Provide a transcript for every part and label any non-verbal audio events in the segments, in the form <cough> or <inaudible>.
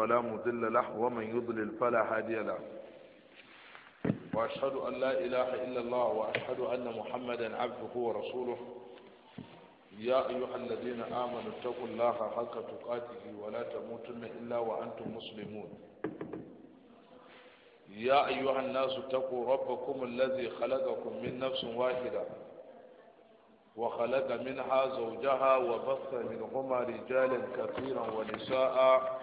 فلا مضل له ومن يضلل فلا هادي له وأشهد أن لا إله إلا الله وأشهد أن محمدا عبده ورسوله يا أيها الذين آمنوا اتقوا الله حق تقاته ولا تموتن إلا وأنتم مسلمون يا أيها الناس اتقوا ربكم الذي خلقكم من نفس واحدة وخلق منها زوجها وبث منهما رجالا كثيرا ونساء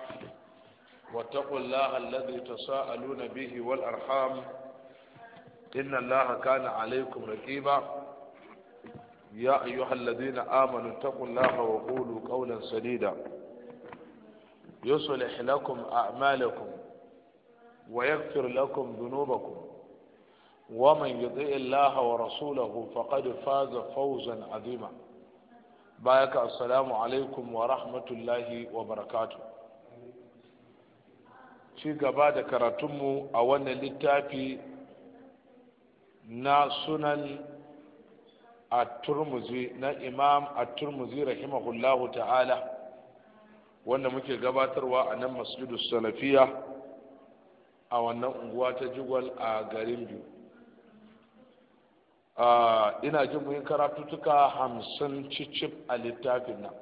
واتقوا الله الذي تساءلون به والأرحام إن الله كان عليكم رقيبا يا أيها الذين آمنوا اتقوا الله وقولوا قولا سديدا يصلح لكم أعمالكم ويغفر لكم ذنوبكم ومن يطيع الله ورسوله فقد فاز فوزا عظيما بارك السلام عليكم ورحمة الله وبركاته ci gaba da karatunmu a wannan littafi na sunan at-turmuzi na imam at-turmuzi rahimahullahu ta'ala wanda muke gabatarwa a nan masjidu salafiya a wannan unguwa ta jigwal a garin biyu ina jin muyin karatutuka hamsin cicif a littafin nan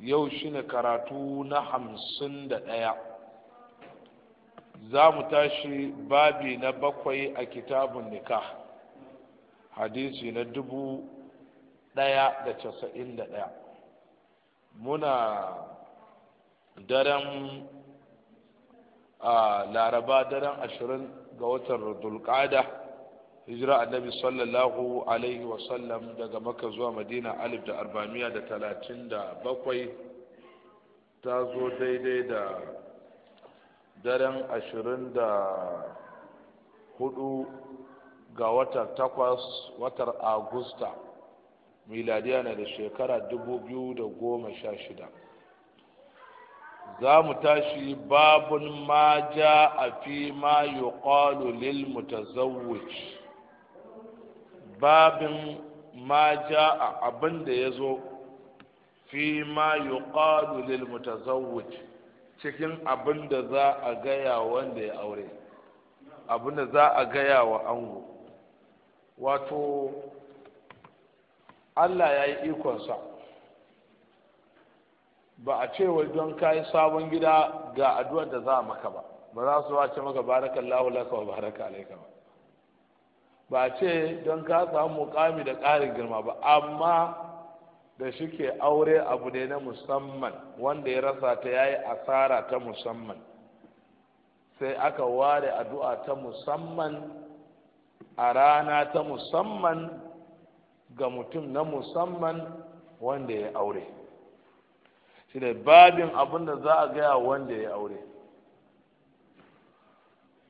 yau shine karatu na hamsin da ɗaya za mu tashi babi na bakwai a kitabun nikah hadisi na dubu ɗaya da casa'in da ɗaya muna daren a laraba daren ashirin ga watan rudulƙada hijira annabi sallallahu alaihi wasallam daga maka zuwa madina alif da arba'amiya da talatin da bakwai ta zo daidai da daren ashirin da hudu ga watan takwas watar agusta miladiya na da shekara dubu biyu da goma sha shida za mu tashi babun ma ja a fi ma yuqalu lil mutazawwij babin ma a abin da ya zo fi ma yuqalu lil mutazawwij cikin abin da za a gaya wanda ya aure abin da za a gaya wa ango wato allah ya yi ikonsa ba a ce wai don kayi sabon gida ga addu'ar da za a maka ba ba za su wace maka barakallahu laka wa baraka alaika ba ba a ce don ka samu mukami da ƙarin girma ba amma da shike aure abu ne na musamman wanda ya rasa ta yayi asara ta musamman sai aka ware addu'a ta musamman a rana ta musamman ga mutum na musamman wanda ya aure shi ne babin abin da za a gaya wanda ya aure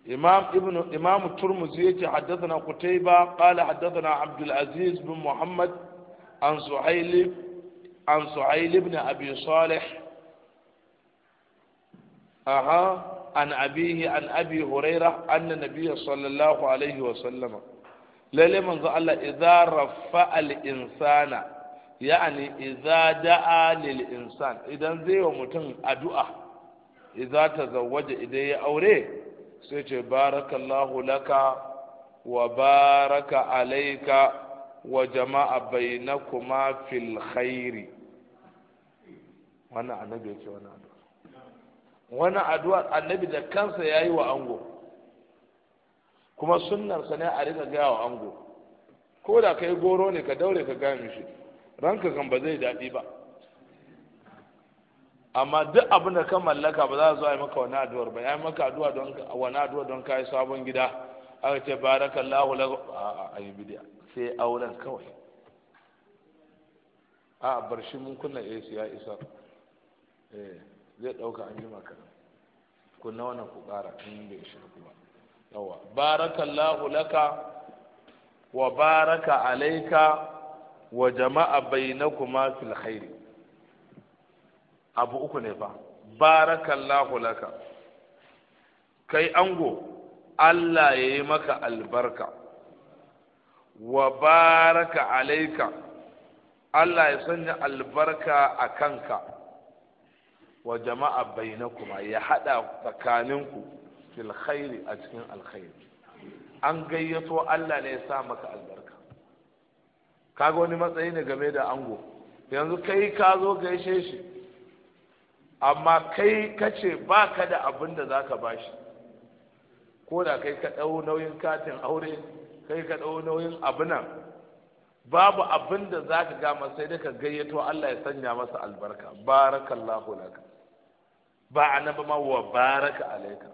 Imam إمام ابن إمام الترمذي حدثنا قتيبة قال حدثنا عبد العزيز bin Muhammad. an suhail an suhail ibn abi salih an abihi an abi huraira anna nabiyya sallallahu alaihi wa sallama lalle manzo Allah idza rafa al insana ya'ni da'a lil insan idan zai wa mutum addu'a idza tazawwaja idan ya aure sai ce laka wa baraka alaika wa jama'a bainakuma fil khairi wannan annabi yake wannan addu'a wannan addu'a annabi da kansa yayi wa ango kuma sunnar sa ne a rika gaya wa ango ko da kai goro ne ka daure ka gaya mishi ranka kan ba zai daɗi ba amma duk abin da ka mallaka ba za su yi maka wani addu'ar ba ya yi maka addu'a don wani addu'a don kai sabon gida aka ce barakallahu lahu a yi bidiya sai auren kawai a bar shi mun kunna ac ya isa eh, zai ɗauka an jima kan kunna wani ku ƙara in bai shi kuma yawa barakallahu laka wa baraka alaika wa jama'a bainakuma fil khairi abu uku ne fa barakallahu laka kai ango Allah ya yi maka albarka wa baraka alaika Allah ya sanya albarka a kanka wa jama'a bainakuma ya haɗa tsakaninku fil khairi a cikin alkhairi an gayyato Allah ne ya sa maka albarka kaga wani matsayi ne game da ango yanzu kai ka zo gaishe shi amma kai kace baka da abin da za ka ba shi ko da kai ka ɗau nauyin katin aure kai ka ɗau nauyin abu nan babu abin da za ka gama sai da ka gayyato Allah ya sanya masa albarka barakallahu laka ba anaba ma wa baraka alaika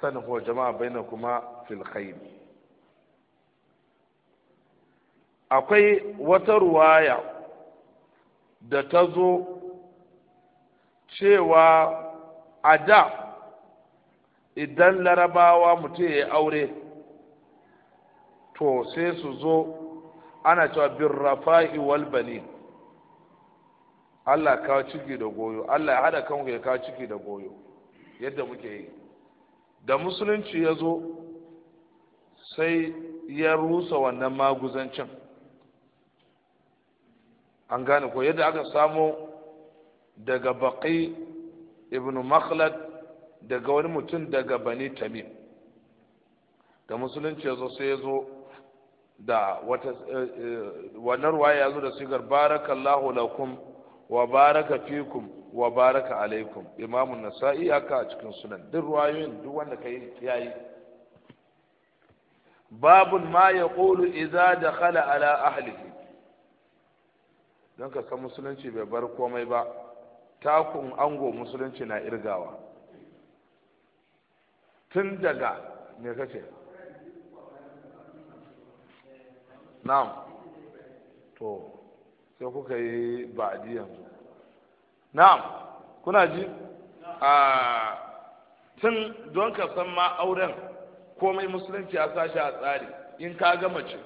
sanin ko jama'a baina kuma fil khair akwai wata ruwaya da ta zo cewa a da idan larabawa mutum ya aure to sai su zo ana cewa bin rafa'i wal bani Allah kawo ciki da goyo Allah ya hada kan ya kawo ciki da goyo yadda muke yi da musulunci ya zo sai ya rusa wannan maguzancin an gane ko yadda aka samo daga baƙi ibn makhlad daga wani mutum daga bani tamim da musulunci ya zo sai ya zo da wata eh, eh, wannan ruwaya ya zo da sigar barakallahu lakum wa baraka fikum wa baraka alaikum imamun nasa'i haka a cikin sunan duk ruwayoyin duk wanda kai yayi babun ma ya ƙulu iza da khala ala ahlihi don ka san musulunci bai bar komai ba takun ango musulunci na irgawa tun daga me kace na'am to sai kuka yi ba'adi yanzu na'am kuna ji a tun don ka san ma auren komai musulunci a sashi a tsari in ka ga mace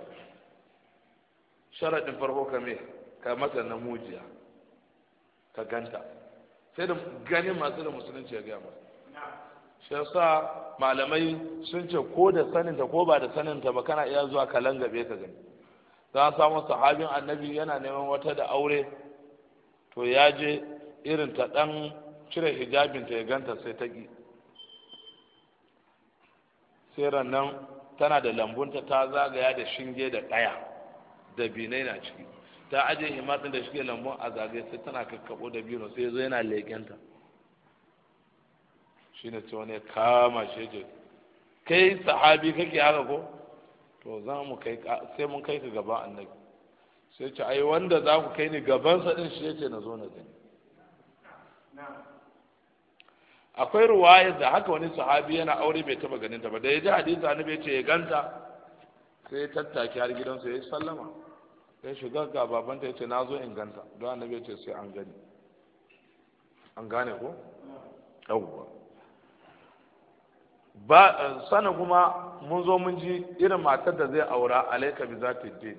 sharaɗin farko ka me ka mata namujiya ka ganta sai da ganin masu da musulunci ya gaya masa shi sa malamai sun ce ko da saninta ko ba da saninta ba kana iya zuwa ka langabe ka gani ta samu sahabin annabi yana neman wata da aure to ya je irin ta ɗan cire hijabinta ya ganta sai ta ƙi sai nan tana da lambunta ta zagaya da shinge da ɗaya da binai na ciki ta aje himatsin da shige lambun a zagaye sai tana kakkaɓo da biyu sai zo yana leƙenta shi ne ce wani kama shi kai sahabi kake haka ko to za mu kai sai mun kai ka gaba annabi sai ce ai wanda za ku kai ni gaban sa din shi yake na zo na gani akwai ruwaya da haka wani sahabi yana aure bai taba ganin ta ba da ya ji hadisi annabi ya ce ya ganta sai ya tattaki har gidansa ya yi sallama sai shiga ga babanta ya ce na zo in ganta don annabi ya ce sai an gani an gane ko yawwa ba sana kuma mun zo mun ji irin matar da zai aura alaika bi ta din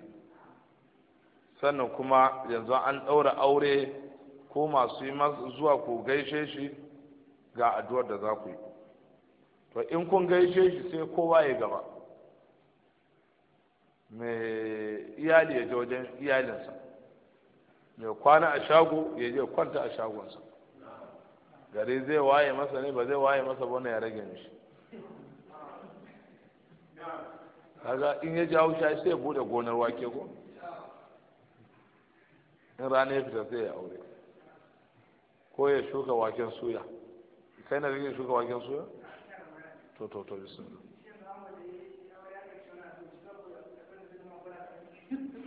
sannan kuma yanzu an ɗaura aure ko masu yi zuwa ku gaishe shi ga addu'ar da za ku yi to in kun gaishe shi sai kowa ya gaba mai iyali ya je wajen iyalinsa mai kwana a shago ya je kwanta a shagonsa gari zai waye masa ne ba zai waye masa ba ya rage mishi kaga in ya jawo shayi sai ya bude gonar wake ko in rana ya fita sai ya aure ko ya shuka waken suya kai na kake shuka waken suya to to to bismillah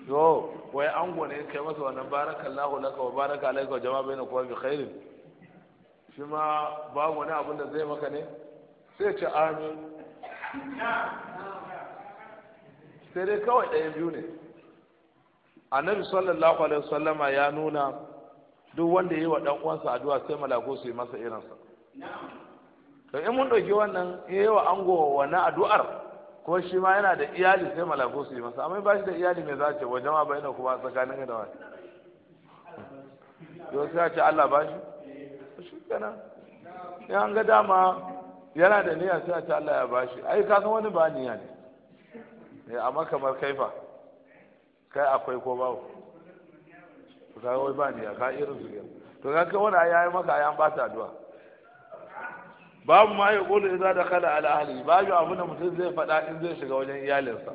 yo wai an ya kai masa wannan barakallahu laka wa baraka alayka wa jama'a wa bi khairin shi ma babu wani abin da zai maka ne sai ce amin sai dai kawai ɗaya biyu ne annabi sallallahu alaihi wasallama ya nuna duk wanda ya yi wa ɗan uwansa addu'a sai malako su yi masa irinsa to in mun ɗauki wannan ya yi wa ango wani addu'ar ko shi ma yana da iyali sai malako su yi masa amma ba shi da iyali mai za ce wa jama'a bai na kuma tsakanin da wani yau sai a ce Allah ba shi shi kana ya ga dama yana da niyya sai a ce Allah ya ba shi ai ka san wani ba niyya ne Eh, amma kamar kaifa kai akwai ko bawo to ka wai ba ni ka irin su to ka ga wani ayi maka ayan an ba ta addu'a babu ma ya kulu idza dakhala ala ahli babu abu da mutum zai faɗa in zai shiga wajen iyalinsa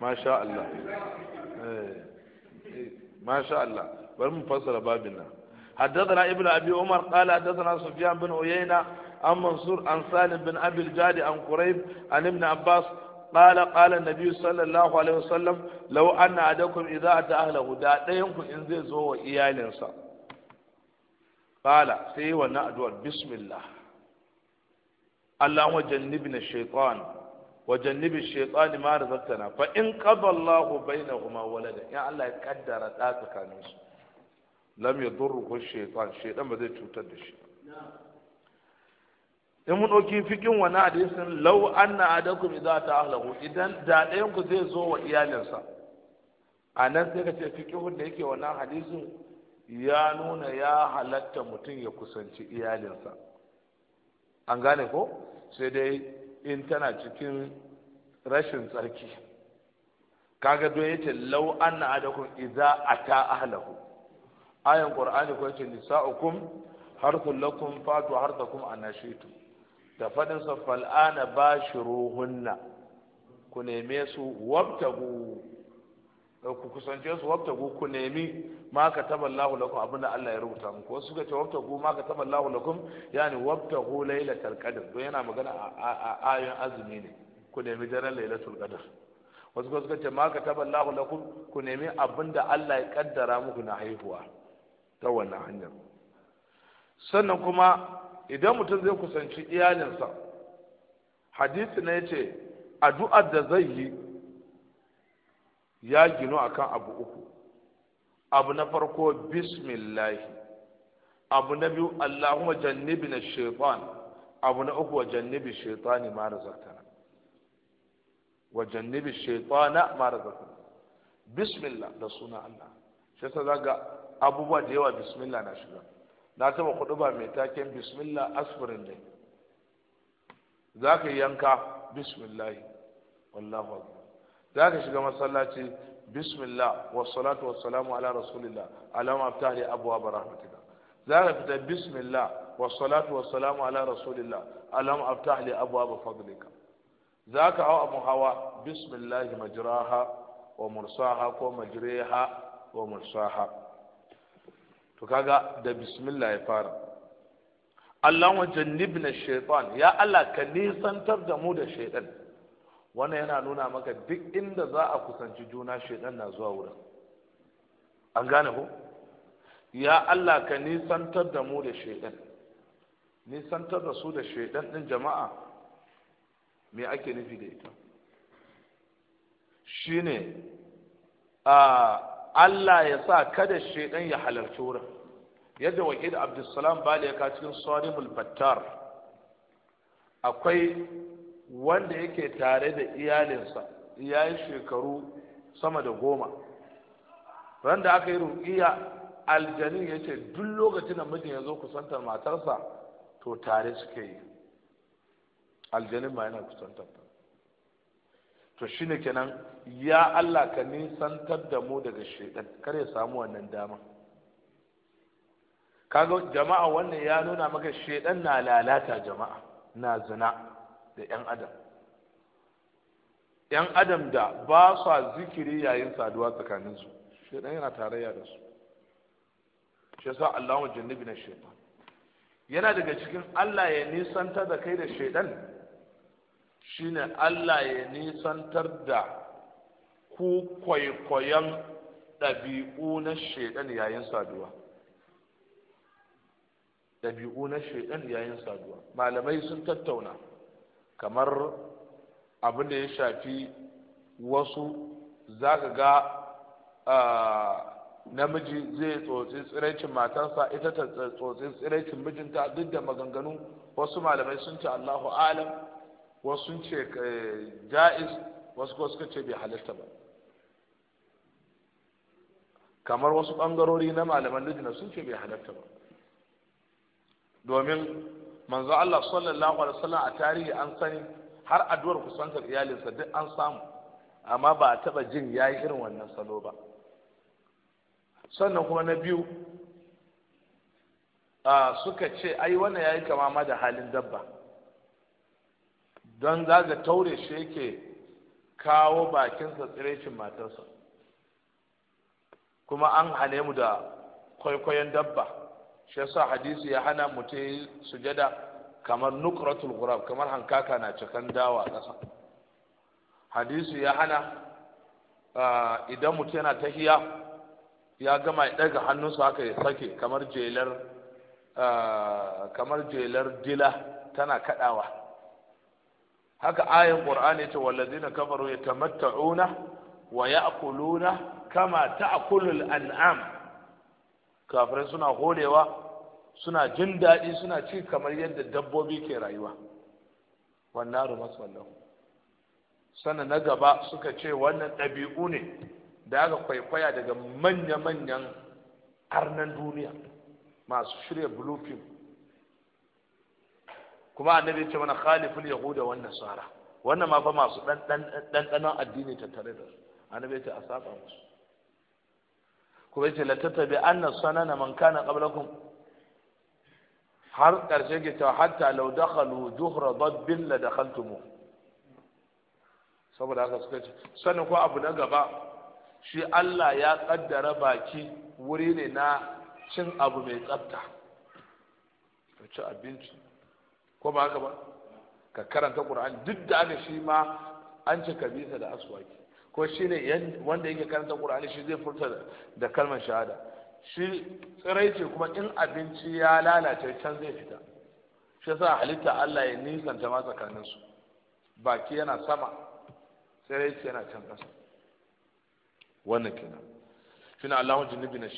masha Allah eh, eh, masha Allah bari mu fassara babin nan حدثنا ابن ابي عمر قال حدثنا سفيان بن عيينه عن منصور عن سالم بن أبي الجاد عن قريب عن ابن عباس قال قال النبي صلى الله عليه وسلم لو أن أحدكم إذا أتى أهله دا ينكو إن زي زو إيالنسا قال سي ونأدوا بسم الله اللهم جنبنا الشيطان وجنب الشيطان ما رزقتنا فإن قضى الله بينهما ولدا يا الله يقدر ذاتك نفسه lam ya durruhu shaitan shaitan ba zai cutar da shi in mun ɗauki fikin wani hadisin lau an na adakum idza ta ahlahu idan da ɗayan ku zai zo wa iyalinsa a nan sai ka ce fikihun da yake wannan hadisin ya nuna ya halatta mutum ya kusanci iyalinsa an gane ko sai dai in tana cikin rashin tsarki kaga don yace lau an na adakum idza ata ahlahu ayan qur'ani ko yace nisa'ukum harthul lakum fatu harthakum anashitum da faɗin sa fal'ana ba shi ruhunna ku neme su wabtagu ku kusance su wabtagu ku nemi ma ka taba Allahu lakum abinda Allah ya rubuta muku wasu suka ce wabtagu ma ka taba Allahu lakum yani wabtagu lailatul qadr don yana magana a ayoyin azumi ne ku nemi daren lailatul qadr wasu suka ce ma ka taba Allahu lakum ku nemi abinda Allah ya kaddara muku na haihuwa ta wannan hanyar sannan kuma idan mutum zai kusanci iyalinsa hadisi ne yace addu'ar da zai yi ya gino akan abu uku abu na farko bismillahi abu na biyu allahumma jannibi na shaitan abu na uku wa jannibi shaitani ma razaqtana wa jannibi shaitana ma razaqtana bismillah da suna Allah sai sa zaga abubuwa da yawa bismillah na shiga na taba kudu ba mai taken bismillah asfirin ne za ka yanka bismillah wallahu akbar za ka shiga masallaci bismillah wassalatu wassalamu ala rasulillah alama aftahli abwa barahmatika za ka fita bismillah wassalatu wassalamu ala rasulillah alama aftahli abwa fadlika za ka hau abun hawa bismillah majraha wa mursaha ko majriha wa mursaha to kaga da bismillah ya fara Allah Allahumma jannibna shaitan ya Allah ka nisantar da mu da shaitan wannan yana nuna maka duk inda za a kusanci juna shaitan na zuwa wurin an gane ko ya Allah ka nisantar da mu da shaitan nisantar da su da shaitan din jama'a me ake nufi da ita shine a Allah ya sa kada shaidan ya halarci wurin yadda wakil abdulsalam bali ya cikin sarimul fattar akwai wanda yake tare da iyalinsa ya shekaru sama da goma ran da aka yi ruƙiya aljani ya ce duk lokacin da mijin ya zo kusantar matarsa to tare suke yi aljanin ma yana kusantar ta to shine kenan ya Allah ka nisantar da mu daga shaidan kar ya samu wannan dama kaga jama'a wannan ya nuna maka shaidan na lalata jama'a na zina da yan adam yan adam da ba sa zikiri yayin saduwa tsakanin su, shaidan yana tarayya da su shi yasa Allahu jannibi na shaitan yana daga cikin Allah ya nisantar da kai da shaidan shine Allah ya nisantar da ku kwaikwayon ɗabi'u na shaidan yayin saduwa ɗabi'u na shaidan yayin saduwa malamai sun tattauna kamar abin da ya shafi wasu za ka ga namiji zai tsotsi tsiraicin matarsa ita ta tsotsi tsiraicin mijinta duk da maganganu wasu malamai sun ce allahu alam wasu sun ce eh, ja'iz wasu ko suka ce bai halitta ba kamar wasu bangarori na malaman lijina sun ce bai halitta ba domin manzo Allah sallallahu alaihi wasallam a tarihi an sani har addu'ar kusantar iyalinsa duk an samu amma ba a taba jin yayi irin wannan salo ba sannan kuma na biyu suka ce ai wannan yayi kama ma da halin dabba don za ga taure shi yake kawo bakinsa tsirecin matarsa kuma an hane mu da kwaikwayon dabba shi yasa hadisi ya hana yi sujada kamar nukratul gurab kamar hankaka na cikin dawa ƙasa hadisi ya hana ah, idan mutum yana ta hiya, ya gama ya ɗaga hannunsa haka ya sake kamar jelar ah, kamar jelar dila tana kaɗawa haka ayin qur'ani ce wallazina kafaru yatamatta'una wa ya'kuluna kama ta ta'kulul an'am kafirai suna holewa suna jin daɗi suna ci kamar yadda dabbobi ke rayuwa wannan rumas wallahu sannan na gaba suka ce wannan ɗabi'u ne da aka kwaikwaya daga manya-manyan arnan duniya masu shirya blueprint kuma annabi ya ce mana khaliful yahuda wan nasara wannan ma fa masu ɗanɗanon addini tattare da su annabi ya ce a saba musu kuma ya ce la tattabi anna sanana man kana qablakum har ƙarshe ke cewa hatta law dakhalu juhra dabbin la dakhaltumu saboda haka suka ce sanin ko abu na gaba shi Allah ya kaddara baki wuri ne na cin abu mai tsafta ka ci abinci ko ba haka ba ka karanta qur'ani duk da aka shi ma an ce kabisa da aswaki ko shi ne wanda yake karanta qur'ani shi zai furta da kalmar shahada shi tsirai ce kuma in abinci ya lalace can zai fita shi yasa halitta Allah ya nisanta ma tsakanin su baki yana sama tsirai ce yana can kasa wannan kenan shine Allahu jannibna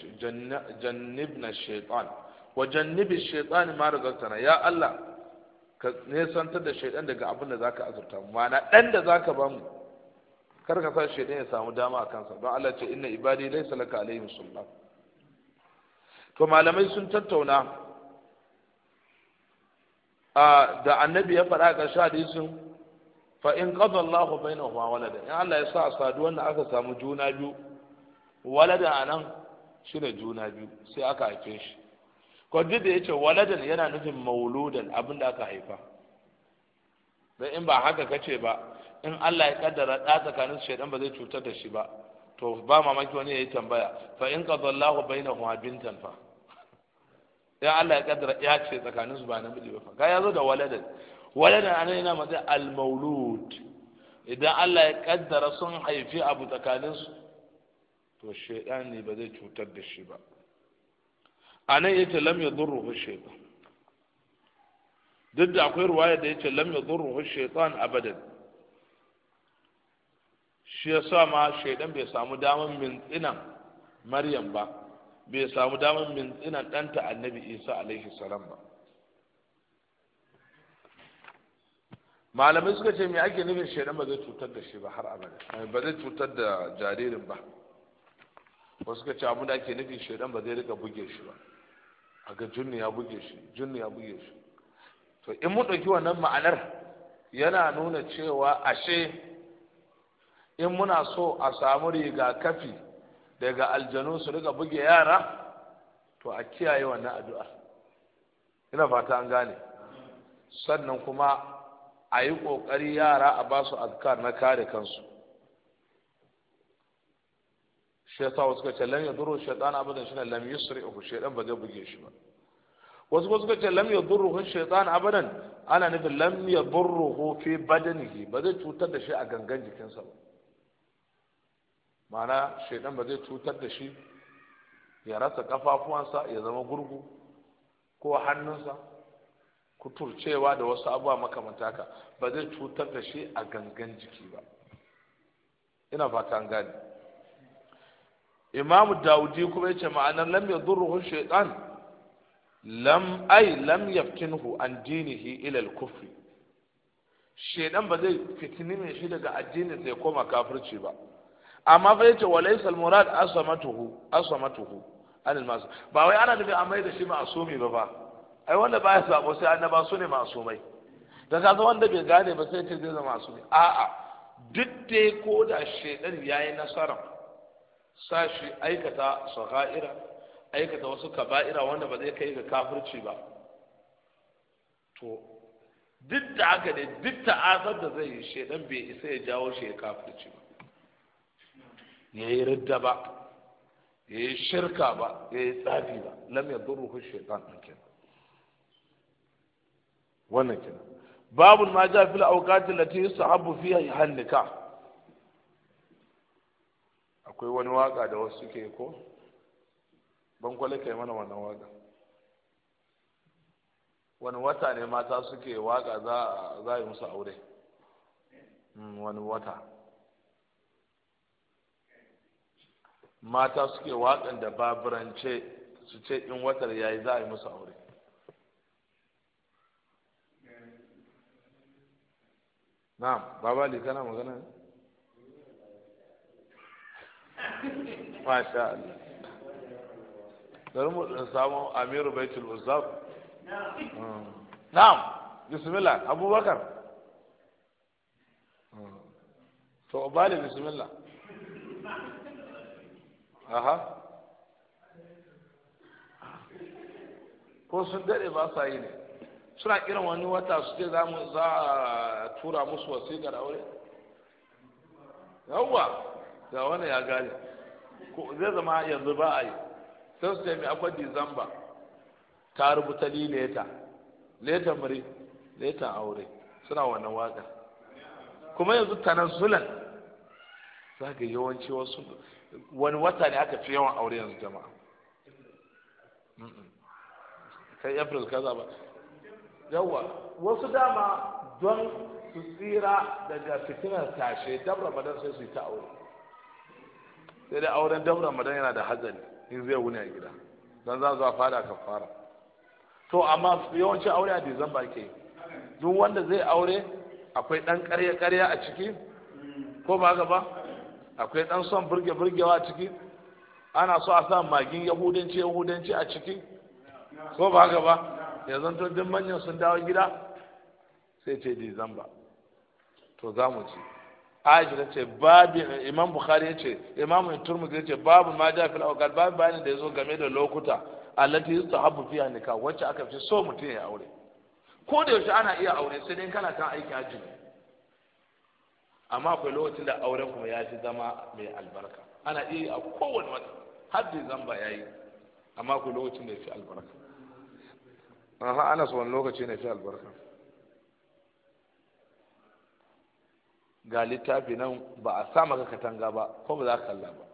jannibna shaytan wa jannibi shaytan ma razaqtana ya Allah ka nesantar da shaidan daga abin da zaka azurta mu ma'ana dan da zaka ba mu kar ka sa shaidan ya samu dama a kansa don Allah ce inna ibadi laysa laka alaihim sultan to malamai sun tattauna a da annabi ya faɗa ƙarshe hadisin fa in qada Allah wa walada in Allah ya sa saduwan da aka samu juna biyu walada anan shine juna biyu sai aka haife shi kwadid da yace waladan yana nufin mauludan abin da aka haifa dan in ba haka kace ba in Allah ya kaddara da tsakanin shaidan ba zai cutar da shi ba to ba mamaki wani ya yi tambaya fa in qadallahu bainahuma bintan fa ya Allah ya kaddara ya ce tsakanin su ba namiji ba fa ga yazo da waladan waladan ana yana matsayin al-maulud idan Allah ya kaddara sun haifi abu tsakanin su to shaidan ne ba zai cutar da shi ba a nan ya ce lam ya zurruhu shaitan duk da akwai ruwaya da ya ce lam ya zurruhu shaitan abadan shi ya sa ma shaidan bai samu damar mintsinan maryam ba bai samu damar mintsinan ɗanta annabi isa alaihi salam ba malamai suka ce me ake nufin shaidan ba zai cutar da shi ba har abada eh, ba zai cutar da jaririn ba wasu suka ce abin da ake nufin shaidan ba zai rika buge shi ba Aga ya buge shi junni ya buge shi to in mu ɗauki wannan ma'anar yana nuna cewa ashe in muna so a samu rigakafi daga aljanu su riga buge yara to a kiyaye wannan addu'a ina fata an gane sannan kuma a yi ƙoƙari yara a ba su azkar na kare kansu shi wasu ka ce lam yadurru shaitan abadan shine lam uku shaytan ba zai buge shi ba wasu ko suka ce lam hun shaitan abadan ana nufin lam yadurruhu fi badanihi ba zai cutar da shi a gangan jikinsa ba ma'ana shaytan ba zai cutar da shi ya rasa kafafuwansa ya zama gurgu ko hannunsa kuturcewa da wasu abubuwa makamanta ka ba zai cutar da shi a gangan jiki ba ina fata an gane imamu dawudi kuma yace ma'anar lam yadurruhu shaytan lam ay lam yaftinhu an dinihi ila al-kufr shaytan ba zai fitini mai shi daga addinin sai koma kafirci ba amma fa yace laysa al-murad asamatuhu asamatuhu an al-masu ba wai ana nufi amma da shi ma'asumi ba ba ai wanda baya sabo sai annaba su ne ma'asumai da ka wanda bai gane ba sai ce zai zama ma'asumi a'a duk dai ko da shaytan yayi nasara Sashi aikata sagha'ira aikata wasu kaba'ira wanda ba zai kai ga kafirci ba to duk da haka ne duk ta'azar da zai yi shedan bai isa ya jawo shi ya kafirci ba ya yi ridda ba ya yi shirka ba ya yi tsafi ba lam ya durruhu shaitan ɗin kenan wannan kenan babun ma ja fil awqati allati yusahabu fiha al akwai wani waka da wasu suke ko ban kwale kai mana wannan waka wani wata ne mata suke waka za a yi musu aure hmm, wani wata mata suke wakan da baburance su ce in watar yayi za a yi musu aure na'am baba kana magana ne masha Allah bari mu samu amiru baitul uzzab na'am bismillah abubakar to bali bismillah aha ko sun dade ba sa yi ne suna kiran wani wata su ce za mu za a tura musu wasiƙar aure yawwa da wani ya gane zai zama yanzu ba a yi sai su taimi akwai disamba ta rubuta ni leta leta muri leta aure suna wannan waka kuma yanzu sulan za ka yawanci wasu wani wata ne aka fi yawan aure yanzu jama'a kai april kaza ba yawa wasu dama don su tsira daga fitinar tashe dabra madan sai su yi ta aure sai dai auren daura madan yana da hazari in zai wuni a gida don za zuwa fada fara to amma yawanci aure a ba ke duk wanda zai aure akwai dan karya karya a ciki ko ba ga ba akwai dan son burge burgewa a ciki ana so a sa magin yahudanci yahudanci a ciki ko ba ga ba ya to duk manyan sun dawo gida sai ce ba to za mu ci aisha ta ce babu imam bukhari ya ce imam turmudi ya ce babu ma ja fil awqat babu bayanin da yazo game da lokuta allati yustahabbu fiha nikah wacce aka fi so mutum ya aure ko da yaushe ana iya aure sai dai kana kan aiki hajji amma akwai lokacin da auren kuma ya fi zama mai albarka ana iya yi a kowane wata har da zamba ya yi amma akwai lokacin da ya fi albarka aha ana so wani lokaci ne fi albarka ga littafi nan ba a sa maka katanga ba ko ba za ka kalla ba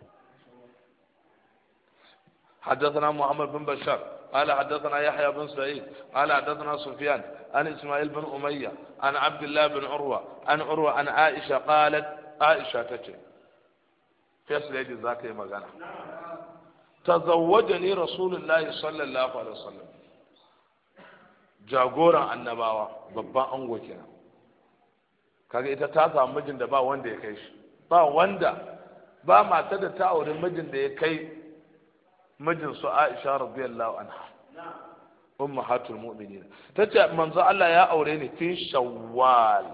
حدثنا محمد بن بشار قال حدثنا يحيى بن سعيد قال حدثنا سفيان عن اسماعيل بن اميه عن عبد الله بن عروه عن عروه عن عائشه قالت عائشه تتي فيس ليدي ذاك مغانا تزوجني رسول الله صلى الله عليه وسلم جاغورا النباوه babban ango kenan kaga ita ta samu mijin da ba wanda ya kai shi ba wanda ba mata da ta auri mijin da ya kai mijin su Aisha radiyallahu anha ummahatul mu'minin tace manzo Allah ya aure ni fi shawwal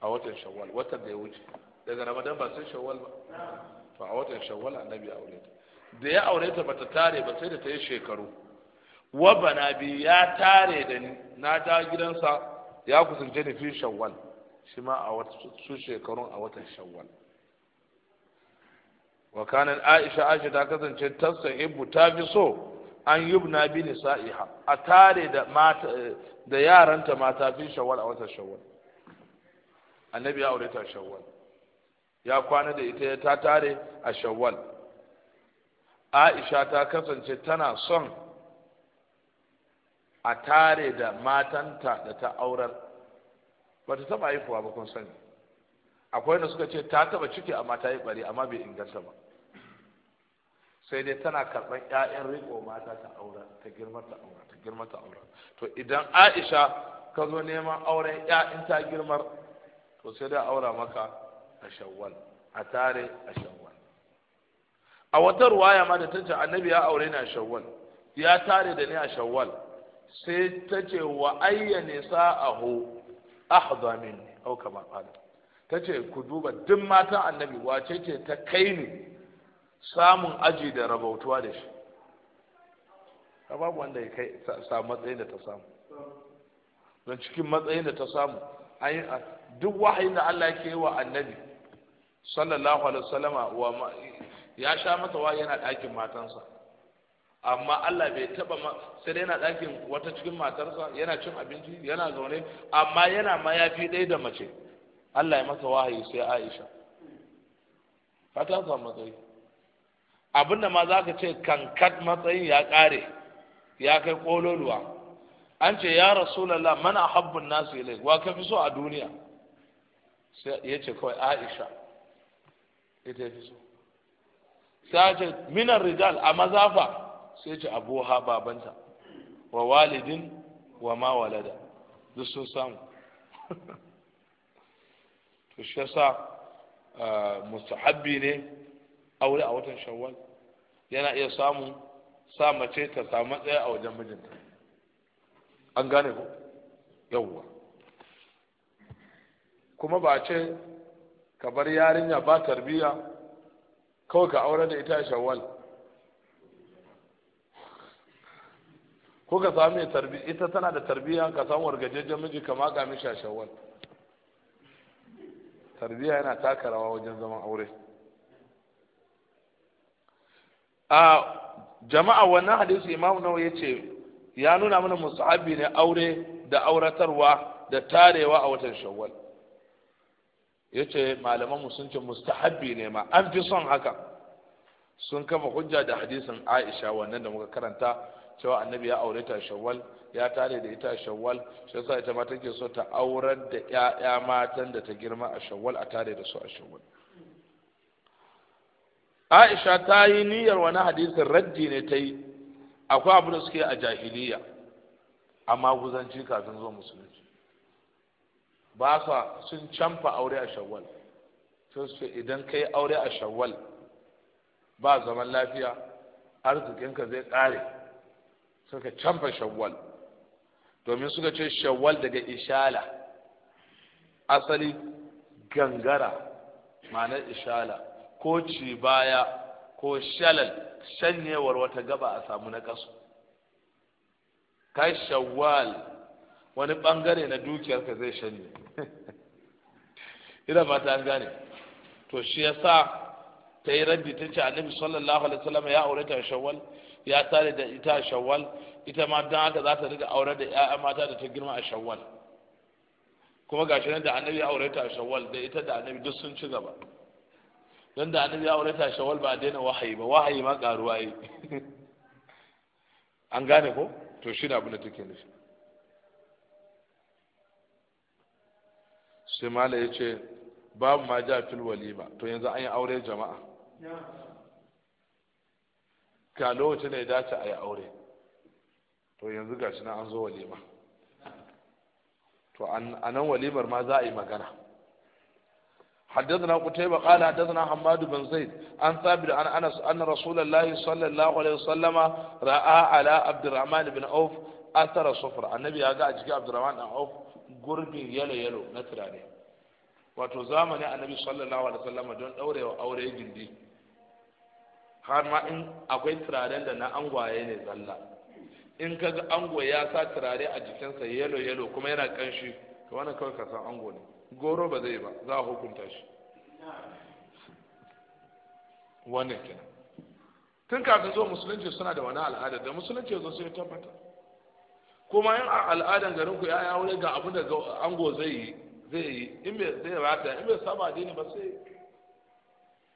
a watan shawwal watan da ya wuce daga ramadan ba sai shawwal ba to a watan shawwal annabi ya aure ta da ya aure ta bata tare ba sai da ta yi shekaru wa bana bi ya tare da ni na ta gidansa ya kusance ni fi shawwal shi ma a su shekarun a watan shawwal wa kana aisha aisha ta kasance tasahibu ta fi so an yubna bi nisa'iha a tare da mata da yaranta mata fi shawwal a watan shawwal annabi ya aure ta shawwal ya kwana da ita ta tare a shawwal aisha ta kasance tana son a tare da matanta da ta aurar ba ta taba haihuwa ba kun sani akwai da suka ce ta taba ciki amma ta yi bari amma bai inganta ba sai dai tana karɓar 'ya'yan riƙo mata ta aura ta girma ta aura ta girma ta aura to idan aisha ka zo neman auren 'ya'yan ta girmar to sai dai aura maka a shawwal a tare a shawwal a wata ruwaya ma da tace annabi ya aure ni a shawwal ya tare da ni a shawwal sai tace wa ayyane sa'ahu ahda minni aw kama qala tace ku duba duk matan annabi wace ce ta kai ni samun aji da rabautuwa da shi ka babu wanda ya kai samu matsayin da ta samu don cikin matsayin da ta samu duk wahayin da Allah ke wa annabi sallallahu alaihi wasallama wa ya sha mata wa yana ɗakin matansa amma Allah bai taba ma sai dai yana ɗakin wata cikin matarsa yana cin abinci yana zaune amma yana mayafi ɗaya da mace Allah ya masa wahayi sai Aisha fata samu matsayi abinda ma za ka ce kankat matsayin ya ƙare ya kai ƙololuwa an ce ya rasulallah mana habbun nasu ilai wa ka fi so a duniya sai ya ce kawai aisha ita ya fi so sai ce minar rijal a mazafa sai ce ha babanta, wa walidin wa ma walada duk sun samu <laughs> to shi yasa ah, mustahabbi ne aure a watan shawwal yana iya samun sa mace ta samu matsaya a wajen mijinta an gane ko yawwa kuma ba ce ka bar yarinya ba tarbiyya kawai ka aure da ita a shawwal ko ka samu tarbi ita tana da tarbiyya ka samu wargajejen miji kama ga mishi shawwal tarbiyya yana taka rawa wajen zaman aure a jama'a wannan hadisi imamu nawa ya ce ya nuna mana musahabi ne aure da auratarwa da tarewa a watan shawwal ya ce malaman sun ce Mustahabi ne ma an fi son haka sun kafa hujja da hadisin aisha wannan da muka karanta cewa annabi ya aure ta shawwal ya tare da ita shawwal shi yasa ita ma take so ta aurar da ƴaƴa matan da ta girma a shawwal a tare da su a shawwal Aisha ta yi niyyar wani hadisin raddi ne ta yi akwai abu da suke a jahiliya amma guzanci kafin zuwa musulunci ba sa sun canfa aure a shawwal sun ce idan kai aure a shawwal ba zaman lafiya arzikinka zai kare. suka canfa shawwal domin suka ce shawwal daga ishala asali gangara ma'anar ishala ko ci baya ko shalal shanyewar wata gaba a samu na kasu kai shawwal wani bangare na dukiyarka zai shanye <laughs> ina ba ta gane to shi yasa ta yi raddi ta ce annabi sallallahu alaihi wasallam ya aure ta shawwal ya tsare da ita a shawwal ita ma don haka za ta riga aure da 'ya'ya mata da ta girma a shawwal kuma ga shi nan da annabi ya aure ta a shawwal da ita da annabi duk sun ci gaba don da annabi ya aure ta a shawwal ba a daina wahayi ba wahayi ma karuwa yi <laughs> an gane ko to shi da abin da take nufi sai mala ya ce babu ma ja fil walima to yanzu an yi aure jama'a ga lokacin da ya dace a yi aure to yanzu ga shi na an zo walima to a nan walimar ma za a yi magana حدثنا قتيبة قال حدثنا حماد بن زيد عن An عن أنس أن رسول الله صلى الله عليه وسلم رأى على عبد الرحمن بن عوف أثر Annabi النبي ga a عبد الرحمن بن عوف قرب يلو يلو نتر عليه wato zamani annabi sallallahu alaihi don daurewa aure gindi har ma in akwai turaren da na angwaye ne zalla in ka ga ango ya sa turare a jikinsa yalo yalo kuma yana kanshi to wani kawai ka san ango ne goro ba zai ba za a hukunta shi wannan kenan tun kafin zuwa musulunci suna da wani al'ada da musulunci ya zo sai tabbata kuma yin al'adan garin ku ya wani ga abin da ango zai yi zai yi in bai zai rata in bai saba dini ba sai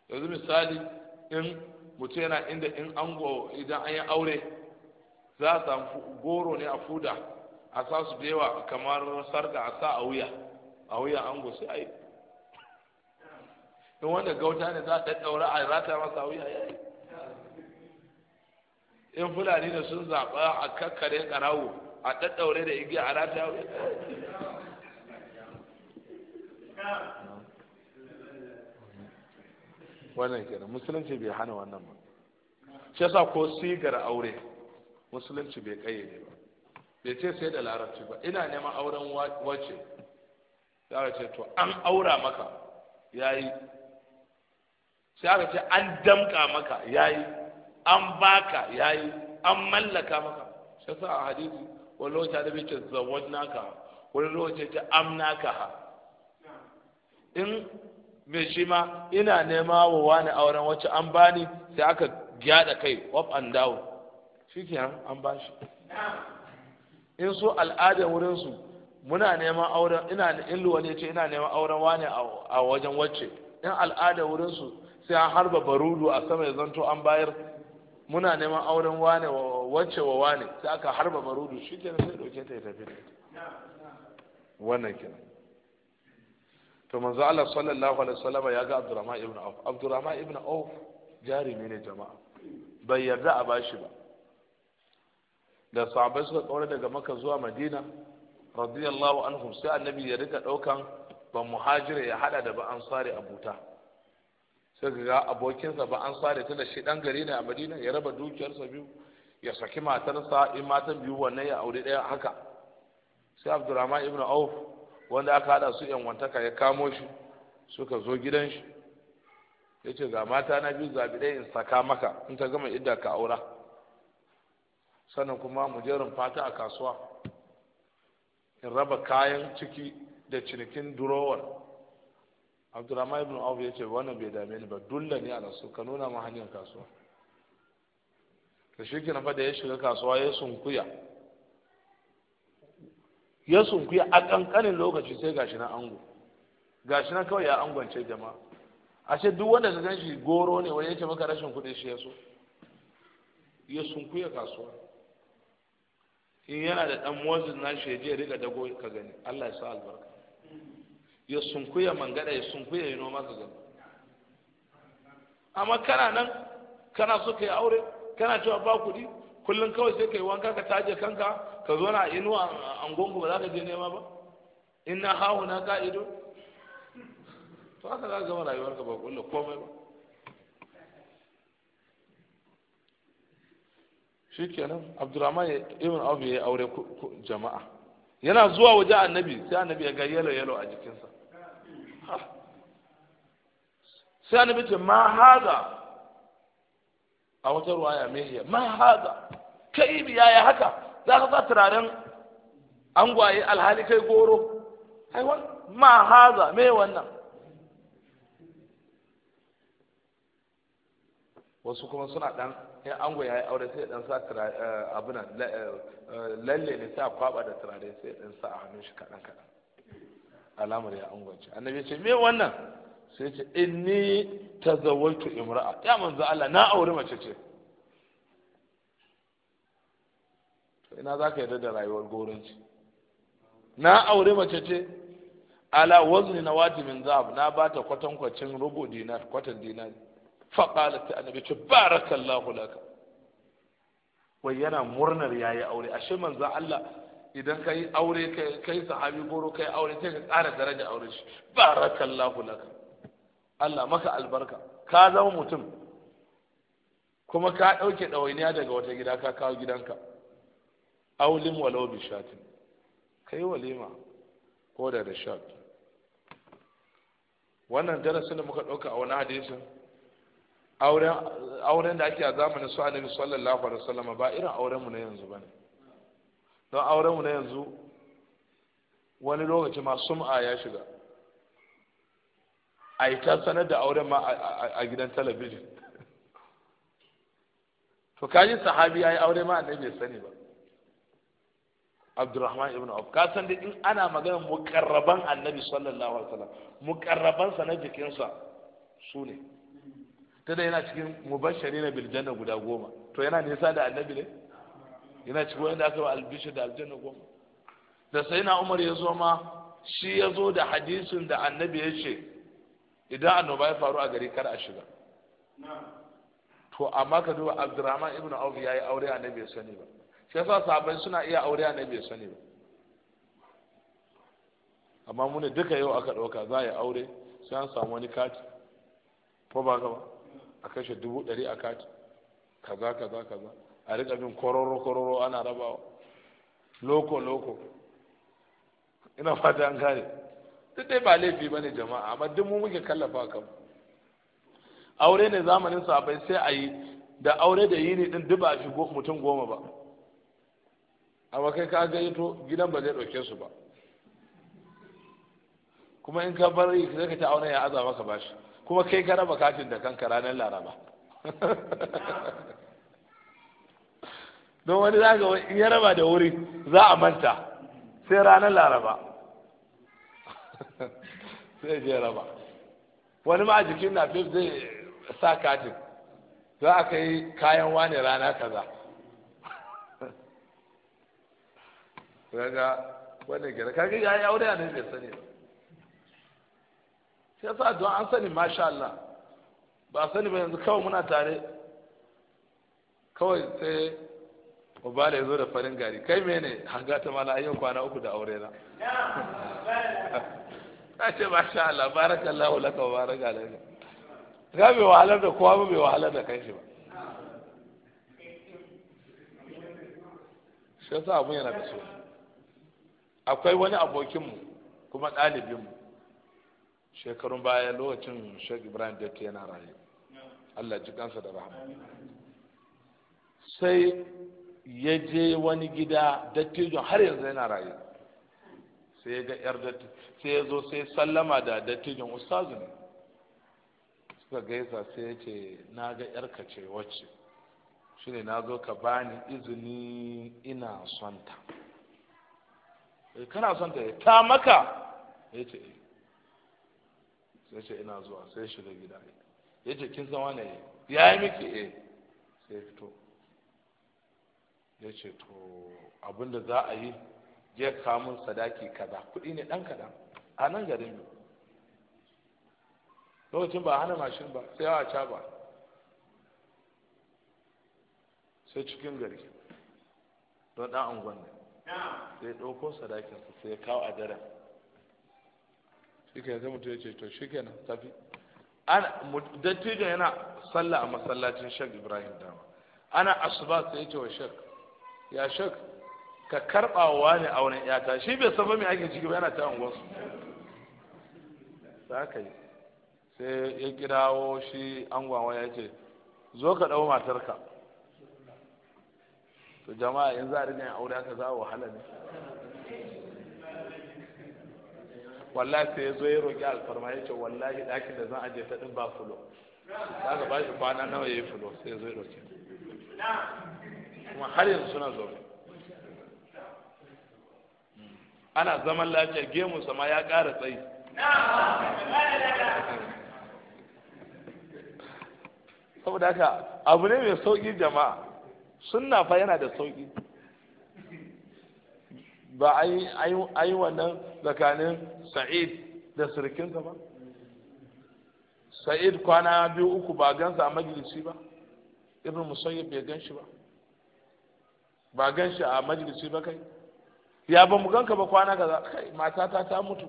yanzu misali in mutum yana inda in ango idan an yi aure za a samu goro ne a fuda a sa su da yawa kamar sarka a sa a wuya a wuya ango sai a yi in wanda gauta ne za a ɗaɗɗaura a rata masa wuya ya yi in fulani da sun zaɓa a kakkare ƙarawo a ɗaɗɗaure da igiya a rata wuya wannan kenan musulunci bai hana wannan ba shi yasa ko sigar aure musulunci bai kayyade ba bai ce sai da larabci ba ina neman auren wace sai aka ce to an aura maka yayi sai aka ce an damka maka yayi an baka yayi an mallaka maka shi yasa a hadisi wani lokaci da bai ce zawon naka wani lokaci ce amnaka in mai shi ma ina nema wa wani auren wacce an bani sai aka gyada kai up and down shi kenan an ba shi in so al'adar wurinsu muna neman auren ina in luwa ne ce ina neman auren wani a wajen wacce in al'adar wurinsu sai an harba barudu a sama ya zanto an bayar muna neman auren wane wacce wa wane sai aka harba barudu shi kenan sai dauke ta ya tafi wannan kenan to manzo Allah sallallahu alaihi wasallam ya ga Abdurrahman ibn Auf Abdurrahman ibn Auf jarumi ne jama'a bai yarda a bashi ba da sahabbai suka kaura daga Makka zuwa Madina radiyallahu anhum sai annabi ya rika daukan ban muhajira ya hada da ba ansari abuta sai ga abokinsa ba ansari tunda shi dan gari ne a Madina ya raba dukiyarsa biyu ya saki matarsa in matan biyu wannan ya aure daya haka sai Abdurrahman ibn Auf wanda aka hada su yan wantaka ya kamo shi suka zo gidan shi ya ce ga mata na biyu zaɓi ɗaya in saka maka in ta gama idda ka aura sannan kuma mu je fata a kasuwa in raba kayan ciki da cinikin durowar abdurrahman ibn auf ya ce wannan bai dame ni ba dulla ne a su ka nuna ma hanyar kasuwa da shi kina fa da ya shiga kasuwa ya sunkuya ya sunkuya a kankanin lokaci sai gashi na ango gashi na kawai ya angwance jama'a A ce duk wanda ka ganshi goro ne wani yake maka rashin kuɗi shi ya so ya sunkuya kasuwa in yana da dan mozin na shi je riga dago ka gani Allah ya sa albarka ya sunkuya mangada ya sunkuya ya noma ka gani amma kana nan kana so ka yi aure kana cewa ba kuɗi kullum kawai sai kai wanka ka taje kanka ka zo na inuwa angonku ba za ka je nema ba in na hahu na ka ido to haka za ka gama rayuwarka ba kullum komai ba shi kenan abdurrahman ibn abu ya aure jama'a yana zuwa waje annabi sai annabi ya ga yalo yalo a jikinsa sai annabi ce ma haza a wata ruwaya mehiya ma haza kai yi haka za ka sa turaren angwaye alhali kai goro haiwan ma haza me wannan wasu kuma suna dan in ango ya yi aure sai dan sa eh, abu nan eh, eh, lalle ne sai a kwaba da turare sai dan sa a hannun shi kaɗan kaɗan alamar ya angonci annabi ce me wannan sai ce inni tazawwaltu imra'a ya manzo Allah na aure mace ce ina za ka yarda da rayuwar goranci na aure mace ce ala wazni na wajibin zab na ba ta kwatankwacin rubu dinar kwatan dinar faƙalar ta annabi ce barakallahu laka wai yana murnar yayi aure ashe manzo Allah idan ka yi aure ka yi sahabi goro ka yi aure sai ka ƙara daraja aure shi barakallahu laka Allah maka albarka ka zama mutum kuma ka ɗauke ɗawainiya daga wata gida ka kawo gidanka aulin walau bi shatin kai walima ko da da shat wannan darasin da muka ɗauka a wani hadisin auren da ake a zamanin su annabi sallallahu alaihi wasallam ba irin auren mu na yanzu bane don auren mu na yanzu wani lokaci ma sum'a ya shiga a yi ta sanar da auren ma a gidan talabijin <laughs> to kaji sahabi ya yi aure ma annabi bai sani ba abdurrahman ibn auf ka san in ana magana mukarraban annabi sallallahu alaihi wasallam mukarraban sa na jikinsa su ne ta da yana cikin mubashari na biljanna guda goma to yana nisa da annabi ne yana cikin wanda aka ba albishir da aljanna goma da sai na umar ya zo ma shi ya zo da hadisin da annabi ya ce idan annoba ya faru a gari kar a shiga to amma ka duba abdurrahman ibn auf ya yi aure annabi ya sani ba shi yasa sahabbai suna iya aure a bai sani ba amma mune duka yau aka ɗauka za a yi aure sai an samu wani kati ko ba gaba a kashe dubu ɗari a kati kaza kaza kaza a riƙa bin kororo kororo ana rabawa loko loko ina fata an gane duk dai ba laifi ba ne jama'a amma duk mu muke kallafa kan aure ne zamanin sabai sai a yi da aure da yini din duk ba a shigo mutum goma ba amma kai ka gayyato gidan ba zai ɗauke su ba kuma in ka bari sai ka ta auna ya aza maka bashi kuma kai ka raba katin da kanka ranar laraba <laughs> don wani za ga in ya raba da wuri za a manta sai ranar laraba <laughs> sai je raba wani ma a jikin na zai sa katin za a kai kayan wani rana kaza kaga wannan kenan kaga ya yi aure nan bai sani ba sai yasa don an sani masha Allah ba sani ba yanzu kawai muna tare kawai sai ubala ya zo da farin gari kai mene hanga ta mala ayyan kwana uku da aure na ta <laughs> ce masha Allah barakallahu laka wa baraka alaika ga bai wahalar da kowa ba bai wahalar da kai shi ba shi yasa abun yana da su. akwai wani abokinmu kuma ɗalibinmu shekarun baya lokacin shek ibrahim dette yana raye allah ji kansa da rahama sai ya je wani gida dattijon har yanzu yana raye sai ya ga yar datti sai ya zo sai sallama da dattijon ustazu ne suka gaisa sai ya ce na ga yarka ce wacce shi ne na zo ka bani izini ina son ta Eh, kana son ta ta maka ya ce eh. sai ce ina zuwa sai shiga gida ya ce kin zama ne ya yi miki eh sai fito ya ce to abinda za a yi je kamun sadaki kaza kuɗi ne dan kaza a nan garin mu lokacin ba hana mashin ba sai yawa ca ba sai cikin gari don dan angon ne sai ɗauko sadakinsa sai ya kawo a daren shi ke sai mutum ya ce to shi ke nan tafi dattijo yana salla a masallacin shek ibrahim dama ana asuba sai ya ce wa shek ya shek ka karɓa wa ne a wani yata shi bai saba mai ake ciki ba yana ta unguwarsu sai aka yi sai ya kirawo shi angon ya ce zo ka ɗau matarka to jama'a yanzu a rikin aure aka za a wahala ne wallahi sai ya zo ya roƙi alfarma ya ce wallahi ɗakin da zan ajiye ta ɗin ba fulo za ka ba shi kwana nawa ya yi fulo sai ya zo ya roƙi kuma har yanzu suna zo ana zaman lafiya gemu sama ya ƙara tsayi saboda haka abu ne mai sauƙi jama'a sunna fa yana da sauki ba a yi wannan tsakanin sa'id da sirkinsa ba sa'id kwana biyu uku ba gansa a majalisi ba irin musayyib bai gan shi ba ba gan shi a majalisi ba kai ya ba mu ganka ba kwana kaza kai matata ta mutu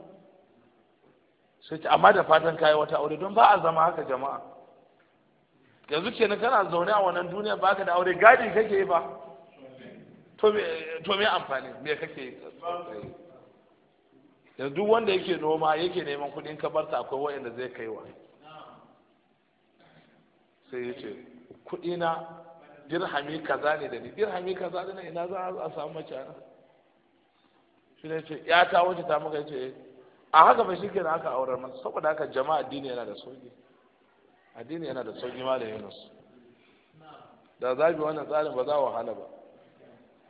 sai amma da fatan kayi wata aure don ba a zama haka jama'a yanzu kenan kana zaune a wannan duniya ba ka da aure gadi kake yi ba to me amfani me kake yanzu wanda yake noma yake neman kudin kabarta akwai wa'anda zai kai wa sai ya ce kudina dirhami kaza ne da ni dirhami kaza ne na ina za a samu mace ana shi ne ce ya ta wuce ta muka ce eh. a haka ba shi kenan aka aurar masa saboda haka jama'a addini yana da sauki addini yana da sauki ma da yunus da za bi wannan tsarin ba za wahala ba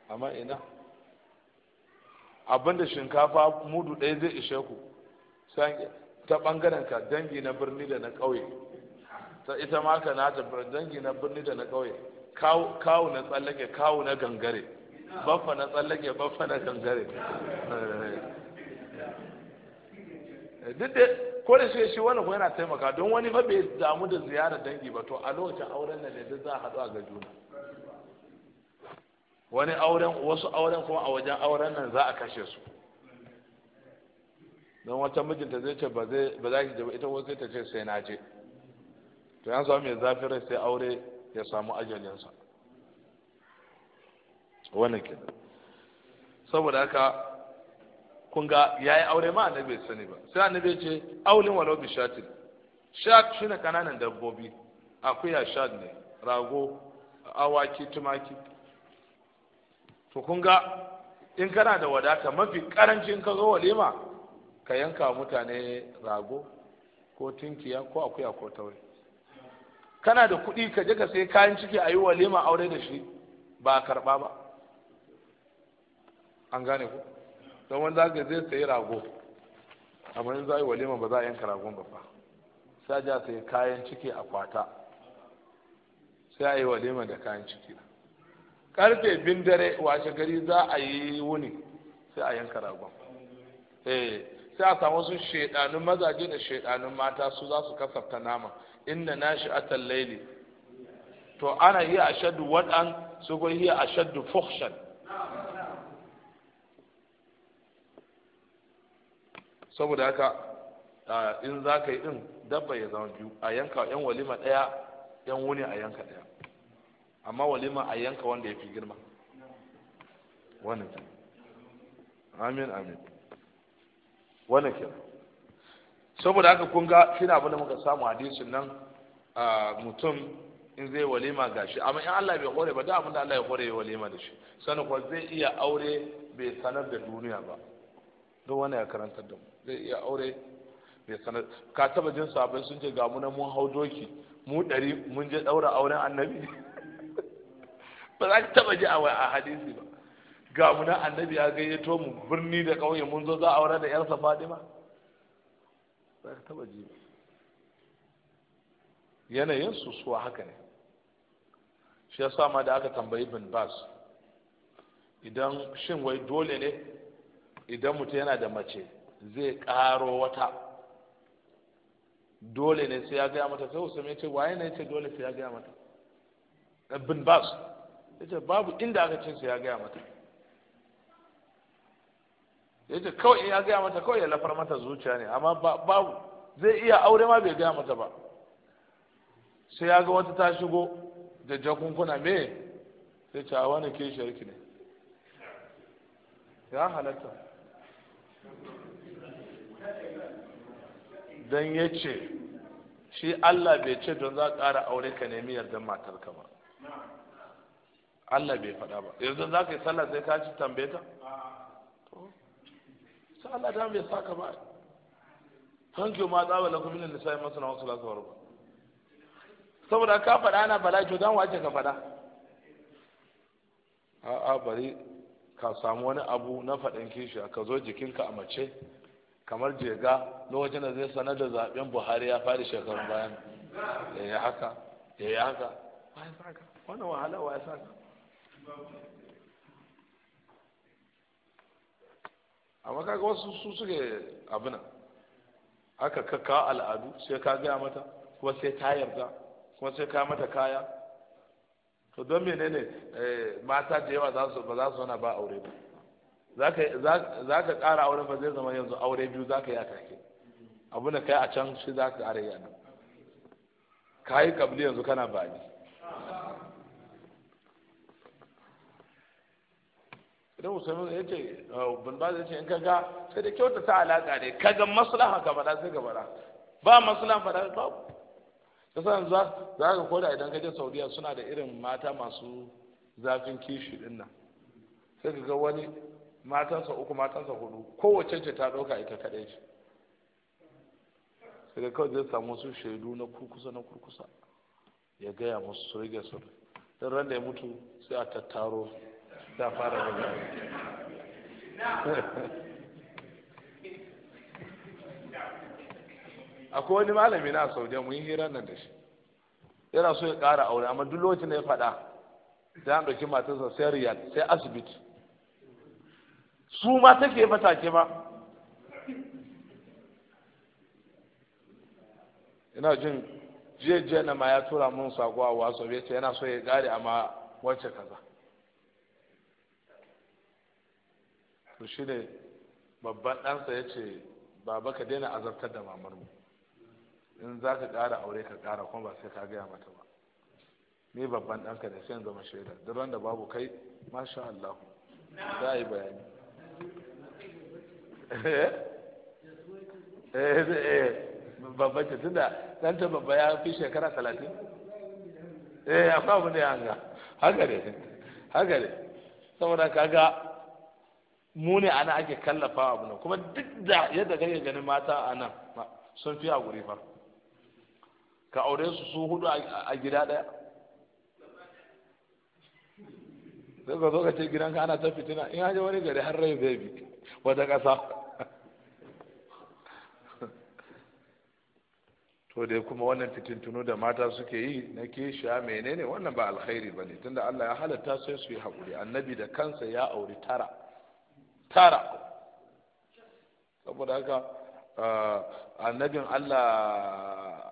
amma ina abinda shinkafa mudu ɗaya zai ishe ku ta ɓangaren ka dangi na birni da na ƙauye ta ita ma ka ta dangi na birni da na ƙauye kawu na tsallake kawu na gangare baffa na tsallake baffa na gangare eh, eh. Eh, duk da ko da shi wani kuma yana taimaka don wani fa bai damu da ziyara dangi ba to a lokacin auren nan da za a haɗu a ga juna wani auren wasu auren kuma a wajen auren nan za a kashe su don wata mijinta zai ce ba za ki ba ita wasu ta ce sai na je to yan samu mai zafi rai sai aure ya samu ajalinsa Wani kenan saboda haka kun ga yi aure ma annabi bai sani ba sai annabi ya ce aulin walau bi shatin shat shine kananan dabbobi akuya shat ne rago awaki tumaki to kun ga in kana da wadata mafi karancin ka zo walima ka yanka mutane rago ko tinkiya ko akuya ko taure kana da kuɗi ka je ka sai kayan ciki a yi walima aure da shi ba a karɓa ba an gane ku don wani za ka zai sayi rago amma in za a yi walima ba za a yanka ragon ba sai a sai kayan ciki a kwata sai a yi walima da kayan ciki karfe bin dare washe gari za a yi wuni sai a yanka ragon eh sai a samu su shaidanun mazaje da shaidanun mata su za su kasafta nama inda na shi atan laili to ana yi a shaddu waɗan, su kuma yi a shaddu fukshan saboda haka in za ka yi din dabba ya zama biyu a yanka yan walima ɗaya yan wuni a yanka ɗaya amma walima a yanka wanda ya fi girma wannan ke amin amin wannan ke saboda haka kun ga shi na abinda muka samu hadisin nan mutum in zai walima gashi amma in Allah bai hore ba da abinda da Allah ya hore ya walima da shi sanakwa zai iya aure bai sanar da duniya ba don wani ya karantar da mu zai iya aure mai sanar ka taba jin sabon sun ce ga mu mun hau doki mu ɗari mun je ɗaura auren annabi <laughs> ba za ka taba ji a hadisi ba ga mu annabi ya gayyato mu birni da ƙauye mun zo za a aure da yarsa fadima ba ka taba ji ba yanayin su suwa haka ne shi ya sa ma da aka tambayi bin bas idan shin wai dole ne idan mutum yana da mace zai ƙaro wata dole ne sai ya gaya mata sai usman ya ce waye ne ya ce dole sai ya gaya mata bin bas ya ce babu inda aka ce sai ya gaya mata ya ce kawai in ya gaya mata kawai ya lafar mata zuciya ne amma babu zai iya aure ma bai gaya mata ba sai ya ga wata ta shigo da jakunkuna me sai ce a wani ke shirki ne ya halatta don ya ce shi Allah bai ce don za a ƙara aure ka nemi yardan matarka ba Allah bai faɗa ba yanzu za ka yi sallah sai ka ci tambaye ta sai Allah ta bai saka ba hankiyo ma tsaba la kuma nisa ya na wasu lasuwar ba saboda ka faɗa ana Bala to dan wace ka faɗa a'a bari ka samu wani abu na faɗin kishi ka zo jikinka a mace kamar jega lokacin da zai sanar da zaben buhari ya fari shekarun bayan ya yi haka ya yi haka wani wahala wa ya saka amma kaga wasu su suke abuna aka kakawa al'adu sai ka gaya mata kuma sai ta yarda kuma sai ka mata kaya to don menene eh, mata da yawa za su ba za su zauna ba aure ba za ka ƙara auren ba zai zama yanzu aure biyu za ka yi a kake abu da kai a can shi za ka ƙara yana ka yi kabli yanzu kana ni? idan musamman ya ce eh, bin ba zai ce in kaga sai da kyauta ta alaƙa ne kaga maslaha ka faɗa sai ka faɗa ba maslaha faɗa ba kasa yanzu za ka koda idan ka je saudiya suna da irin mata masu zafin kishi din nan sai ka ga wani matansa uku matansa hudu kowace ce ta ɗauka ita kaɗai ce sai ka kawai zai samu su shaidu na kurkusa na kurkusa ya gaya musu su rage su don ran da ya mutu sai a tattaro ta fara rage <laughs> akwai wani malami na saudiya mun yi hira nan da shi yana so ya ƙara aure amma duk lokacin da ya faɗa da an ɗauki matarsa sai riyal sai asibiti su ma take matake ba? ina jin jiya na ma ya tura mun sako a wasu ya ce yana so ya ƙare amma wacce kaza to shi ne babban ɗansa ya ce baba ka daina azabtar da mamarmu in za ka ƙara aure ka ƙara kuma ba sai ka gaya mata ba ni babban ɗanka da sai zama shaida duk randa babu kai masha Allah za a yi bayani eh? Eh, eh, babban ce tunda ɗanta ta babba ya fi shekara talatin eh akwai abu ne ga haka ne haka ne saboda kaga mu ne ana ake kallafa abu nan kuma duk da yadda kake ganin mata a nan sun fi a guri fa ka aure su su hudu a gida daya sai ka zo ka ce gidanka ana ta fitina in haje wani gari har rai zai bi wata ƙasa to dai kuma wannan fitintunu da mata suke yi na kishiya menene wannan ba alkhairi ba ne tunda Allah ya halatta sai su yi haƙuri annabi da kansa ya auri tara tara saboda haka ah, annabin Allah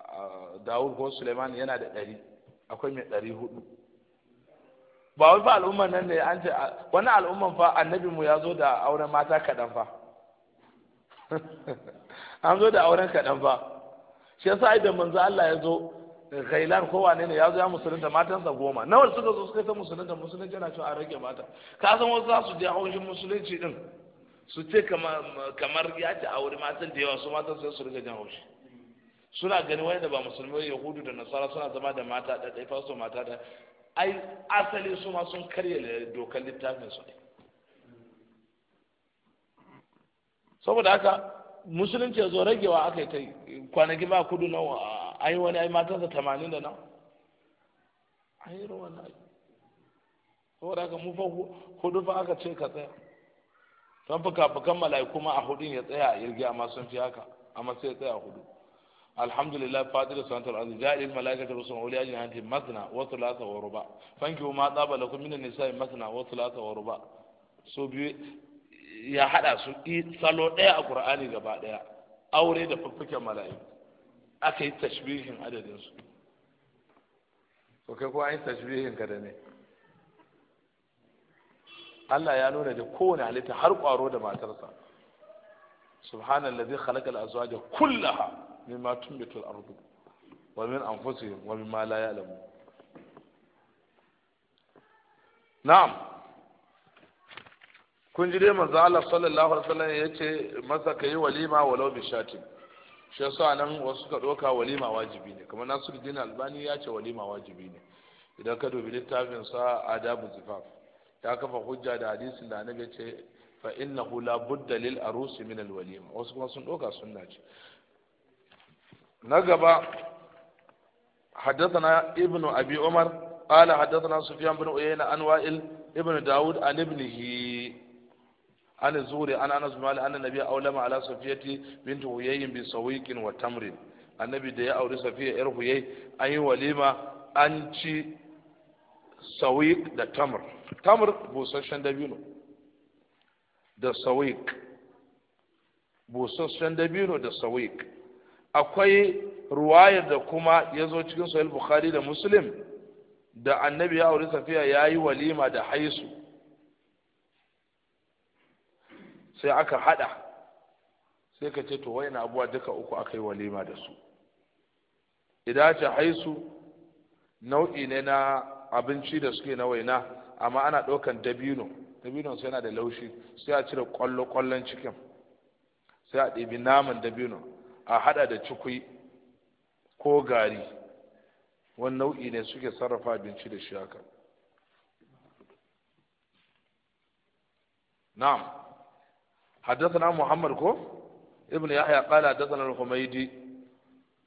dawud ko suleiman yana da ɗari akwai mai ɗari hudu ba wai fa al'umma nan ne an ce wani al'umman fa annabi mu ya zo da auren mata kaɗan fa <laughs> an zo da auren kaɗan fa shi yasa idan da manzo Allah ya zo gailan ko wane ne ya zo ya musulunta matansa goma nawa suka zo suka ta musulunta musulunci yana cewa an rage mata ka san wasu za su je haushin musulunci din su ce kamar ya ci aure matan da yawa su matan sai su rage jan haushi suna gani wani da ba musulmi yahudu da nasara suna zama da mata da ɗaya fasto mata da ai asali su ma sun karya dokar littafin su saboda haka musulunci zo ragewa aka yi ta kwanaki ba kudu na ai wani ai da tamanin da na ai ruwan ai saboda haka mu fa hudu fa aka ce ka tsaya don fuka-fukan mala'iku ma a hudun ya tsaya a yirgi, amma sun fi haka amma sai ya tsaya a hudu الحمد لله فاطر السماوات والارض جاء الملائكه رسلا اولي اجنحه مثنى وثلاثه ورباع فانكحوا ما طاب لكم من النساء مثنى وثلاثه ورباع so biyu ya hada su salo daya a qur'ani gaba daya aure da fuffuken mala'iku aka yi tashbihin adadin su kai ko an yi tashbihin ka da ne Allah ya nuna da kowane halitta har kwaro da matarsa subhanallazi khalaqal azwaja kullaha mimma tumbitul ardu wa min anfusihim wa mimma la ya'lamun na'am kun ji dai manzo Allah sallallahu alaihi wasallam yace masa kai walima walau bi shatin shi yasa nan wasu ka doka walima wajibi ne kamar Nasiruddin Albani ya ce walima wajibi ne idan ka dubi littafin sa adabu zifaf ya kafa hujja da hadisin da annabi ce fa innahu la budda lil arusi min al walima wasu kuma sun doka sunna ce na gaba حدثنا ابن أبي عمر قال حدثنا سفيان بن عيينة عن وائل ابن داود عن ابنه عن الزهري عن أنس بن مالك أن النبي أولم على صفية بنت هيي بسويق وتمر النبي ده أوري صفية إر هيي أي وليمة أنشي سويق da tamr tamr busasshen dabino da sawiq busasshen dabino da sawiq akwai ruwayar da kuma ya zo cikin sahih bukhari da muslim da annabi ya auri safiya ya yi walima da haisu sai aka hada sai ka ce to wayan abuwa duka uku aka yi walima da su idan ce haisu nau'i ne na abinci da suke na waina amma ana ɗaukan dabino dabino sai yana da laushi sai a cire kwallo kwallon cikin sai a ɗibi naman dabino a hada da cikui ko gari wani nau'i ne suke sarrafa abinci da shi haka na'am haddathana muhammad ko ibnu yahya qala haddathana al-humaydi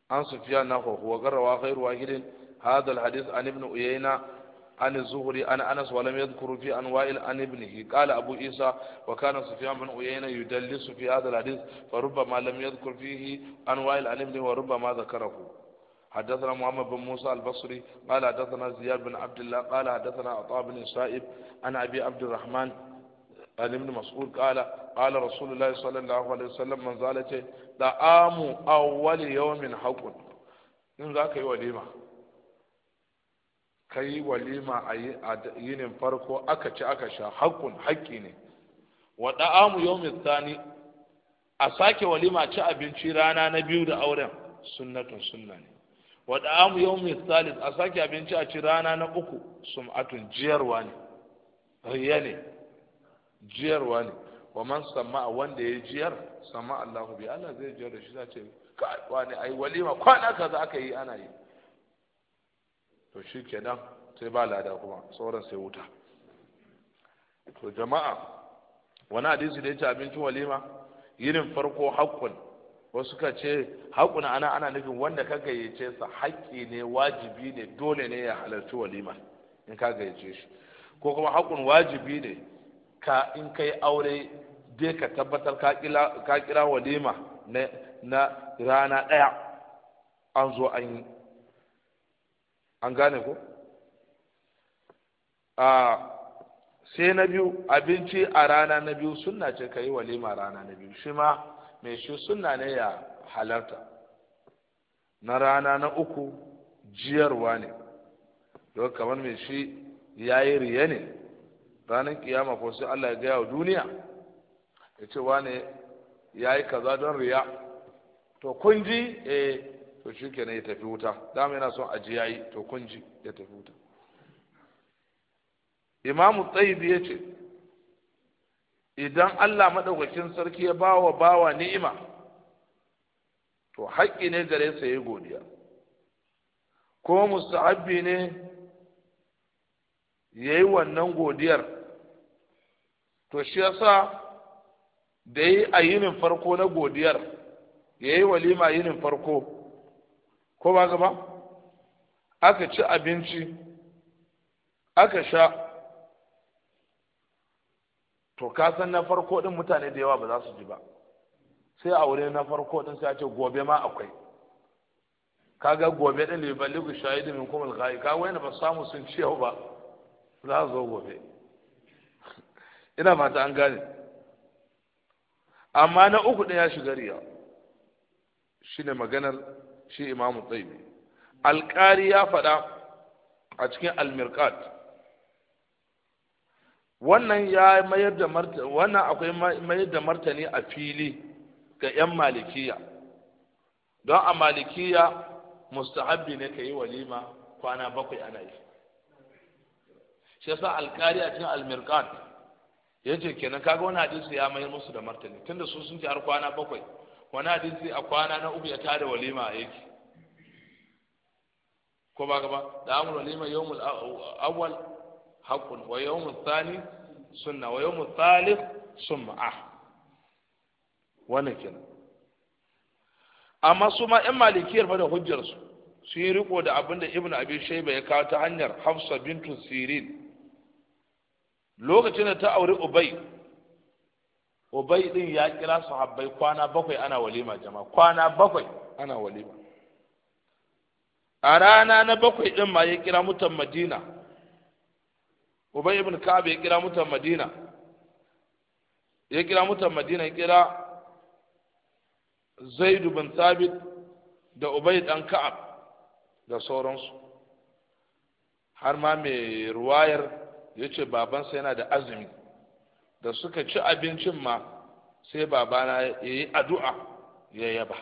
an sufyan nahu wa garawa ghayru wahidin hadha al-hadith an ibn uyayna عن الزهري عن أنس ولم يذكر في أنوائل عن ابنه قال أبو عيسى وكان سفيان بن عيينة يدلس في هذا الحديث فربما لم يذكر فيه أنوائل عن ابنه وربما ذكره حدثنا محمد بن موسى البصري قال حدثنا زياد بن عبد الله قال حدثنا عطاء بن سائب عن أبي عبد الرحمن عن ابن مسعود قال قال رسول الله صلى الله عليه وسلم من زالت دعام أول يوم حق إن ذاك يوليمه ka yi walima a yinin farko aka ci aka sha haƙƙun haƙƙi ne wa da'amu yau tsani a sake walima ci abinci rana na biyu da auren sunnatun sunna ne wa da'amu yau thalith a sake abinci a ci rana na uku sum'atun jiyarwa ne riya ne jiyarwa ne wa man a wanda ya jiyar sama Allahu bi Allah zai jiyar da shi za ce kai wani ai walima kwana kaza aka yi ana yi to shi kenan sai ba lada kuma sauran sai wuta to jama'a wani hadisi da ya abincin walima yirin farko haƙƙun wasu ka ce haƙƙun ana ana nufin wanda ka gayyace sa haƙƙi ne wajibi ne dole ne ya halarci walima in ka gayyace shi ko kuma haƙƙun wajibi ne ka in kai aure dai ka tabbatar ka kira walima na rana ɗaya an zo an yi. an gane ko a sai na biyu abinci a rana na biyu suna ce ka yi walima rana na biyu shi ma mai shi suna ne ya halarta na rana na uku jiyarwa ne don kamar mai shi ya yi riye ne ranar kiyama ko sai Allah ya gaya wa duniya ya ce wane ya yi kaza don riya to kun ji eh to shi kenan ya tafi wuta dama yana son aji yayi to kun ji ya tafi wuta imamu tsayibi ya ce idan allah maɗaukakin sarki ya ba wa bawa ni'ima to haƙƙi ne gare sa ya godiya ko musta'abbi ne ya yi wannan godiyar to shi yasa da yi a yinin farko na godiyar ya yi walima yinin farko ko ba gaba aka ci abinci aka sha to ka san na farko din mutane da yawa ba za su ji ba sai a wurin na farko din sai a ce gobe ma akwai kaga gobe din liban liku shahidi min kuma alghai ka wani ba samu sun ci yau ba za su zo gobe <laughs> ina mata an gane amma na uku din ya shiga riya shine maganar shi imamu tsaibi alƙari ya faɗa a cikin almirkat wannan ya mayar da martani wannan akwai mayar da martani a fili ga 'yan malikiya don a malikiya mustahabbi ne ka yi walima kwana bakwai ana yi shi yasa alkari a cikin almirkat ya ce kenan kaga wani hadisi ya mayar musu da martani tunda su sun ci har kwana bakwai wani hadisi a kwana na uku ya tada walima a yake ko ba gaba da amur walima yawmul awwal haqqun wa yawmul thani sunna wa yawmul thalith sum'a ah. wannan kenan amma su ma yan malikiyar fa da hujjar su su yi riko da abin da ibnu abi shayba ya kawo ta hanyar hafsa bintu sirin lokacin da ta auri ubay ubai din ya kira sahabbai kwana bakwai ana walima jama'a kwana bakwai ana walima a rana na bakwai din ma ya kira mutan madina ubai ibn ka'ab ya kira mutan madina ya kira mutan madina ya kira zaidu bin thabit da ubai dan ka'ab da sauransu har ma mai ruwayar ya ce babansa yana da azumi da suka ci abincin ma sai babana ya yi addu'a ya yaba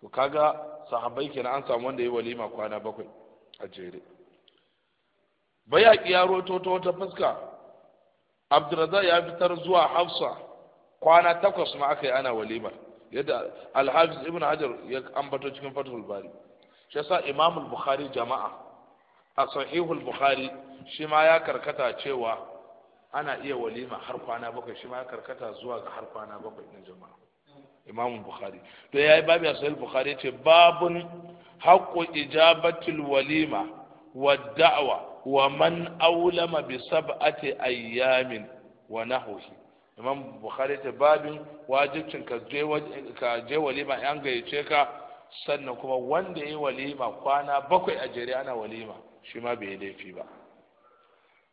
to kaga sahabbai ke an samu wanda ya walima kwana bakwai a jere bayaki ya roto ta fuska abdurrazzaq ya fitar zuwa hafsa kwana takwas ma aka yi ana walimar yadda alhafiz ibn hajar ya ambato cikin fathul bari shi sa imamul bukhari jama'a a sahihul bukhari shi ma ya karkata cewa ana iya walima har kwana bakwai shi ma karkata zuwa ga har kwana bakwai na jama'a imamu bukhari to yi babu ya sahih bukhari ce babun haqqu ijabatul walima wa da'wa wa man aulama bi sab'ati ayyamin wa nahwihi imam bukhari ce babin wajibcin ka je ka je walima an gayyace ka sannan kuma wanda ya yi walima kwana bakwai a jere ana walima shi ma bai laifi ba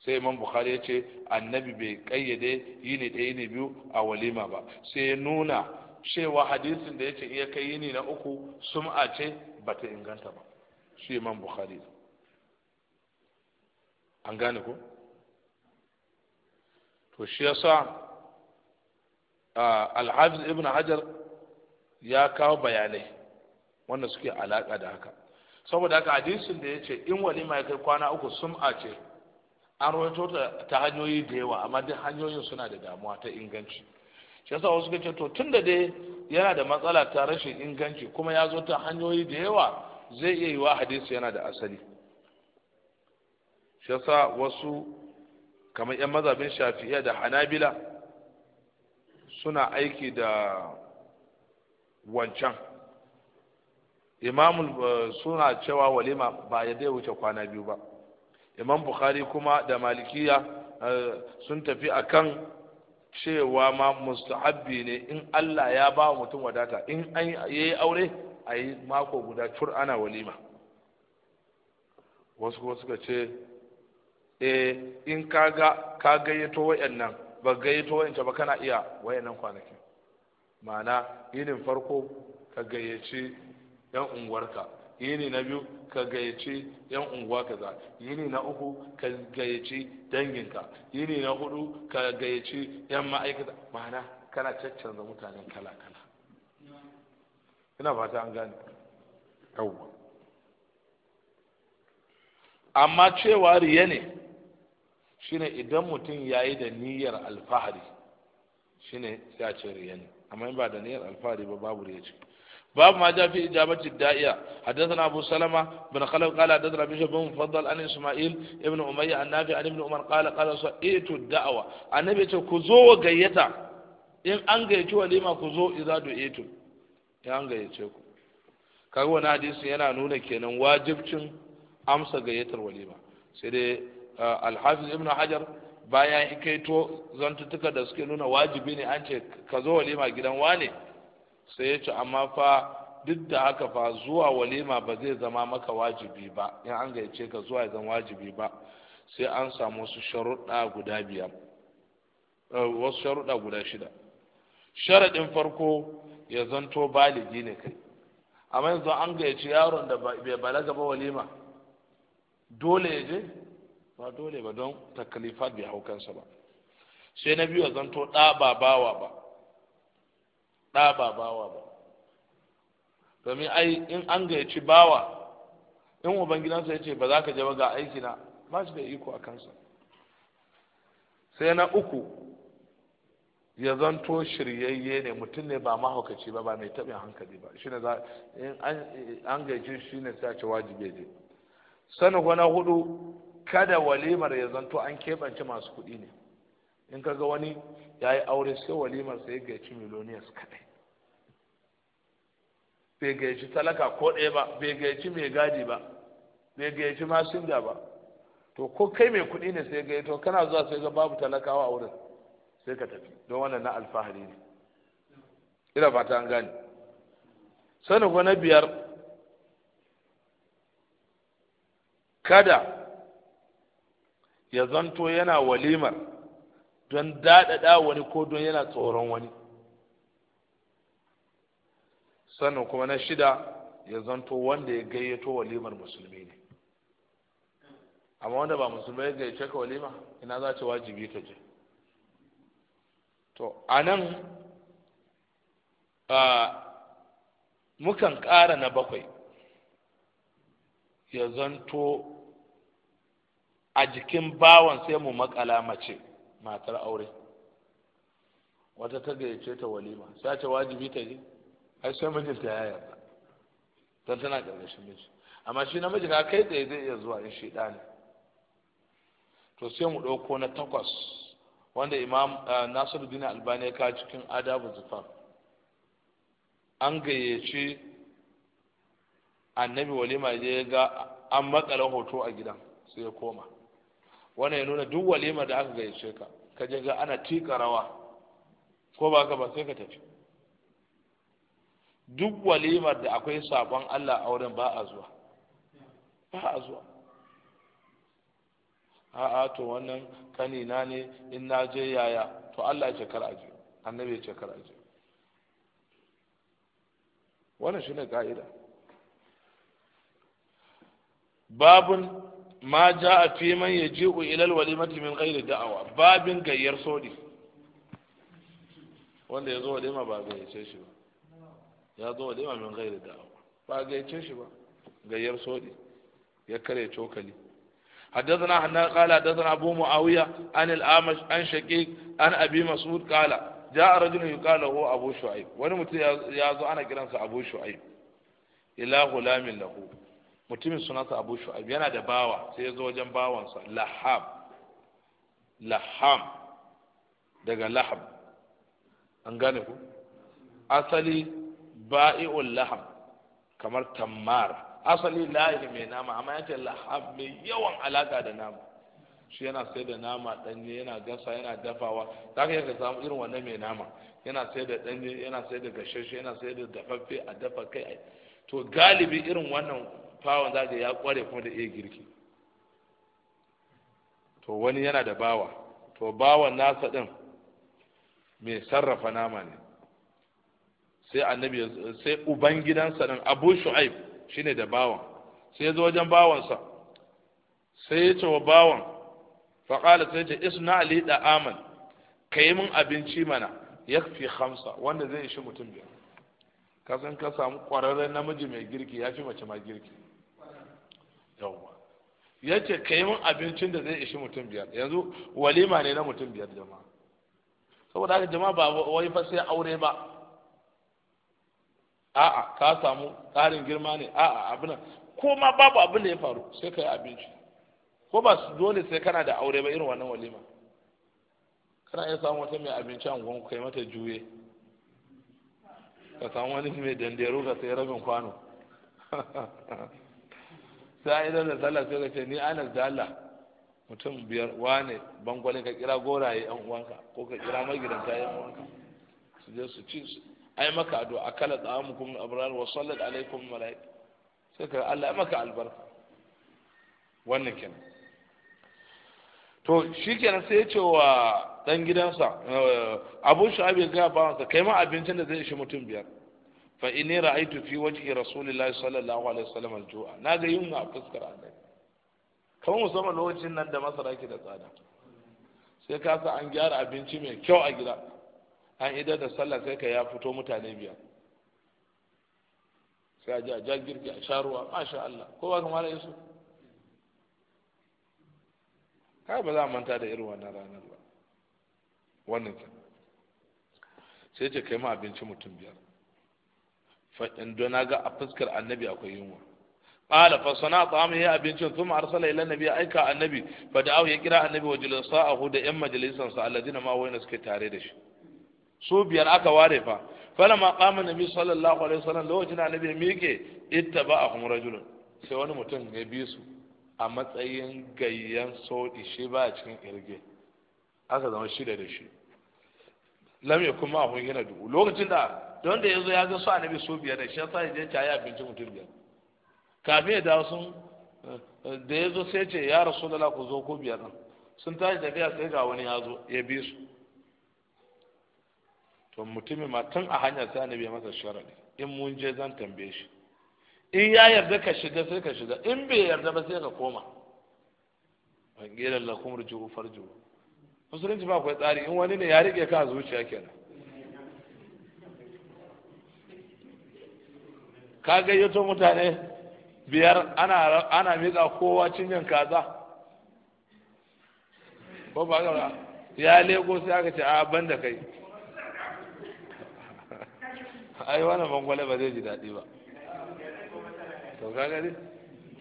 sai imam bukhari ya ce annabi bai kayyade yini ɗaya yini biyu a walima ba sai ya nuna cewa hadisin da ya ce iya kai yini na uku sum'a ce ba ta inganta ba shi imam bukhari an gane ko to shi ya al-hafiz ibn hajar ya kawo bayanai wanda suke alaƙa da haka saboda haka hadisin da ya ce in walima ya kai kwana uku sum'a ce an rawaito ta hanyoyi da yawa amma duk hanyoyin suna da damuwa ta inganci shi yasa wasu ke ce to tun da dai yana da matsala ta rashin inganci kuma ya zo ta hanyoyi da yawa zai iya yiwa hadisi yana da asali shi yasa wasu kamar yan mazabin shafi'iyya da hanabila suna aiki da wancan imamul eh, suna cewa walima ba ya dai wuce kwana biyu ba imam bukhari kuma da malikiya eh, sun tafi akan cewa ma mustahabbi ne in Allah ya ba mutum wadata in an yi aure a yi mako guda cur ana walima wasu kuma suka ce e in ka ka gayyato wayannan ba gayyato wayanta ba kana iya wayannan kwanaki ma'ana yinin farko ka gayyaci yan unguwarka yini na biyu ka gayyaci yan unguwa kaza yini na uku ka gayyaci danginka yini na hudu ka gayyaci yan ma'aikata ma'ana kana caccanza mutanen kala kala ina fata an gane yawwa amma cewa riya ne shine idan mutum ya yi da niyyar alfahari shine ya ce riya ne amma in ba da niyyar alfahari ba babu riya ce. باب ما جاء في إجابة الداعية حدثنا أبو سلمة بن خلف قال حدثنا بشر بن مفضل عن إسماعيل ابن أمية عن نافع عن ابن عمر قال قال صئت الدعوة النبي كزو وغيتا إن أنغيت وليما كزو إذا دعيت إن أنغيتكم kaga wani hadisi yana nuna kenan wajibcin amsa gayyatar walima sai dai alhafiz ibn hajar bayan hikaito zantuttuka da suke nuna wajibi ne an ce ka zo walima gidan wane sai ya ce amma fa duk da haka fa zuwa walima ba zai zama maka wajibi ba in an gaice ka zuwa ya zama wajibi ba sai an samu wasu sharuɗa guda biyar eh, wasu sharuɗa guda shida sharaɗin farko ya zanto baligi ne kai amma yanzu an gaice yaron da bai balaga ba walima dole ya je ba dole ba don takalifat bai hau kansa ba sai na biyu ya zanto ɗa ba bawa ba ɗa ba bawa ba domin ai in an gayyaci bawa in ubangidansa ya ce ba za ka je ba ga aiki na ba shi da iko a kansa sai na uku ya zanto shiryayye ne mutum ne ba mahaukaci ba ba mai taɓin hankali ba shi ne za in an gaice shi ne sai a ce wajibi ne sani na hudu kada walimar ya zanto an keɓance masu kuɗi ne in ka ga wani ya yi aure sai walimar sai gaici miloniyas kadai bai gaici talaka ko ɗaya ba bai gaici mai gadi ba bai gaici masinja ba to ko kai mai kuɗi ne sai to kana zuwa sai ga babu talakawa a wurin sai ka tafi don wannan na alfahari ne ina fata an gane sanin ko na biyar kada ya zanto yana walimar don daɗaɗa wani ko don yana tsoron wani sannan kuma na shida ya zanto wanda ya gayyato walimar musulmi ne amma wanda ba musulmi ya gayyace ka walima ina za ce wajibi ka je to a nan mukan ƙara na bakwai ya zanto a jikin bawan sai mu makala mace matar aure wata ta gayyace ta walima sai ce wajibi ta yi ai sai mijinta ya yarda don tana ƙarƙashin miji amma shi namiji ka kai tsaye zai iya zuwa in shi ne to sai mu ɗauko na takwas wanda imam eh, dina albani ya kawo cikin adabu zufar an gayyace annabi walima ya ga an makala hoto a gidan sai ya koma wannan ya nuna duk walima da aka gayyace ka ka je ga ana tika rawa ko ba ka ba sai ka tafi duk walimar da akwai sabon Allah a wurin ba a zuwa ba a zuwa a'a to wannan kanina ne in na je yaya to Allah ya ce kar aje annabi ya ce kar aje wannan shine ka'ida babun ma جاء fi man يجيء ila al من غير ghairi da'awa babin gayyar wanda ya zo walima ba gayyace shi ba ya zo walima min da da'awa ba gayyace shi ba gayyar sodi ya kare cokali حدثنا حنان قال حدثنا أبو معاوية عن الأعمش عن شقيق عن أبي مسعود قال جاء رجل يقال له أبو شعيب ونمت يازو أنا كرنس أبو شعيب إلى غلام له mutumin sunansa abu shu'aib yana da bawa sai ya zo wajen bawansa laham laham daga laham an gane ku asali ba'i'ul laham kamar tammar asali lahi mai nama amma yake laham mai yawan alaka da nama shi yana sai da nama danye yana gasa yana dafawa za ka yaka samu irin wannan mai nama yana sai da danye yana sai da gashashe yana sai da dafaffe a dafa kai to galibi irin wannan bawan za ya kware kuma da iya girki to wani yana da bawa to bawan nasa din mai sarrafa nama ne sai annabi sai uban din abu shu'aib shine da bawan sai ya zo wajen bawansa sai ya ce wa bawan faƙala sai ce isna li da aman ka yi min abinci mana ya fi hamsa wanda zai shi mutum biyar kasan ka samu ƙwararren namiji mai girki ya fi mace ma girki ya ce ka yi min abincin da zai ishi mutum biyar yanzu walima ne na mutum biyar jama'a saboda haka jama'a ba wai fa sai aure ba a'a ka samu ƙarin girma ne a'a abin ko ma babu abin da ya faru sai ka yi abinci ko ba dole sai kana da aure ba irin wannan walima kana iya samun wata mai abinci a gwan kai mata juye ka samu wani mai dandero ka sai rabin kwano <laughs> sai idan da sallah sai ka ce ni ana da Allah mutum biyar wane bangwale ka kira goraye yan uwanka ko ka kira magidanta yan uwanka su je su ci su ai maka addu'a akala ta'amukum abrar wa sallat alaikum malaik sai ka Allah maka albarka wannan kenan to shikenan sai ya ce wa dan gidansa eh, Abu Shu'aib ya ga bawansa kai ma abincin da zai ishi mutum biyar fa inni ra'aytu fi wajhi rasulillahi sallallahu alaihi wasallam al-ju'a naga yin a fuskar annabi kamar musamman lokacin nan da masara ke da tsada sai ka sa an gyara abinci mai kyau a gida an idar da sallah sai ka ya fito mutane biyar sai a ji a jagirki a sharuwa masha Allah ko ba kamar yasu kai ba za a manta da irin wannan ranar ba wannan sai ce kai ma abinci mutum biyar don na ga a fuskar annabi akwai yunwa qala fa sana ta'am ya abincin thumma arsala ila annabi aika annabi fa da'aw ya kira annabi wa julasa'ahu da yan majalisan sa alladina ma wayna suke tare da shi su biyar aka ware fa falamma qama annabi sallallahu alaihi wasallam lokacin annabi miƙe ittaba'ahum rajulun sai wani mutum ya bi su a matsayin gayyan sodi shi ba cikin irge aka zama shida da shi lam yakun ma'ahu yana dubu lokacin da don da ya zo ya ga su annabi su biyar da shi yasa ya je ta yi abinci mutum biyar kafin ya dawo sun da ya zo sai ce ya rasu da ku zo ko biyar nan sun tashi tafiya sai ga wani ya zo ya bi su to mutumin ma tun a hanya sai annabi ya masa ne. in mun je zan tambaye shi in ya yarda ka shiga sai ka shiga in bai yarda ba sai ka koma ban gela lakum rujuhu farjuhu musulunci ba kai tsari in wani ne ya rike ka zuciya kenan ka gayyato mutane biyar ana miƙa kowa cinyan kaza ko ba gaba ya lego sai aka ce a ban da kai <laughs> ai wani bangwale ba zai ji daɗi ba to ka gari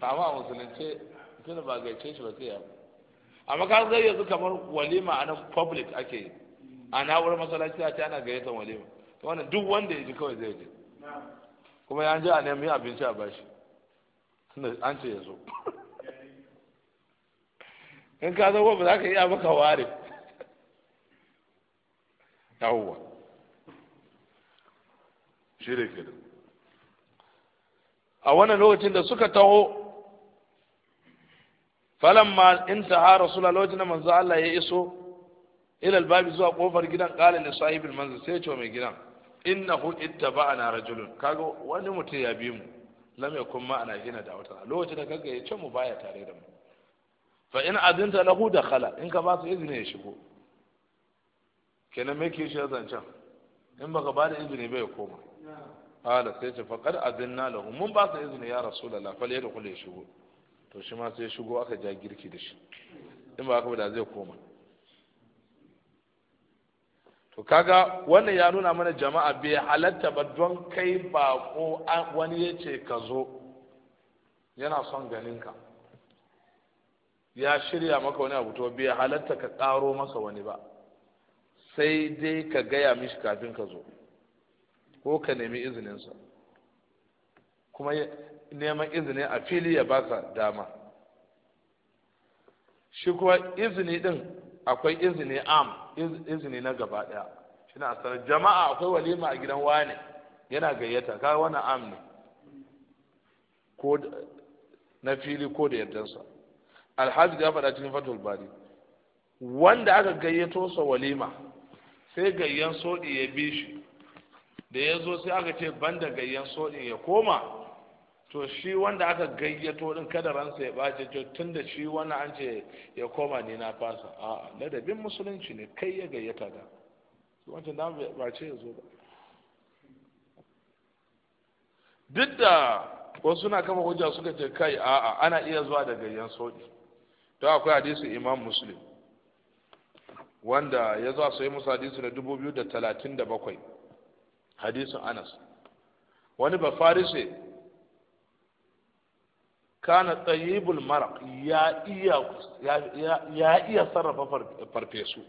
amma a musulunce tuna ba gaice shi ba sai ya amma ka zai yanzu kamar walima a nan public ake yi a na'urar masalaci a ana gayyatar walima wannan duk wanda ya ji kawai zai ji. kuma ya ji a nemi abinci a bashi an ce ya zo in ka zo ba za ka iya maka ware yawwa shi da ke a wannan lokacin da suka taho falon falamma hara sula, lokacin da manzo Allah ya iso ilal babu zuwa kofar gidan qala li sahibil manzil sai ya ce mai gidan innahu ittaba'ana rajulun kaga wani mutum ya bi mu lam yakun ma'ana hina da wata lokacin da kaga ya ce mu baya tare da mu fa in adinta lahu dakhala in ka ba su izini ya shigo kenan me ke shi zancan in baka ba da izini bai koma qala sai ce faqad adinna lahu mun ba su izini ya rasulullah fa yadkhul ya shigo to shi ma sai shigo aka ja girki da shi in ba haka ba da zai koma to kaga wannan ya nuna mana jama'a bai halatta ba don kai ba ko wani ya ce ka zo yana son ganinka ya shirya maka wani abu to bai halatta ka tsaro masa wani ba sai dai ka gaya mishi kafin ka zo ko ka nemi izininsa kuma neman izini a fili ya baka dama shi kuwa izini din akwai izini am izini na gaba daya shi na asarar jama'a akwai walima a gidan wane yana gayyata ka wani am ne ko na fili ko da yardansa alhaji ya faɗa cikin fatul bari wanda aka gayyato sa walima sai gayyan soɗi ya bi shi da ya zo sai aka ce banda gayyan soɗi ya koma to shi wanda aka gayyato din kada ransa ya bace to tunda shi wannan an ce ya koma ni na fasa a ladabin musulunci ne kai ya gayyata da su wancan da ba ce ya zo ba duk da wasu na kama hujja suka ce kai a'a ana iya zuwa da gayyan sauki to akwai hadisi imam muslim wanda ya zuwa sai musu hadisi na dubu biyu da talatin da bakwai hadisin anas wani ba farise kana tsayibul marak ya iya sarrafa farfesu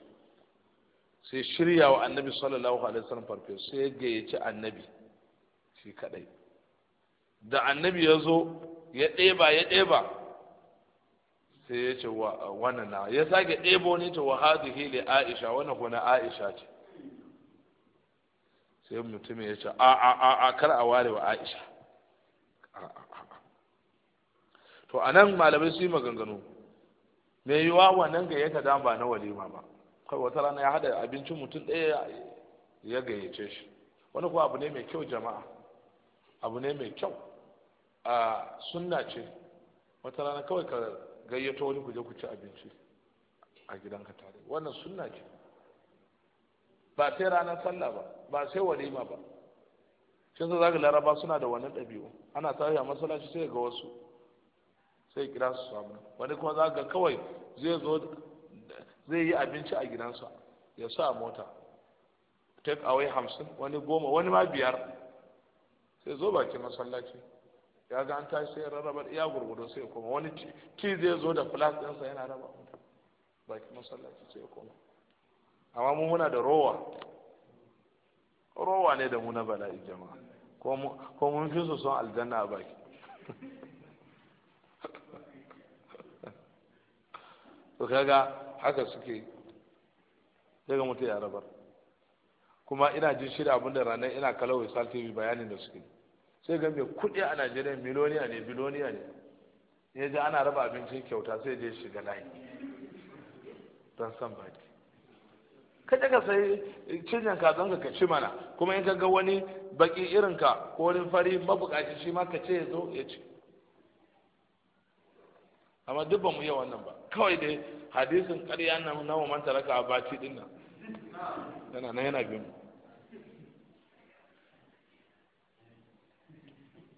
sai shirya wa annabi sallallahu alaihi wasallam farfesu sai ya gayyaci annabi shi kadai da annabi ya zo ya ɗeba ya ɗeba sai ya ce wani na ya sake ɗebo ne ta wahadu hili aisha wani kuna aisha ce sai mutum ya ce a a a kar a ware wa aisha a'a to a nan malamai su yi maganganu me yiwa wannan ga yaka dama ba na walima ba kai wata rana ya hada abincin mutum ɗaya ya gayyace shi wani kuwa abu ne mai kyau jama'a abu ne mai kyau a sunna ce wata rana kawai ka gayyato wani kuje ku ci abinci a gidanka tare wannan sunna ce ba sai ranar sallah ba ba sai walima ba shi za ga laraba suna da wannan ɗabi'u ana tafiya masallaci sai ga wasu sai kira su samu wani kuma za ga kawai zai zo zai yi abinci a gidansa ya sa a mota take away hamsin wani goma wani ma biyar sai zo bakin masallaci ya ga an tashi sai rarraba iya gurgudu sai ya koma wani ki zai zo da flask ɗinsa yana raba bakin masallaci sai ya koma amma mu muna da rowa rowa ne da mu na bala'i jama'a ko mun fi su son aljanna a baki <laughs> to kaga haka suke daga ga mutu ya rabar kuma ina jin shirya abin da ranar ina kalau sal tv bayanin da suke sai ga mai a najeriya miloniya ne biloniya ne ya ji ana raba abincin kyauta sai je shiga layi don san baki kada ka sai ka kazan ka ci mana kuma in ka ga wani baki irinka ko wani fari mabukaci shi ma ka ce ya zo ya ci amma duk ba mu iya wannan ba kawai dai hadisin ƙarya na nawa man taraka a baci din nan yana nan yana bin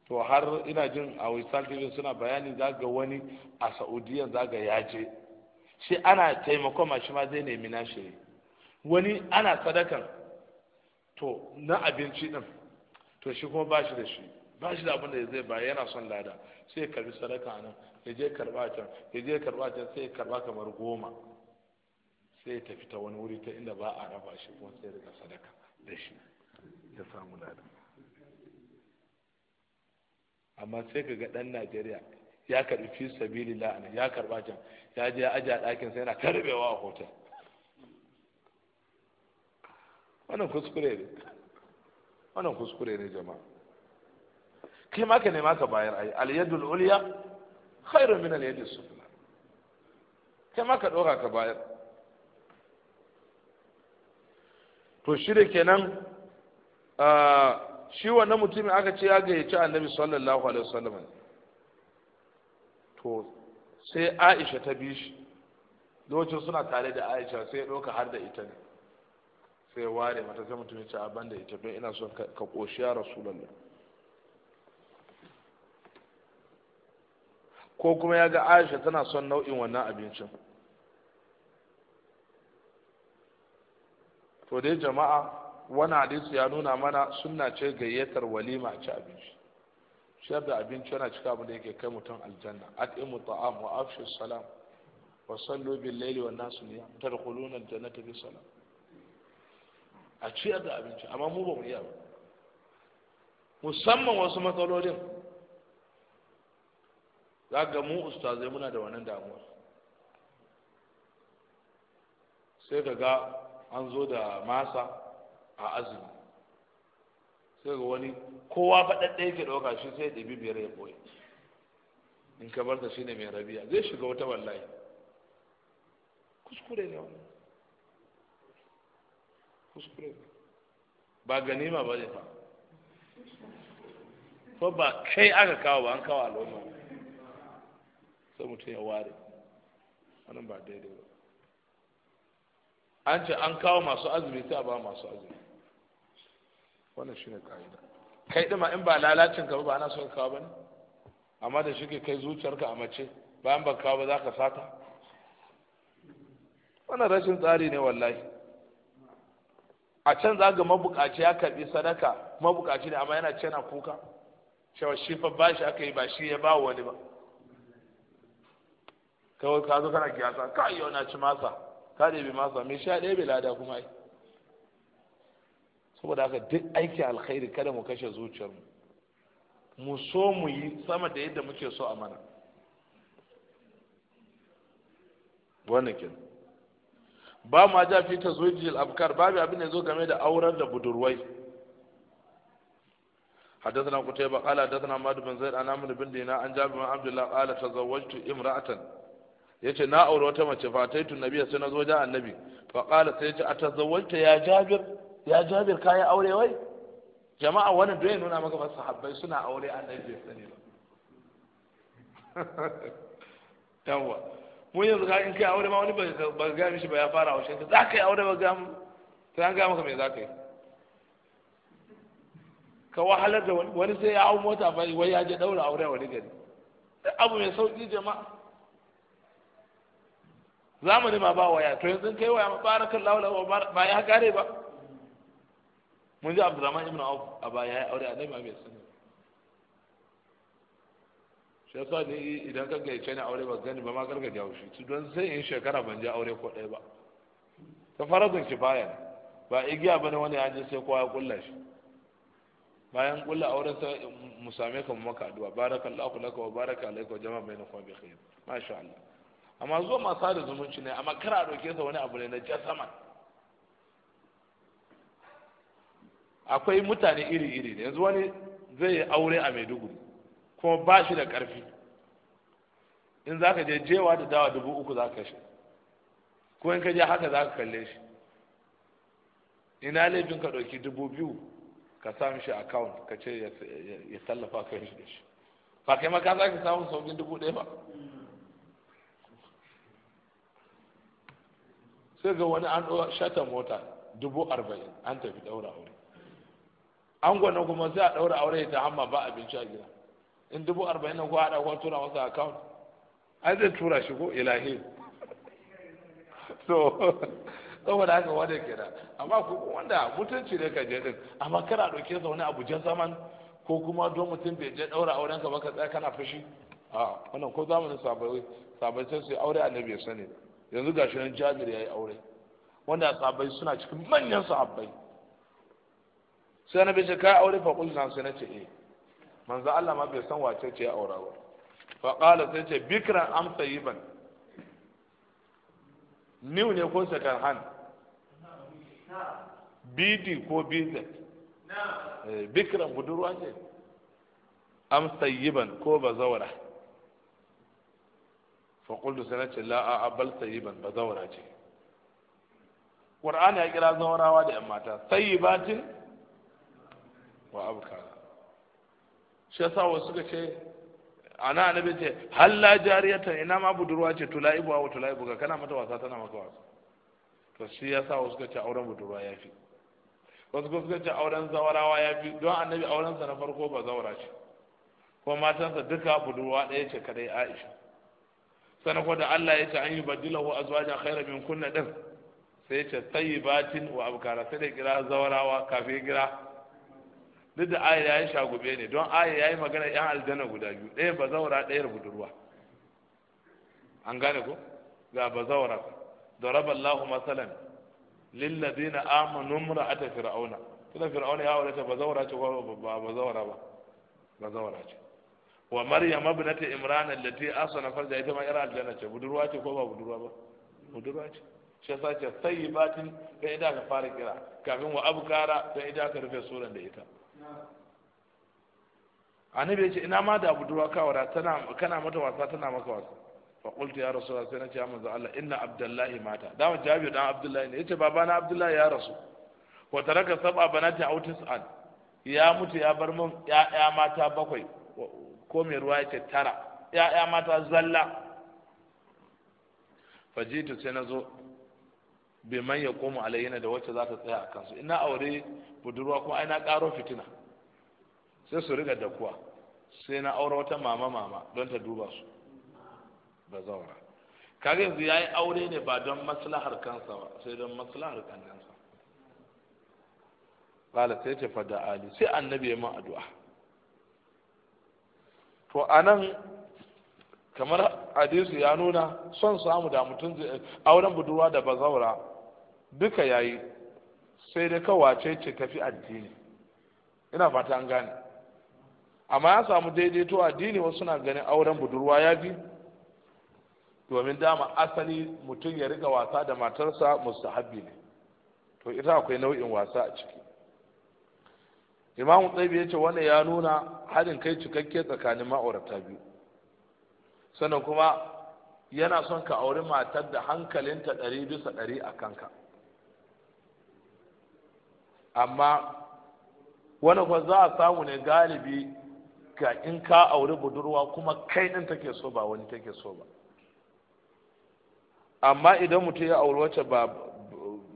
to har ina jin a wisal tv suna bayani za ga wani a saudiya za ga ya je shi ana taimako ma shi ma zai nemi shiri wani ana sadakan to na abinci din to shi kuma ba shi da shi ba shi da abin da zai ba yana son lada sai karbi sadaka nan ya je karba can ya je karba can sai ya karba kamar goma sai ta tafi ta wani wuri ta inda ba a raba shi kuma sai rika sadaka da shi ya samu ladan amma sai ka ga dan Najeriya ya karbi fi sabili la'ana, ya karba can ya je ya ajiye a ɗakin sai yana karbewa a hotel wannan kuskure ne wannan kuskure ne jama'a shi ma ka nema ka bayar ai al-yadul ulya khairu min al-yadis sufla kai ma ka ɗora ka bayar to shi da kenan shi wannan mutumin aka ce ya gayyaci annabi sallallahu alaihi wasallam to sai aisha ta bi shi lokacin suna tare da aisha sai ya ɗauka har da ita ne sai ya ware mata sai mutum ya ce a da ita don ina son ka koshi ya rasulallah ko kuma ya ga aisha tana son nau'in wannan abincin to dai jama'a wani hadisi ya nuna mana sunna ce gayyatar walima ci abinci ciyar da abinci yana cika abin da yake kai mutum aljanna at'imu ta'am wa afshu salam wa sallu bil laili wan nasu niyam tadkhuluna al-jannata bi salam a ciyar da abinci amma mu ba mu iya ba musamman wasu matsalolin za ga mu ustazai muna da wannan damuwar sai ga ga an zo da masa a azumi sai ga wani kowa faɗaɗɗe ke ɗauka shi sai ɗabi biyar ya ɓoye in ka bar shi ne mai rabiya zai shiga wata wallahi kuskure ne wani, kuskure ne ba ganima ba ne fa ko ba kai aka kawo ba an kawo al'umma sai mutum ya ware wannan ba daidai ba an ce an kawo masu azumi ta a ba masu azumi wannan shi ne ka'ida kai ɗima in ba lalacin ka ba ana son kawo ba ne amma da shi ke kai zuciyarka a mace bayan ba kawo ba za ka sata wannan rashin tsari ne wallahi a can za ga mabukaci ya karɓi sadaka mabukaci ne amma yana cena kuka cewa shi fa bashi aka yi ba shi ya ba wani ba kawai ka zo kana kiyasa ka yau na ci masa ka bi masa mai sha ɗaya bai lada kuma ai saboda haka duk aiki alkhairi kada mu kashe zuciyarmu mu so mu yi sama da yadda muke so a mana wannan kin ba ma ja fi ta zuwajil abkar babu abin da zo game da aurar da budurwai حدثنا قتيبة قال حدثنا مالك بن زيد عن عمرو بن دينار عن جابر بن عبد الله قال تزوجت امرأة yace na aure wata mace tun nabiya sai na zo da annabi fa kala sai yace atazawwalta ya jabir ya jabir kai aure wai jama'a wannan doye nuna maka ba sahabbai suna aure annabi bai sani ba <laughs> yawa mu yanzu ka in kai aure ma wani ba ga mishi ba ya fara aure ka za ka yi aure ba ga mu sai an ga maka me za ka yi ka wahalar da wani sai ya hau mota bai wai ya je daura aure wani gari abu mai sauki jama'a zamani ma ba waya to yanzu kai waya barakan lawla wa ba ya kare ba mun ji abdurrahman ibn auf a baya ya aure annabi mai bai sani shi yasa ne idan ka yace ni aure ba gani ba ma karka jawo shi don sai in shekara ban je aure ko ɗaya ba ta zan kifaya baya ba igiya bane wani ya je sai kowa ya kulla shi bayan kulla auren sa musame ka mu maka addu'a barakallahu laka wa baraka alayka wa jama'a bainakum bi khair masha Allah amma zuwa masu da zumunci ne amma kar a ɗauke sa wani abu ne na jasama akwai mutane iri-iri ne yanzu wani zai yi aure a maiduguri kuma ba shi da ƙarfi in za ka je jewa da dawa dubu uku za ka shi ko in ka je haka za ka kalle shi ina laifin ka ɗauki dubu biyu ka sa shi account ka ce ya tallafa kai shi da shi ba kai ma ka za ka samu saukin dubu ɗaya ba sai ga wani an shatan mota dubu arba'in an tafi ɗaura aure an gwanon kuma sai a ɗaura aure ta hamma ba abinci a gida in dubu arba'in nan ko haɗa ko tura masa account ai zai tura shi ko ilahi so <laughs> saboda haka wanda ke da amma ku wanda mutunci ne ka je din amma kana ɗauke sa wani abu jan zaman ko kuma don mutum bai je ɗaura aurenka ba ka tsaya kana fushi a wannan ko zamanin sabai sabai sai su aure annabi ya sani ba yanzu shirin nan ya yi aure wanda sahabbai suna cikin manyan sahabbai sai na ce kai aure fa kullu sai na ce eh manzo Allah ma bai san wace ce ya aura ba fa qala sai ce bikran am tayyiban niu ne ko second hand bidi ko BZ. Eh, bikran budurwa ce am tayyiban ko bazawara فقلت qultu sanati la a abal tayyiban bazawara ce qur'ani ya kira zawarawa da yan mata tayyibatin wa abkara shi wasu suka ce ana annabi ce halla jariyatan ina ma budurwa ce tulaibu wa tulaibu ka kana mata wasa tana to shi sa wasu suka auren budurwa fi wasu suka auren zawarawa ya fi don annabi sa na farko ba zawara ce ko matansa duka budurwa ɗaya ce kadai aisha ko da Allah ya ce an yi wa azwajan khaira min kunna din sai ce tayyibatin wa abkara sai da kira zawarawa kafin kira duk da ya yi shagube ne don ya yayi magana yan aljanna guda biyu ɗaya bazawara ɗaya budurwa an gane ko ga bazawara daraba Allahu masalan lil ladina amanu imra'ata fir'auna kuma fir'auna ya wuce ta bazawara ce ko ba bazawara ba bazawara ce wa maryam ibnati imran allati asana farja ita ma ira aljanna ce budurwa ce ko ba budurwa ba budurwa ce shi yasa ce tayyibatin sai idan ka fara kira kafin wa abkara sai idan ka rufe suran da ita annabi ya ce ina ma da budurwa kawara tana kana mata wasa tana maka wasa fa qultu ya rasulullah sai na ce manzo Allah inna abdullahi mata da jabir dan abdullahi ne yace babana abdullahi ya rasu wa taraka sab'a banati aw tis'al ya mutu ya bar mun ya'ya mata bakwai ko mai ruwa ya tara ya'ya mata zalla fajitu sai na zo bai man ya komo alayyana da wacce za ta tsaya a kansu ina aure budurwa kuma ai na karo fitina sai su riga dakuwa sai na aure wata mama mama don ta duba su ba zaura kaga yanzu yayi aure ne ba don maslahar kansa ba sai don maslahar kansa qala sai ce fa da ali sai annabi ya ma addu'a to a nan kamar hadisi ya nuna son samu da mutum auren budurwa da bazaura duka yayi sai dai kawace ce tafi addini ina fata an gane amma ya samu daidaito addini wasu na ganin auren budurwa ya bi domin dama asali mutum ya riga wasa da matarsa mustahabbi ne to ita akwai nau'in wasa a ciki imamu tsaibi ya ce wannan ya nuna haɗin kai cikakke tsakanin ma'aurata biyu sannan kuma yana son ka auri matar da hankalinta ɗari bisa ɗari a kanka amma wani kuma za a samu ne galibi ga in ka auri budurwa kuma kai ɗin take so ba wani take so ba amma idan mutum ya auri wacce ba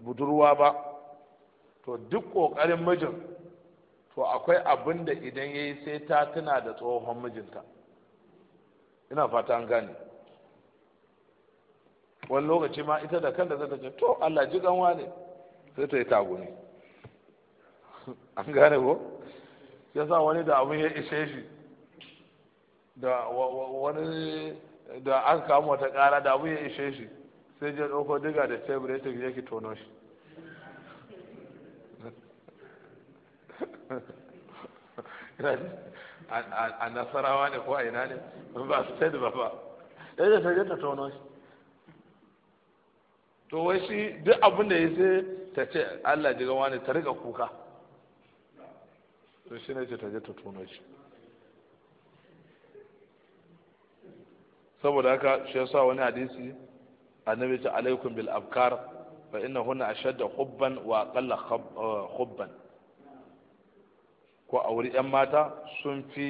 budurwa ba to duk ƙoƙarin mijin to akwai abin da idan ya yi sai ta tuna da tsohon mijinta ina fata an gane wani lokaci ma ita da kanta zata ce to allah ji ganwa ne sai ta yi taguni <laughs> an gane ko yasa wani da abin ya ishe shi da wani da an kama wata kara da abin ya ishe shi sai je ɗauko diga da tebur ya tafi ki tono shi a nasarawa ne ko a ina ne ba su sani ba ba ya ce sai ta tono shi to wai shi duk abin da ya sai ta ce Allah ji gawa ne ta riga kuka to shi ne ce ta je ta tono shi saboda haka shi yasa wani hadisi annabi ta alaikum bil abkar fa innahunna ashadda hubban wa aqalla eh, hubban ko wuri 'yan mata sun fi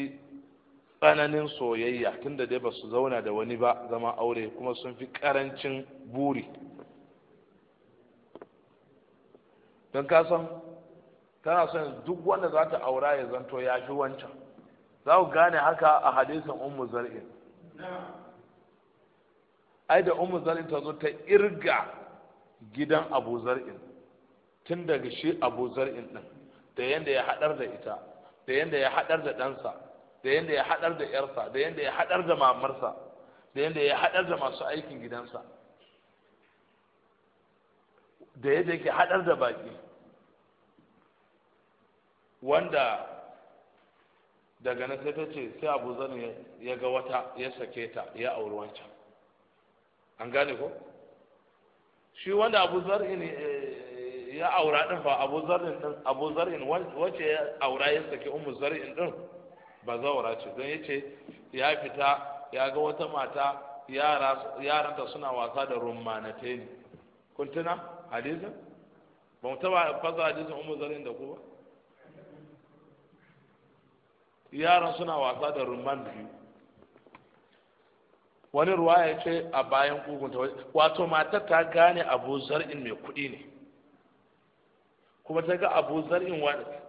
tsananin soyayya tunda dai ba su zauna da wani ba zama aure kuma sun fi karancin buri don kasan tana son duk wanda za ta aura ya zanto ya fi wancan za ku gane haka a hadisin ummu zar'in ai da ummu zar'in ta zo ta irga gidan abu zar'in tun daga shi abu zar'in din da yadda ya haɗar da ita da yanda ya haɗar da ɗansa da yanda ya haɗar da ƴarsa da yanda ya haɗar da mamarsa da yanda ya haɗar da masu aikin gidansa da yadda yake haɗar da baƙi wanda daga nan sai ta ce sai abu zan ya ga wata ya sake ta ya auri wancan an gane ko shi wanda abu zar'in eh, ya aura din fa abu zarin din abu zarin wace ya aura ya saki ummu zarin din ba zaura ce don yace ya fita ya ga wata mata yara yaranta suna wasa da rummanate ne kun tuna hadisin ba mu taba fasa hadisin ummu zarin da ku ba yaran suna wasa da rumman biyu wani ruwa ya ce a bayan kugunta wato matar ta gane abu zar'in mai kuɗi ne kuma ta ga abu zar'in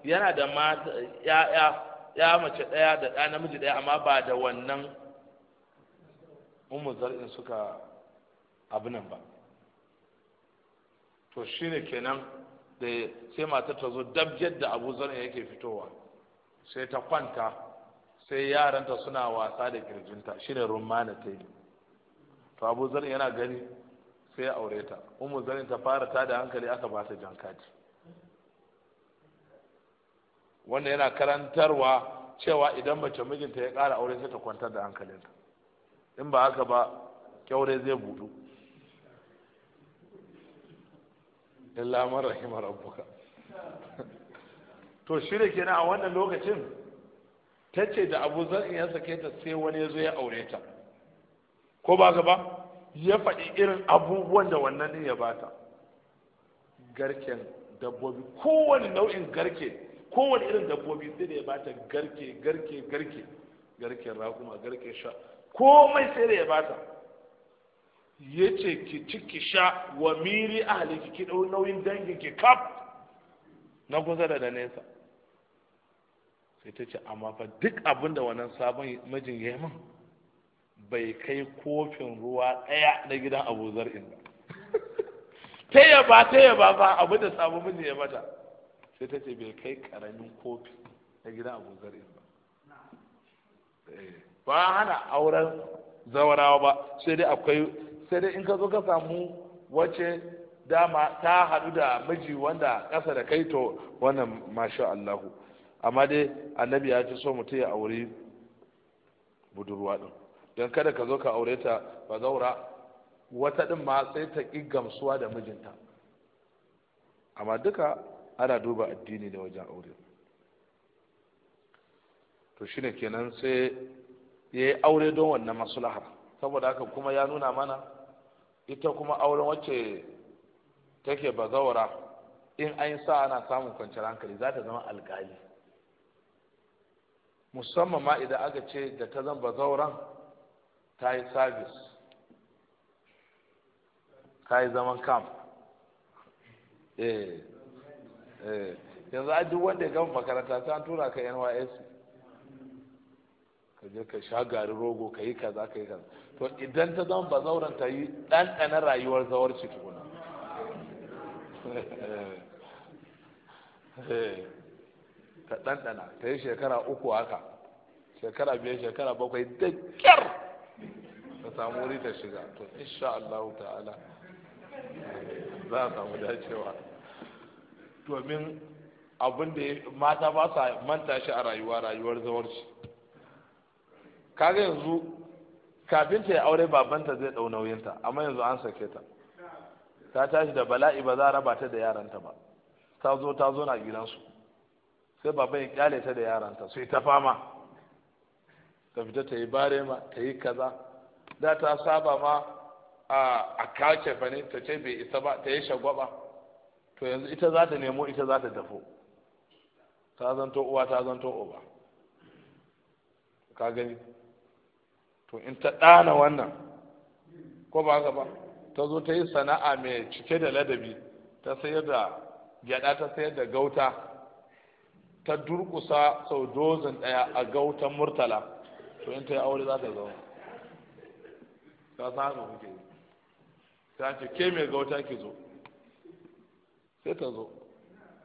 yana da mata 'ya'ya, ya mace ɗaya da ɗa namiji ɗaya amma ba da wannan umu zar'in suka abu nan ba to shi ne kenan da sai matar ta zo dab yadda abu zar'in yake fitowa sai ta kwanta sai yaranta suna wasa da kirjinta ne rumana ta yi to abu zar'in yana gani sai ya aure ta umu zar'in ta fara ta da hankali aka ba ta jankati wanda yana karantarwa cewa idan mace mijinta ya ƙara aure sai ta kwantar da hankalinta in ba haka ba kyaure zai budu illa man rahima rabbuka to shirya kenan a wannan lokacin ta ce da abu zan iya sake ta sai wani ya zo ya aure ta ko ba ka ba ya faɗi irin abubuwan da wannan ne ya bata garken dabbobi kowane nau'in garke kowane irin dabbobi sai da ya bata garke garke garke garken rakuma garke sha komai sai da ya bata ya ce ki ci ki sha wa miri ahaliki ki ɗau nauyin dangin ki kaf na kusa da nesa sai ta ce amma fa duk abin da wannan sabon mijin ya min bai kai kofin ruwa ɗaya na gidan abu zar'in ba <laughs> ta yaba ta yaba ba abin da sabon majin ya mata sai ta ce bai kai karamin kofi na gida abu zar'in ba eh, ba hana auren zawarawa ba sai dai akwai sai dai in ka zo ka samu wacce dama ta hadu da miji wanda ƙasa da kai to wannan masha Allahu amma dai annabi ya ce so mutum ya aure budurwa din, don kada ka zo ka aure ta ba zaura wata din ma sai ta ƙi gamsuwa da mijinta amma duka ana duba addini da wajen aure to shine kenan sai ya yi aure don wannan maslahar saboda haka kuma ya nuna mana ita kuma auren wacce take bazawara in an sa ana samun kwanciyar hankali za ta zama alkali musamman ma idan aka ce da ta zan bazauran ta yi sabis ta yi zaman kam eh Eh, yanzu a duk wanda ya gama makaranta ta tura ka nys ka je ka sha garin rogo ka yi kaza ka yi kaza to idan ta zama bazauran ta yi ɗanɗana rayuwar zawarci tukuna eh, eh, ta ɗanɗana ta yi shekara uku haka shekara biyar shekara bakwai da kyar ta samu wuri ta shiga to insha Allah ta'ala za a samu dacewa domin abin da mata ba sa manta shi a rayuwa rayuwar zawar shi kaga yanzu kafin ta yi aure babanta zai ɗau nauyinta amma yanzu an sake ta ta tashi da bala'i ba za a raba ta da yaranta ba ta zo ta zo na gidansu sai baban ya kyale ta da yaranta sai ta fama ta fita ta yi barema ta yi kaza da ta saba ma a kace fa ne ta ce bai isa ba ta yi shagwaba to yanzu ita za ta nemo ita za ta dafo ta zanto uwa ta zanto uba ka gani to in ta ɗana wannan ko ba haka ba ta zo ta yi sana'a mai cike da ladabi ta sayar da gyada ta sayar da gauta ta durkusa sau dozin ɗaya a gautan murtala to in ta yi aure za ta zama ta san haka kuke ta ce ke mai gauta ki zo sai ta zo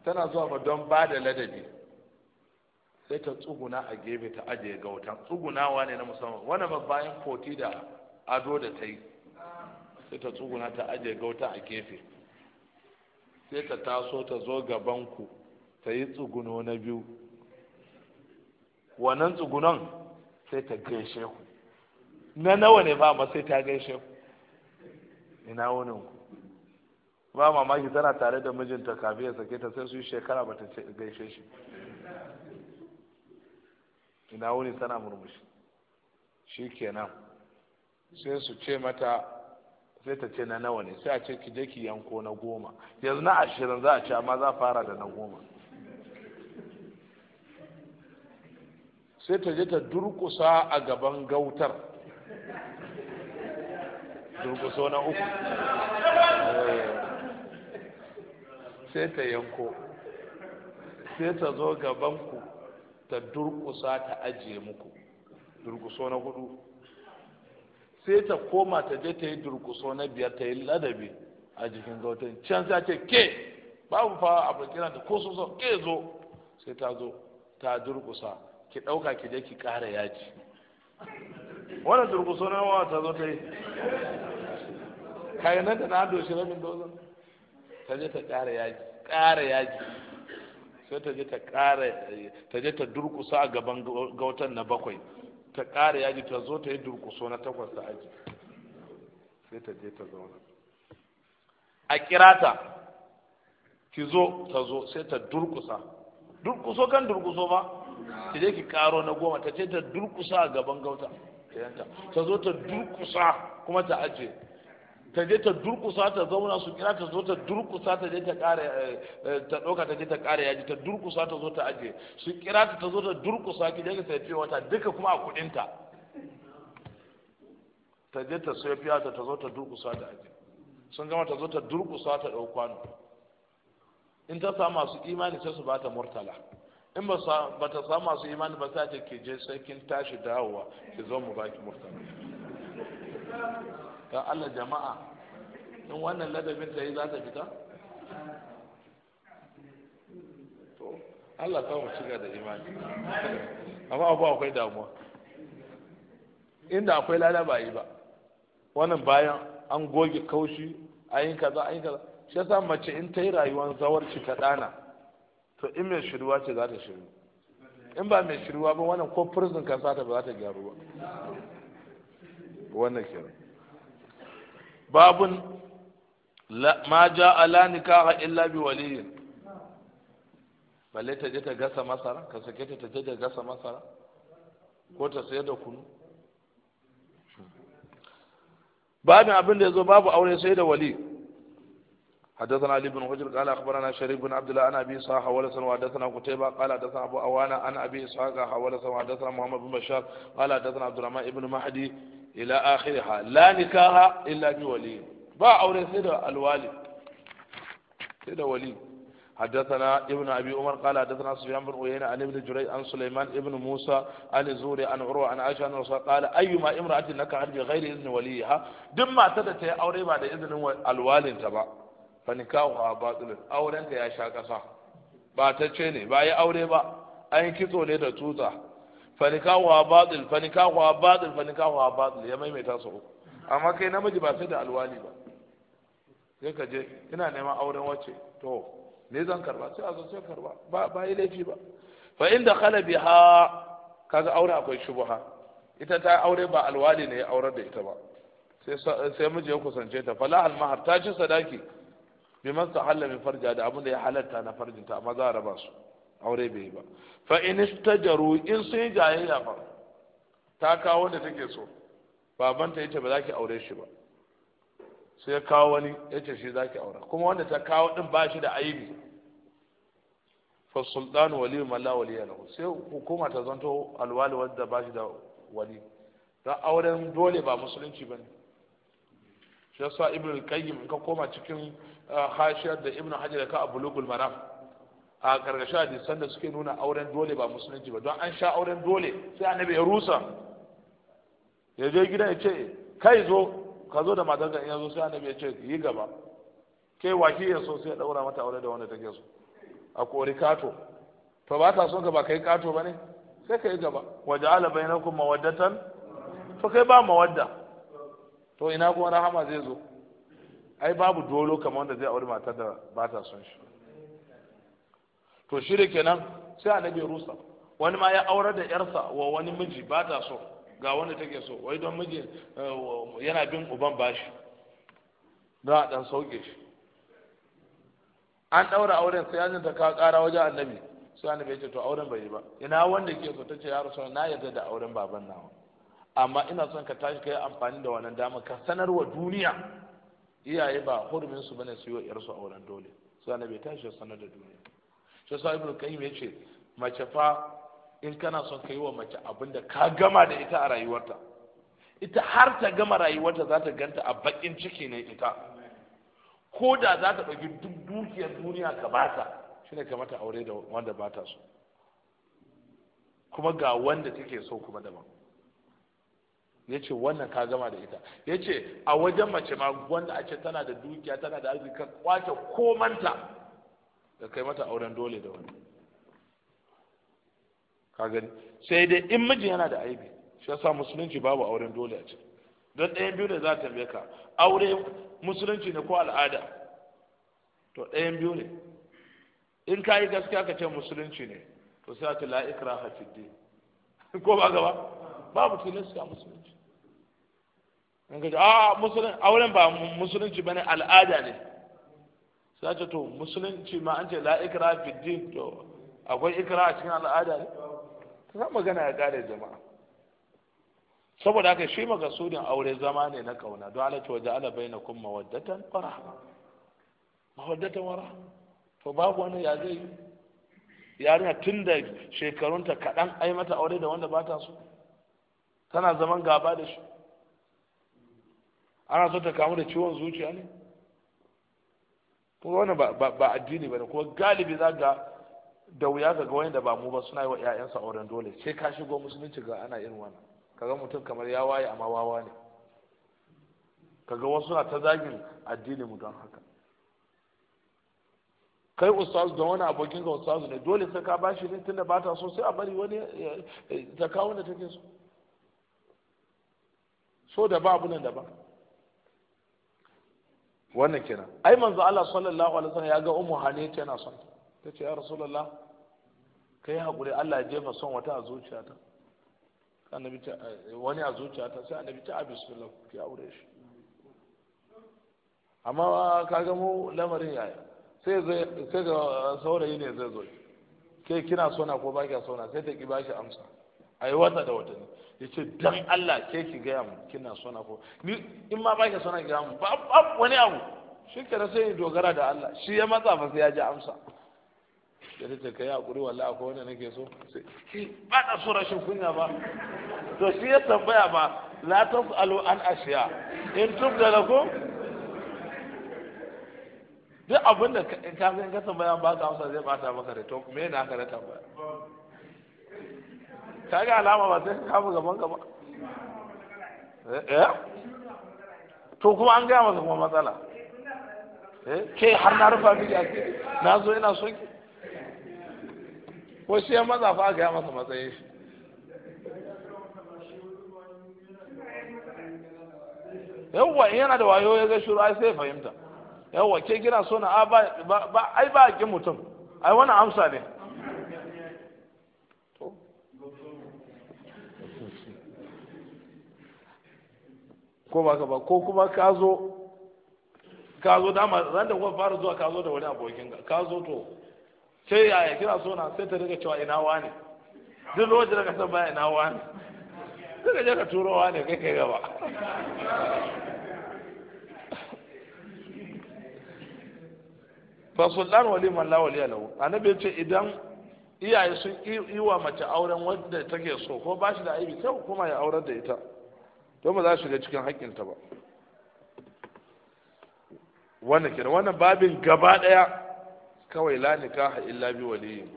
tana zuwa ba don ba da ladabi sai ta tsuguna a gefe ta ajiye gautan tsugunawa ne na musamman wani ma bayan foti da ado da ta yi sai ta tsuguna ta ajiye gauta a gefe sai ta taso ta zo gaban ku ta yi tsuguno na biyu wannan tsugunan sai ta gaishe ku na nawa ne ba ba sai ta gaishe ku ina wunin ku ba mamaki tana tare da mijinta kafin ya sake ta sai su yi shekara ba ta gaishe shi ina wuni tana murmushi shi kenan sai su ce mata sai ta ce na nawa ne sai a ce ki je ki yanko na goma yanzu na ashirin za a ce amma za fara da na goma sai ta je ta durkusa a gaban gautar durkusa na uku eh. sai ta yanko sai ta zo gabanku ta durƙusa ta ajiye muku durkuso na hudu sai ta koma ta je ta yi durkuso na biyar ta yi ladabi a jikin gautan can sai ce ke babu fawa abu kira da ko so ke zo sai ta zo ta durƙusa ki ɗauka ki je ki ƙara yaji wannan durkuso na nawa ta zo ta yi kayan nan da na doshi ramin dozan ta je ta ƙara yaji ƙara yaji sai ta je ta ƙara ta je ta durƙusa a gaban gautan na bakwai ta ƙara yaji ta zo ta yi durƙuso na takwas ta aji sai ta je ta zauna a kira ta ki zo ta zo sai ta durƙusa durƙuso kan durƙuso ba ki je ki ƙaro na goma ta ce ta durƙusa a gaban gauta ta zo ta durƙusa kuma ta aje ta je ta durkusa ta zauna su kira ta zo ta durkusa ta je ta kare eh, eh, ta dauka ta je ta kare yaji ta durkusa ta zo ta aje su kira ta ta zo ta durkusa ki je ka sai fiye wata duka kuma a kudin ta ta je ta sai fiye ta zo ta durkusa ta aje sun gama ta zo ta durkusa ta dau kwano in ta sa masu imani sai su bata murtala in ba ta sa masu imani ba sai ta ke je sai kin tashi dawowa ki zo mu baki murtala ga Allah jama'a in wannan ladabin da yi za ta fita to Allah kawo mu shiga da imani amma abu akwai damuwa inda akwai lalaba yi ba wannan bayan an goge kaushi an yi kaza an yi kaza shi yasa mace in ta yi rayuwar zawarci ta ɗana to in mai shirwa ce za ta shiru in ba mai shirwa ba wannan ko prison kan sata ba za ta gyaru ba wannan kenan babun ma ja ala nikaha illa bi waliyin balle ta je ta gasa masara ka sake ta je ta gasa masara ko ta sayar da kunu babin abin da ya babu aure sai da wali حدثنا علي بن حجر قال اخبرنا شريف بن عبد الله عن ابي اسحاق حول سنه وحدثنا قتيبه قال حدثنا ابو اوانا عن ابي اسحاق حول سنه وحدثنا محمد بن بشار قال حدثنا عبد الرحمن ila akhiriha la nikaha illa bi wali ba aure sai da alwali sai da wali حدثنا ابن ابي عمر قال حدثنا سفيان بن عيينه عن ابن جريج عن سليمان ابن موسى عن الزوري عن عروه عن عائشه عن رسول قال ايما امراه نكحت بغير اذن وليها دم ما تدت اوري بعد اذن الوالين تبع فنكاحها باطل اورنت يا شاكسا ba ta ce ne ba yi aure ba an yi kitso ne da tuta fanikahu abadil fanikahu abadil fanikahu abadil ya maimaita su uku amma kai namiji ba sai da alwali ba sai ka je ina neman auren wacce to ne zan karba sai a zo sai karba ba ba yi laifi ba fa inda khala biha kaga aure akwai ha ita ta aure ba alwali ne ya aurar da ita ba sai sai miji ya kusance ta fala al mahar ta ci sadaki bi man sahalla min farja da abin da ya halatta na farjinta amma za a raba su aure bai yi ba fa in istajaru in sun yi jayayya ba ta kawo wanda take so baban ta yace ba za ki aure shi ba sai ya kawo wani yace shi za ki aure kuma wanda ta kawo din ba shi da aibi fa sultan wali mala wali waliya lahu sai hukuma ta zanto alwali wadda ba shi da wali da auren dole ba musulunci bane shi yasa ibnu al-qayyim ka koma cikin ah, hashiyar da ibnu hajar ka a bulugul maram a gargashi hadisan da suke nuna auren dole ba musulunci ba don an sha auren dole sai annabi ya rusa ya je gida ya ce kai zo ka zo da matar ka yanzu sai annabi ya ce yi gaba kai waki ya so sai ya daura mata aure da wanda take so a kori kato to ba ta son ka ba kai kato ba ne sai ka yi gaba waje ala bainakum mawaddatan to kai ba mawadda to ina kuma rahama zai zo ai babu dolo kamar wanda zai aure matar da ba ta son shi to shirya kenan sai annabi rusa wani ma ya aurar da yarsa wa wani miji ba ta so ga wanda take so wai don miji eh, yana bin uban bashi za a dan sauke shi an ɗaura auren sai yanzu ta ka ƙara wajen annabi sai annabi ya ce to auren bai yi ba ina wanda ke so ta ce ya rasu na yarda da auren baban nawa amma ina son ka tashi ka yi amfani da wannan dama ka sanar wa duniya iyaye ba hurumin su bane su yi wa yarsu auren dole sai annabi ya tashi ya sanar da duniya shi yasa ibnu kayyim yace mace fa in kana son kai wa mace abinda ka gama da ita a rayuwarta ita har ta gama rayuwarta za ta ganta a bakin ciki ne ita ko da za ta ɗauki duk dukiyar duniya ka ta shi ne kamata aure da wanda ba ta so kuma ga wanda take so kuma daban ya wannan ka gama da ita yace a wajen mace ma wanda a ce tana da dukiya tana da arziki ka kwace komanta da kai mata auren dole da wani ka gani sai dai in miji yana da aibi shi yasa musulunci babu auren dole a ciki don ɗayan biyu ne za ta tambaye ka aure musulunci ne ko al'ada to ɗayan biyu ne in ka yi gaskiya ka ce musulunci ne to sai ta la ikraha fiddi <laughs> ko ba gaba babu tilasta musulunci in ka ce a musulunci auren ba musulunci bane al'ada ne za ce to musulunci ma an ce la ikra fi din to akwai ikra a cikin al'ada ne ta magana ya kare jama'a saboda haka shi magasudin aure zama ne na kauna don ala ce waje ala baina kun mawaddatan wara mawaddatan wara to babu wani ya zai yarinya tun da shekarunta kaɗan ai mata aure da wanda ba ta so tana zaman gaba da shi ana so ta kamu da ciwon zuciya ne kun wani ba addini ba ne kuma galibi za ga da wuya ga wani da ba mu ba suna yi wa 'ya'yansu auren dole sai ka shigo musulunci ga ana irin wannan kaga mutum kamar ya waye amma wawa ne kaga wasu na ta zagin addini mu don haka kai ustazu da wani abokin ga ustazu ne dole sai ka bashi ne tunda ba ta so sai a bari wani ta kawo da take so so da ba abunan nan da ba wannan kenan ai manzo Allah sallallahu alaihi wasallam ya ga ummu hani tana son ta ce ya rasulullah kai hakuri Allah ya jefa son wata a zuciyata annabi ta eh, wani a zuciyata sai annabi ta bismillah ki aure shi amma kaga mu lamarin yaya sai sai ga saurayi ne zai zo Kai kina sona ko baki sona sai ta ki bashi amsa ai wata da watanni ya ce dan Allah ke ki gaya mu kina sona ko ni in ma ba ki sona gaya mu ba wani abu shi kira sai ya dogara da Allah shi ya matsa fa sai ya ji amsa da ta ce kai hakuri wallahi akwai wanda nake so sai ba da so rashin kunya ba to shi ya tambaya ba la tasalu an ashiya in tubda ko duk abin da ka tambaya ba ka amsa zai bata maka da to me na ka da tambaya ka ga alama ba sai ka kama gaban gaba eh, eh? to kuma an gaya masa kuma matsala eh, ke har na rufa miki a na zo ina so ki ko shi ya maza fa gaya masa matsayi shi yawwa in yana da wayo ya ga shuru ai sai fahimta yawwa ke gina so na a ba ai ba ki mutum ai wannan amsa ne ko ba ka ba ko kuma ka zo ka zo dama zan da kuma fara zuwa ka zo da wani abokin ka ka zo to sai yaya kina so na sai ta riga cewa ina wani duk lokacin da ka san baya ina wani sai ka je ka turo wani kai kai gaba fa sultan wali man la wali lahu annabi ce idan iyaye sun yi wa mace auren wanda take so ko ba shi da aibi sai kuma ya aurar da ita to ba za su shiga cikin haƙƙinta ba wannan kenan wannan babin gaba ɗaya kawai la nikaha illa bi waliyin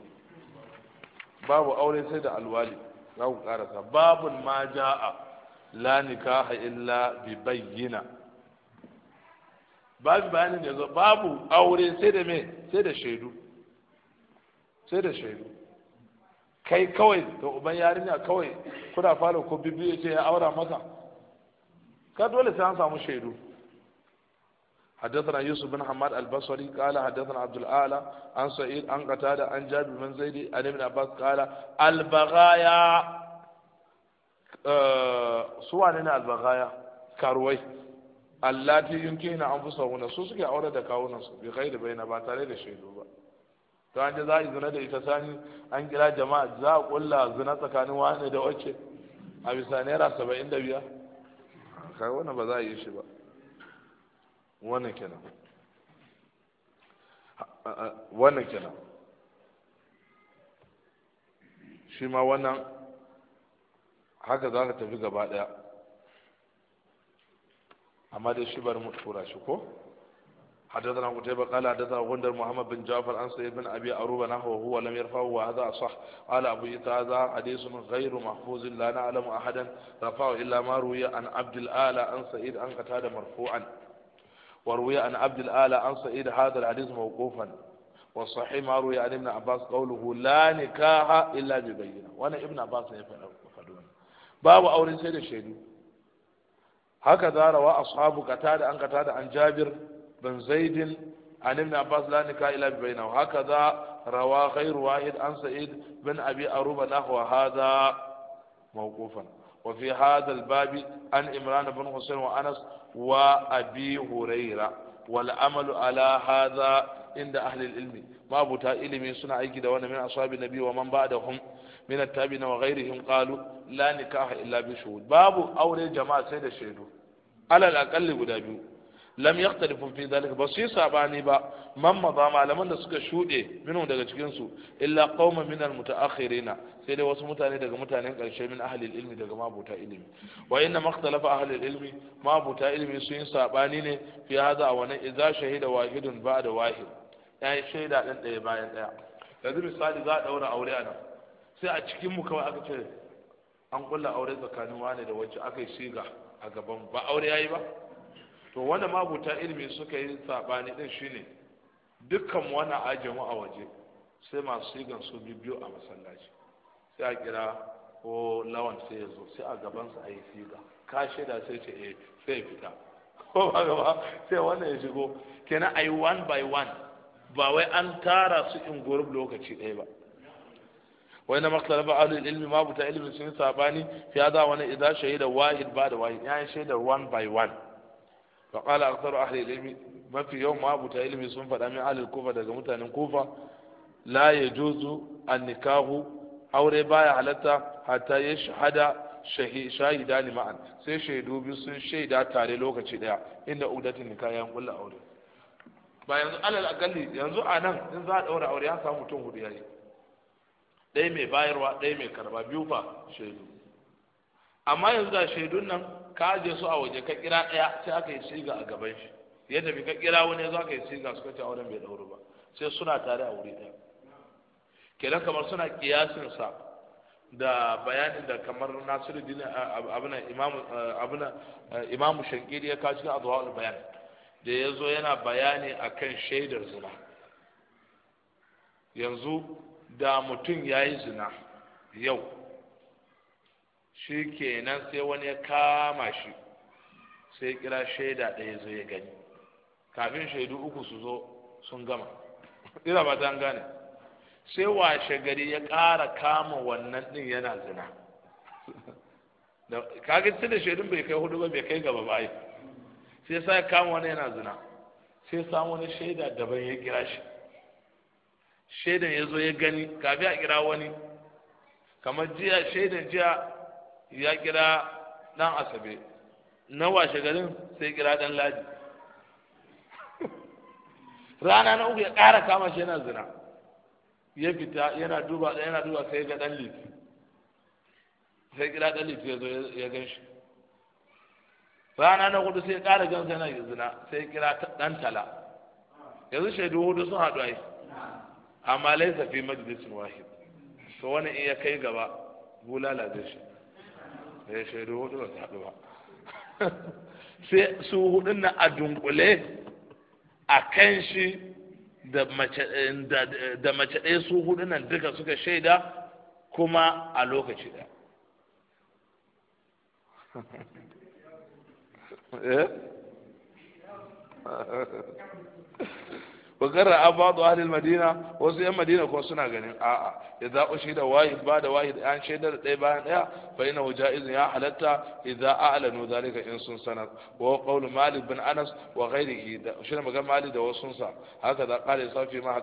babu aure sai da alwali za ku karasa babun ma ja'a la nikaha illa bi bayyina babu bayanin da yazo babu aure sai da me sai da shaidu sai da shaidu kai kawai da uban yarinya kawai kuna fara ko bibiyo ce ya aura masa. ka dole sai an samu shaidu حدثنا يوسف بن حماد البصري قال حدثنا عبد abbas عن سعيد عن قتادة عن جابر بن زيد عن ابن عباس قال البغايا أه البغايا كاروي التي يمكن أنفسهن سوسك أولا دكاونا بغير بين باتالي لشيدوبا to an ji za a zina da ita sani an kira jama'a za a kulla zina tsakanin wani da wacce a bisa naira saba'in da biyar kai wannan ba za a yi shi ba wannan kenan wannan kenan shi ma wannan haka za ka tafi gaba daya amma dai shi bari mu tura shi ko حدثنا قتيبة قال حدثنا غندر محمد بن جعفر عن سعيد بن أبي أروبة نحوه وهو لم يرفعه وهذا صح قال أبو إيتا هذا حديث غير محفوظ لا نعلم أحدا رفعه إلا ما روي عن عبد الآلة عن سعيد عن قتادة مرفوعا وروي عن عبد الآلة عن سعيد هذا الحديث موقوفا والصحيح ما روي عن ابن عباس قوله لا نكاح إلا ببينة وأنا ابن عباس يفعلون باب أورين سيد الشهيد هكذا روى أصحاب قتادة عن قتادة عن جابر بن زيد عن ابن عباس لا نكاح إلا بينه هكذا روى غير واحد عن سعيد بن أبي أروبة نحو هذا موقوفا وفي هذا الباب عن إمران بن حسين وأنس وأبي هريرة والعمل على هذا عند أهل العلم ما بتا علمي سنة أيكد وأنا من أصحاب النبي ومن بعدهم من التابعين وغيرهم قالوا لا نكاح إلا بشهود باب أول الجماعة سيد الشهود على الأقل قدابيو lam yakhtalifu fi dalika ba su yi sabani ba man maza malaman da suka shuɗe minu daga cikin su illa qauman min almutaakhirina sai dai wasu mutane daga mutanen ƙarshe min ahli ilmi daga mabuta ilmi wa inna makhtalafa ahli ilmi mabuta ilmi su yi sabani ne fi hadha wa nan idza shahida wahidun ba'da wahid yayi shaida dan daya bayan daya yanzu misali za a daura aure a nan sai a cikin mu kawai aka ce an kulla aure tsakanin wane da wacce aka yi shiga a gaban ba aure yayi ba to wanda mabuta ilimi suka yi sabani din shine dukkan wani ajin a waje sai masu sigan su biyu a masallaci sai a kira ko lawan sai ya zo sai a gaban a yi siga ka shaida sai ce eh sai fita <laughs> ko ba gaba sai wannan ya shigo kenan a yi one by one ba wai an tara su in gurub lokaci ɗaya ba wai na maktar ba alul ilmi ma buta ilmi sun sabani fi hada wani idan shaida wahid ba da wahid ya shaida one by one fa qala aktharu ahli ilmi mafi yawan ma'abuta ilimi sun faɗa min ahlul kufa daga mutanen kufa la yajuzu an nikahu aure baya halatta hatta ya shahada shahida ni ma'an sai shaidu sun shaida tare lokaci daya inda udatin nikah ya kulla aure ba yanzu alal akalli yanzu a nan in za a daura aure ya samu mutum hudu yayi ɗaya mai bayarwa ɗaya mai karba biyu fa shaidu amma yanzu da shaidun nan ka aje su a waje ka kira ɗaya sai aka yi siga a gaban shi Yadda bi ka kira wani zo aka yi siga suka ce auren bai dauro ba sai suna tare a wuri ɗaya kenan kamar suna kiyasin sa da bayanin da kamar Nasiru Dina abuna imamu abuna imamu Shankiri ya kawo cikin zuwa bayan da ya zo yana bayani akan shaidar zina yanzu da mutum ya yi zina yau shi kenan sai wani ya kama shi sai kira shaida ɗaya zai gani kafin shaidu uku su zo sun gama ina ba ta gane sai washe gari ya ƙara kama wannan ɗin yana zina kaga tun da shaidun bai kai hudu ba bai kai gaba ba sai sa kama wani yana zina sai samu wani shaida daban ya kira shi shaidan ya zo ya gani kafin a kira wani kamar jiya shaidan jiya ya kira dan asabe na washe garin sai kira dan laji <laughs> rana na uku ya ƙara kama shi yana zina ya fita yana duba yana duba sai ga dan lifi sai kira dan lifi ya zo ya gan shi rana na hudu sai ƙara gan sai yana zina sai kira dan tala yanzu shaidu hudu sun haɗu ai amma laisa fi majlisin wahid to wani iya kai gaba bulala zai shi sai eh, shaidu hudu ba ba <laughs> sai su hudun na a dunkule a kan shi eh, da mace ɗaya su hudun nan duka suka shaida kuma a lokaci ɗaya <laughs> eh wa garra abadu ahlil madina wasu yan madina ko suna ganin a'a idza ushida wahid ba da wahid 'yan shaidar daya bayan ɗaya fa innahu jaiz ya halatta idza a'lanu zalika in sanar wa qawlu malik bin anas wa ghairihi da shi magana malik da wasu sa haka da qala safi ma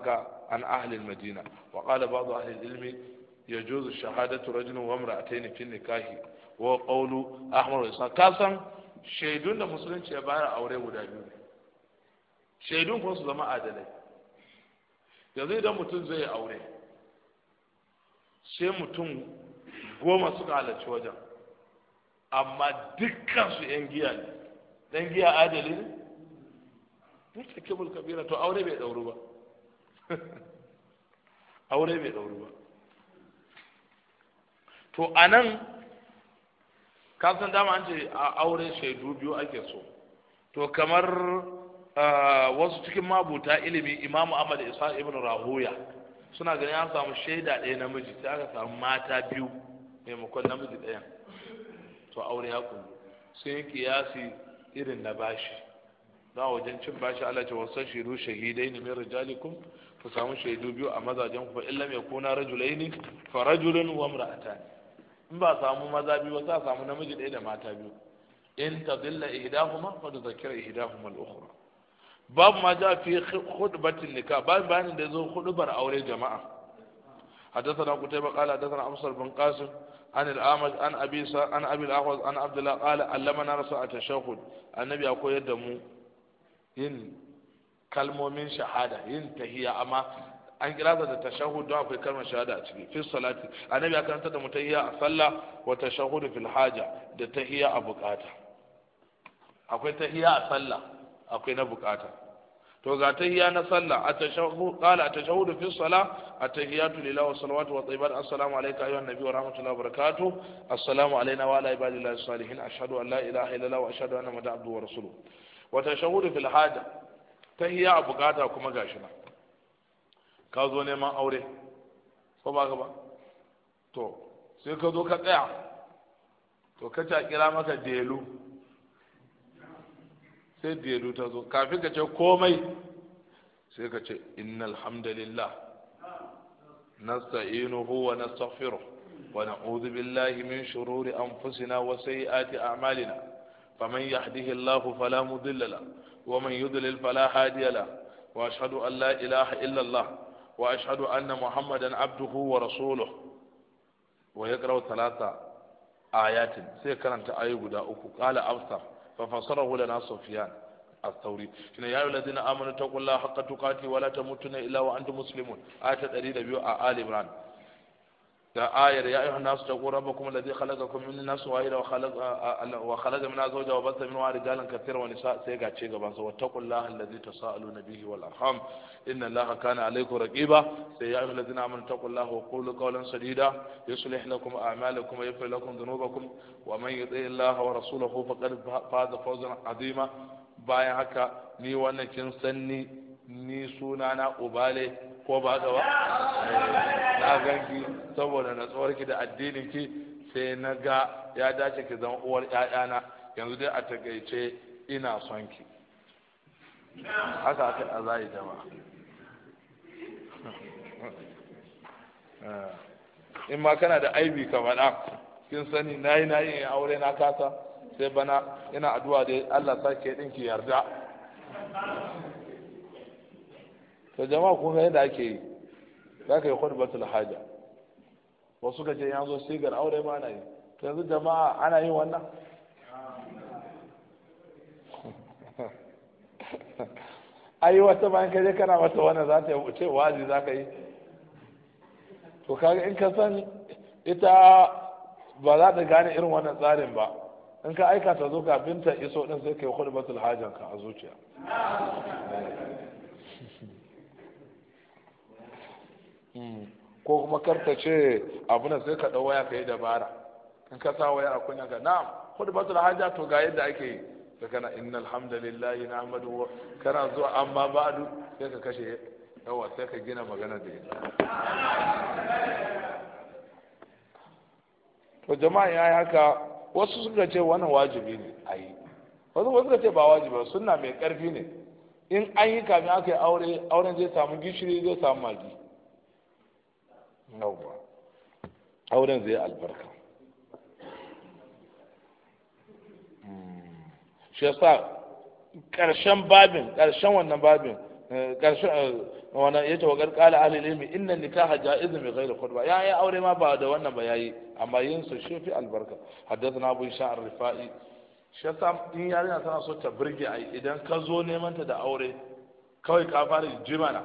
an ahlil madina wa ilmi يجوز شهادة رجل وامرأتين في النكاح وقول أحمد كاسم shaidun da musulunci ya bayar aure guda biyu shaidun kuma su zama adalai yanzu idan mutum zai aure sai mutum goma suka halarci wajen amma dukkan su 'yan giya ne ɗan giya adali ne ne kebul kabira to aure bai dauru ba <laughs> aure bai dauru ba to a nan kasan dama an ce a aure shaidu biyu ake so to kamar wasu cikin mabuta ilimi imamu ahmad isa ibn rahuya suna ganin an samu shaida ɗaya namiji sai aka samu mata biyu maimakon namiji ɗayan to aure ya kun sun yi kiyasi irin na bashi don a wajen cin bashi Allah ce wasu shiru shahidai ne min rijalikum ku samu shaidu biyu a mazajen ku fa illa mai kuna ne fa rajulun wa imra'atan in ba samu maza biyu ba za a samu namiji ɗaya da mata biyu in tadilla ihdahuma fa tudhakkira ihdahuma al-ukhra babu ma ja fi khutbatin nikah babu bayanin da zo khutbar aure jama'a حدثنا قتيبة قال حدثنا أمصر بن قاسم عن الأعمش عن أبي سا عن أبي الأخوذ عن عبد الله قال علمنا رسول التشهد النبي أقول يدمو yin kalmomin shahada yin tahiyya amma an kira da tashahud don akwai kalmar shahada a ciki fi salati annabi ya karanta da mutahiyya a sallah wa tashahud fil haja da tahiyya a bukata akwai a sallah akwai na bukata to ga tahiyya na sallah at-tashahhud qala at-tashahhud fi salah at-tahiyyatu lillahi wa salawatu wa tayyibat assalamu alayka ayyuhan nabi wa rahmatullahi wa barakatuh assalamu alayna wa ala ibadillahi salihin ashhadu an la ilaha illallah wa ashhadu anna muhammadan abduhu wa rasuluh wa tashahhud fil haja tahiyya a bukata kuma gashi na ka zo neman aure ko ba ka ba to sai ka zo ka tsaya to ka ta kira maka delu sai biyadu ta zo kafin ka ce komai sai ka ce innal hamdalillah nasta'inuhu wa nastaghfiruh wa na'udhu billahi min shururi anfusina wa sayyiati a'malina faman yahdihillahu fala mudilla lahu wa man yudlil fala hadiya lahu wa ashhadu an la ilaha illa allah wa ashhadu anna muhammadan abduhu wa rasuluhu wa yaqra'u thalatha ayatin sai karanta ayu guda uku qala absar fa fasarahu lana sufyan الثوري شنو يا ايها الذين امنوا اتقوا الله حق تقاته ولا تموتن الا وانتم مسلمون ايه 102 ال عمران da ayar ya ayyuhan nasu taqu rabbakum alladhi khalaqakum min nafsin wahida wa khalaqa wa khalaqa minha zawjaha wa batha minha rijalan kathiran wa nisaa sai ga ce gaban sa wattaqullaha alladhi tasaaluna bihi wal arham inna allaha kana alaykum raqiba sai ya ayyuhal ladhina amanu taqullaha wa qulu qawlan sadida yuslih lakum a'malakum wa yaghfir lakum dhunubakum wa man yuti' allaha wa rasulahu faqad faza fawzan azima bayan haka ni wannan kin sanni ni sunana ubale ko ba haka ba eh, na ganki saboda na ki da addinin ki sai na ga ya dace ki zama uwar ƴaƴana yanzu dai a takaice ina son ki haka aka a zai jama'a eh, in ma kana da aibi ka faɗa kin sani nayi nayi aure na kasa sai bana ina addu'a dai Allah sake ɗinki yarda to jama'a kun ga yadda ake yi za ka yi khutbatul haja wasu ka ce ya zo sigar aure ma na yi yanzu jama'a ana yin wannan yi <laughs> wata bayan ka je kana wata wannan za ta ce wazi za ka yi to kaga in ka san ita ba za ta gane irin wannan tsarin ba in ka aika ta zo kafin ta iso din sai ka yi khutbatul ka a zuciya ko kuma karta ce abu na sai ka ɗau waya ka yi dabara in ka sa waya a kunya ga na hudu da hajja to ga yadda ake yi ka kana innal na na'madu kana zuwa amma Ba'adu sai ka kashe yawa sai ka gina magana da yi to jama'a ya yi haka wasu suka ce wannan wajibi ne a yi wasu suka ce ba wajibi ba suna mai karfi ne in an yi kamin aka yi aure auren zai samu gishiri zai samu magi yawwa auren zai albarka hmm. shi yasa ƙarshen babin ƙarshen wannan babin eh, ƙarshen eh, wannan yace wa qarqala ahli ilmi inna nikaha jaiz bi ghairi khutba ya ya aure ma ba da wannan ba yayi amma yin su shi fi albarka Haddasa abu sha ar-rifa'i shi yasa in yarinya tana so ta burge ai idan ka zo neman ta da aure kawai ka fara jimana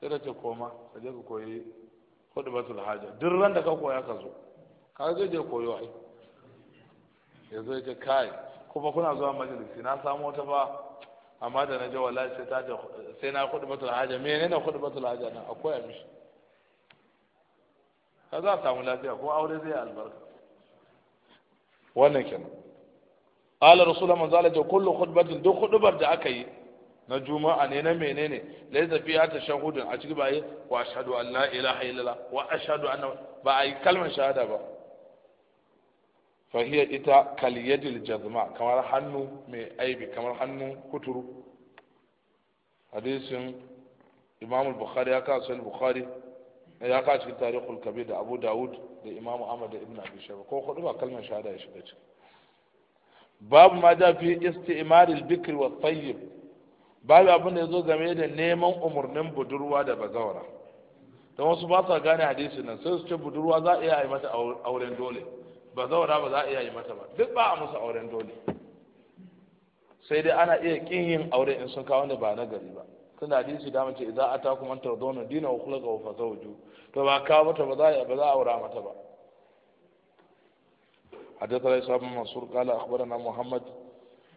sai ta koma ka ka koyi hudu batul haja duk ran da ka koya ka zo ka zai je koyo ai ya zo ya kai kuma kuna zuwa majalisi na samu wata ba amma da na je wallahi sai ta sai na hudu batul haja menene hudu batul haja na a koya mishi ka za a samu lafiya ko aure zai albarka wannan kenan qala rasulullah manzo Allah ce kullu khutbatin duk khutbar da aka yi na juma'a ne na menene laysa ta shahudin a ciki ba yi wa ashadu an la ilaha illallah wa ashadu an ba a yi kalmar shahada ba fahiyar ita kaliyadil jazma kamar hannu mai aibi kamar hannun kuturu hadisin imam bukhari ya kawo sahih bukhari ya kawo cikin tarihul kabir da abu dawud da imam ahmad da ibn abi shayba ko kudu ba kalmar shahada ya shiga ciki babu ma da fi isti'maril bikr wa tayyib babu abin da ya zo game da neman umarnin budurwa da bazawara don wasu ba sa gane hadisi nan sai su ce budurwa za a iya yi mata auren dole bazawara ba za a iya yi mata ba duk ba a musu auren dole sai dai ana iya kin yin aure in sun kawo da ba na gari ba tunda hadisi da mace idan ata kuma zauna dina wa khulaqa wa fasawju to ba kawo mata ba za ba za a aura mata ba حدثنا إسحاق بن منصور قال أخبرنا محمد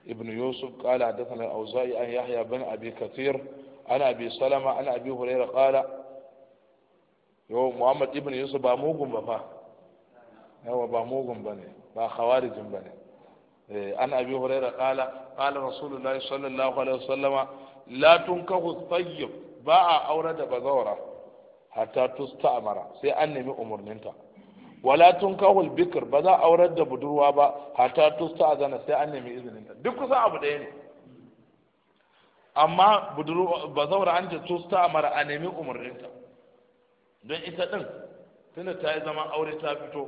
ابن يوسف قال حدثنا الأوزاعي عن يحيى بن أبي كثير عن أبي سلمة عن أبي هريرة قال يو محمد ابن يوسف با موغم بفا هو با موغم بني با خوارج بني عن أبي هريرة قال قال رسول الله صلى الله عليه وسلم لا تنكح الطيب باع أورد بزورة حتى تستأمر سي أنمي أمرنتا wala tun kawul bikr ba za a aurar da budurwa ba hatta sa zana sai an nemi izinin ta duk kusan abu ɗaya ne amma budurwa ba zaura an ta sa mara a nemi umarninta don ita ɗin tunda ta yi zaman aure ta fito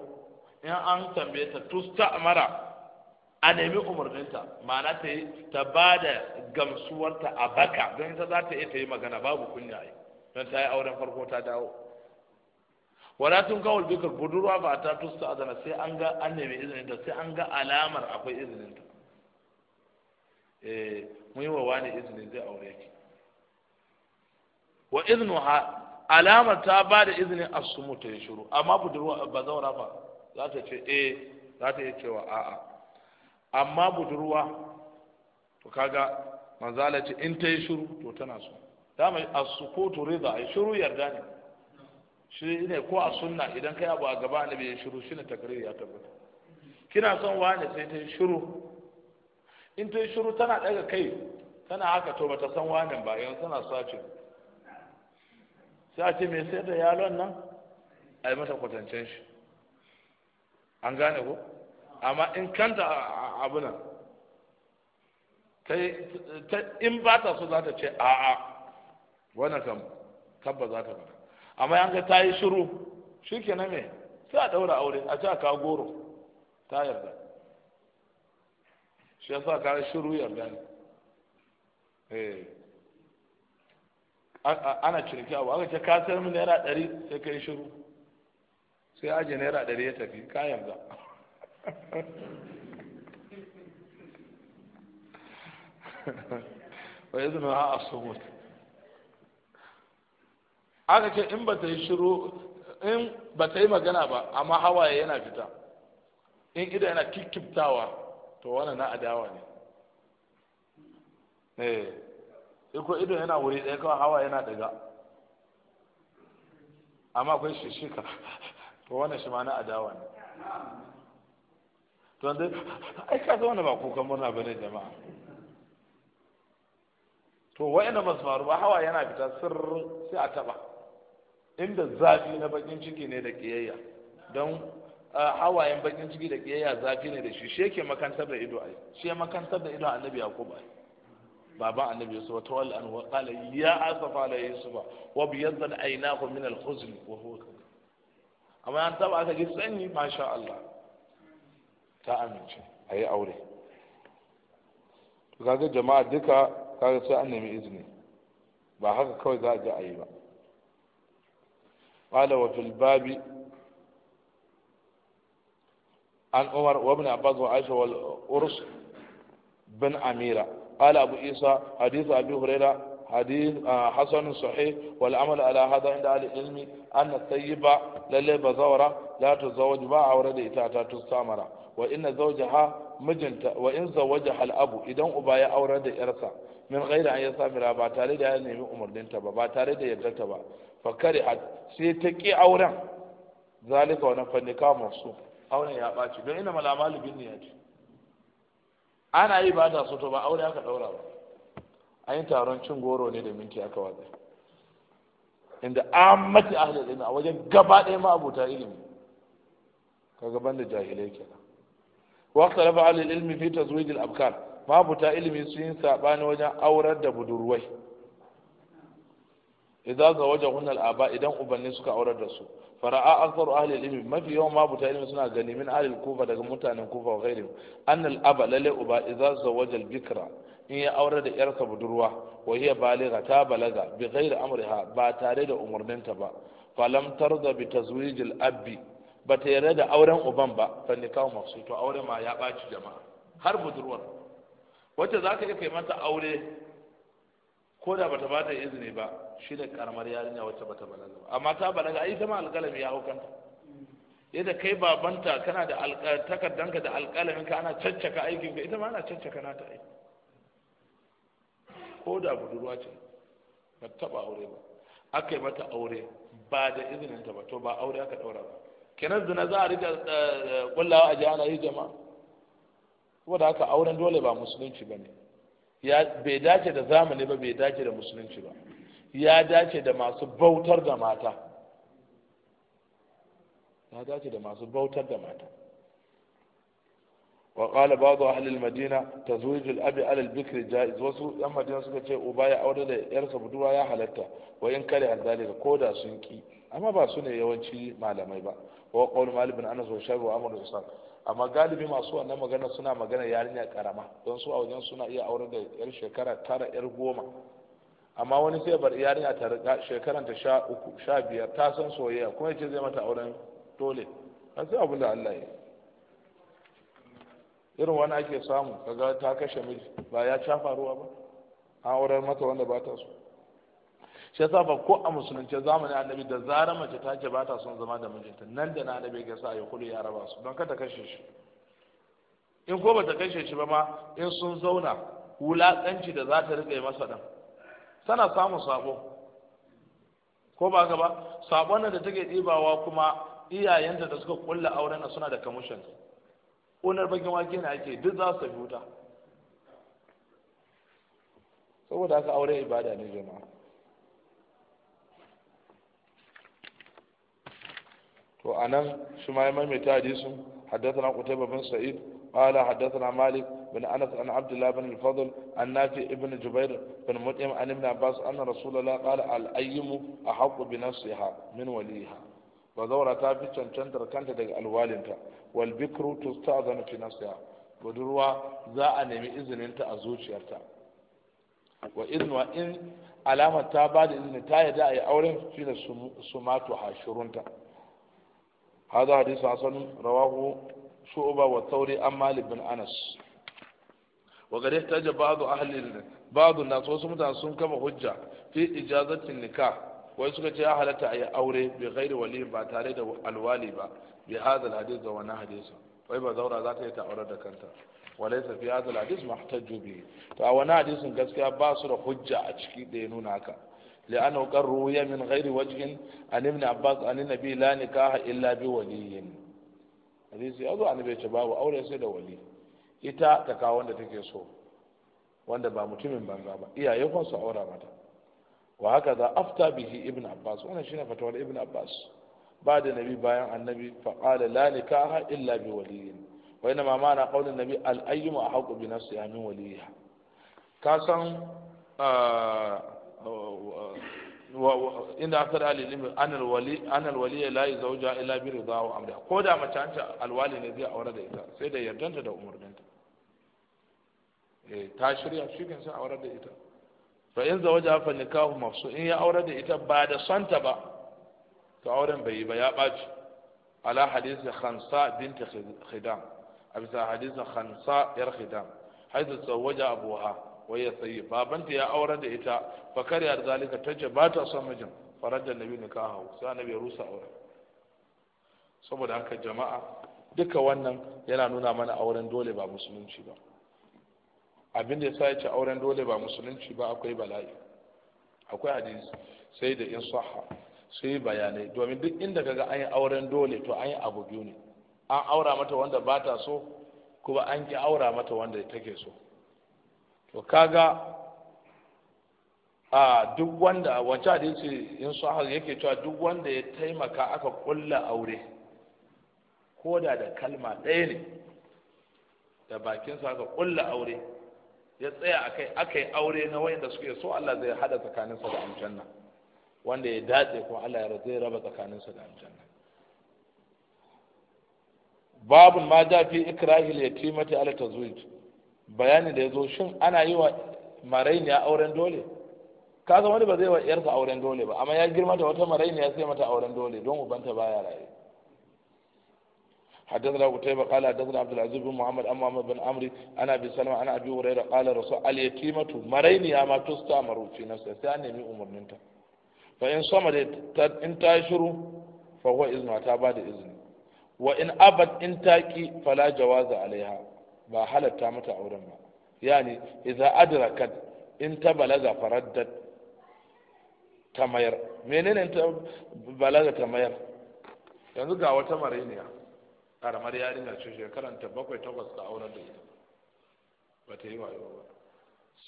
in an tambaye ta sa mara a nemi umarninta ma'ana ta yi ta ba da gamsuwarta a baka don ita za ta iya ta yi magana babu kunya don ta yi auren farko ta dawo wala tun kawul bikar budurwa ba ta tusta adana sai an ga an nemi izinin ta sai an ga alamar akwai izinin ta eh mun yi wa wani izini zai aure ki wa iznuha alamar ta ba da izinin asumu ta yi shiru amma budurwa ba zaura ba za ta ce eh za ta yi cewa a'a amma budurwa to kaga manzala ce in ta yi shiru to tana so dama as-sukutu rida ai shiru yarda ne shi ne ko a sunna idan kai abu a gaba annabi ya shiru shine takriri ya tabbata kina son wani sai ta shiru in ta shiru tana daga kai tana haka to bata san wani ba yanzu tana sace sai a ce me sai da yalon nan a yi mata kwatancen shi an gane ko amma in kanta abu nan in ba ta so za ta ce a'a wannan kam tabba za ta fara amma yan ka tayi shiru shikenan ke me sai a daura aure a ce ka goro ta yarda shi ya sa ka shiru yarda ne eh. ana ciniki abu aka ce kasar mu naira ɗari sai ka yi shiru sai aje naira ɗari ya tafi ka yarda <laughs> wa izinu ha asumut aka ce in bata yi shiru in bata yi magana ba amma hawaye yana fita in ida yana kikkiptawa to wannan na adawa ne eh ko ido yana wuri ɗaya kawai hawa yana daga amma akwai shishika to wannan shi ma na adawa ne to dai ai ka wannan ba kukan murna bane jama'a to wa'ina ba su faru ba hawa yana fita sirrin sai a taba inda zafi na bakin ciki ne da kiyayya don hawayen bakin ciki da kiyayya zafi ne da shi shi yake makantar da ido ai shi makantar da ido annabi yaqub ai baban annabi yusuf wata wal an wa qala ya asafa ala yusuf wa biyadda aynahu min al huzn wa huwa amma an taba aka ji sanyi masha Allah ta amince ayi aure kaga jama'a duka kaga sai an nemi izini ba haka kawai za a je a yi ba قال وفي الباب عن عمر وابن عباس وعائشة والأرس بن أميرة قال أبو عيسى حديث أبي هريرة حديث حسن صحيح والعمل على هذا عند أهل العلم أن الطيبة للي بزورة لا تزوج ما أورد إتاتا تستامرة وإن زوجها مجنت وإن زوجها الأب إذا أبايا أورد إرسا من غير أن ya sami ba tare أمر ya nemi umarninta ba fakari a sai ta ƙi auren zalika wani fannika masu auren ya ɓaci don ina malama libin ne ya ce ana yi ba da su to ba aure aka ɗaura ba an yi taron cin goro ne da minti aka watsa inda an mace ahli ilimi a wajen gaba ɗaya ma abuta ilimi ka gaban da jahilai kenan waqta rafa ahli ilimi fi tazwijil abkar ma abuta ilimi sun yi saɓani wajen aurar da budurwai idza wajen hunnal aba idan ubanni suka aurar da su fara'a aktharu ahli al mafi yawan ma buta ilmi suna gani min ahli kufa daga mutanen kufa wa ghairihim an al-aba lalle uba idan zawaja wajen bikra in ya aurar da yarsa budurwa wa hiya baligha ta balaga bi ghairi amriha ba tare da umurninta ba falam tarda bi tazwij al ba ta yarda da auren uban ba fa nikahu mafsu to aure ma ya baci jama'a har budurwar wacce za ka iya kai mata aure ko da bata bata izini ba shi ne karamar yarinya wacce bata balaga ba amma ta balaga ai zama alƙalami ya hukanta yadda kai babanta kana da takardanka da alƙalamin ka ana caccaka aikin ka ita ma ana caccaka nata aiki ko da budurwa ce ba taɓa aure ba aka yi mata aure ba da izinin ta ba to ba aure aka ɗaura ba kenan zina za a rika kullawa eh, a jihar yi jama'a saboda haka auren dole ba musulunci ba ne bai dace da zamani ba bai dace da musulunci ba ya dace da masu bautar da mata ya dace da masu bautar da mata wa qala ba'd madina tazwij abi ala al jaiz wasu yan madina suka ce uba ya aure da yar sa buduwa ya halatta wa in kare an dalil ko da sun ki amma ba su ne yawanci malamai ba wa qawl malik bin anas wa shar wa amr usan amma galibi masu wannan magana suna magana yarinya karama don su a wajen suna iya aure da yar shekara tara yar goma amma wani sai bar yarinya ta shekaran ta sha uku sha biyar ta san soyayya kuma yace zai mata auren dole an sai abin da Allah ya irin wani ake samu kaga ta kashe miji ba ya ca faruwa ba an auren mata wanda ba ta so shi yasa ba ko a musulunci zamani annabi da zarar mace ta ce ba ta son zama da mijinta nan da na annabi ga sa ya kulu ya raba su don kada kashe shi in ko ba ta kashe shi ba ma in sun zauna wulakanci da za ta riƙe masa ɗan tana samun sabo ko ba ka ba sabon da take ɗibawa kuma iyayenta da suka kulla auren na suna da kamushin ƙunar bakin wake ne ake duk za su wuta. saboda haka aure ibada ne jama'a to anan shi ma ya maimaita hadisin حدثنا قتيبة بن سعيد قال حدثنا مالك بن أنس عن عبد الله بن الفضل عن نافع بن جبير بن مطعم عن ابن عباس أن رسول الله قال الأيم أحق بنفسها من وليها وزورة تابتا تندر كانت دق الوالنتا والبكر تستأذن في نفسها بدروا ذا نمي إذن انت أزوجيرتا وإذن وإن علامة تابعد إذن تايدا أي أولين في السمات وحاشرونتا هذا حديث حسن رواه شعبة والثوري عن مالك بن أنس wa gare ta ja ba'du ahli ba'du nas wasu mutane sun kama hujja fi ijazatin nikah wai suka ce ya halatta ayi aure bi ghairi wali ba tare da alwali ba bi hadal hadith da wannan hadisi wai ba zaura za ta yi ta aure da kanta fi to a gaskiya ba su da hujja a ciki da ya nuna haka لأنه قد روي من غير وجه عن ابن عباس عن النبي لا نكاح إلا بولي hadisi ya zo a nabe ce babu aure sai da wali ita ta kawo wanda take so wanda ba mutumin banza ba iyaye kun su aura mata wa haka za afta bihi ibn abbas wannan shine fatawar ibn abbas ba da nabi bayan annabi fa qala la nikaha illa bi waliyin wa inna ma na qaulin nabi al a ahqu bi nafsi min waliyha ka san ah, inda akar alilimi anal wali anal wali la ila illa bi ridha wa amri ko da mace an alwali ne zai aure da ita sai da yardanta da umurninta eh ta shirya shi kan sai aure da ita fa in zauja fa nikahu mafsu in ya aure da ita ba da santa ba to auren bai yi ba ya baci ala hadisi khansa bint khidam a bisa hadisin khansa yar khidam haizu zawaja abuha waya sayi babanta ya aure da ita fa kariya zalika ta ce ba ta son mijin faradda nabi hau sai annabi ya rusa aure saboda haka jama'a duka wannan yana nuna mana auren dole ba musulunci ba abin da yasa ya ce auren dole ba musulunci ba akwai bala'i akwai hadisi sai da in sahha sai bayanai domin duk inda kaga an yi auren dole to an yi abu biyu ne an aura mata wanda ba ta so kuma an ki aura mata wanda take so to kaga a duk wanda wancan yake in sahar yake cewa duk wanda ya taimaka aka kulla aure ko da da kalma ɗaya ne da bakinsa aka kulla aure ya tsaya akai yi aure na wayanda suke so Allah zai hada tsakaninsa da aljanna wanda ya dace ko Allah ya zai raba tsakaninsa da aljanna babun ma da fi ikrahil yatimati ala tazwij bayani da ya zo shin ana yi wa marainiya auren dole ka san wani ba zai wa yarsa auren dole ba amma ya girma da wata marainiya sai mata auren dole don ubanta baya raye حدثنا قتيبة قال حدثنا عبد العزيز بن محمد أم محمد بن عمرو أنا أبي سلمة أنا أبي هريرة قال رسول اليتيمة مريني أما تستأمر في نفسها ثاني من أمر منتا فإن صمدت إن تشرو فهو إذن تابع إذن وإن أبت إن تاكي فلا جواز عليها ba halatta mata auren ba yani idza adrakat in ta balaga faraddat ta mayar menene ta balaga ta mayar yanzu ga wata mariniya karamar yarinya ce shekaran ta bakwai takwas ta auren da ita ba ta yi wayo ba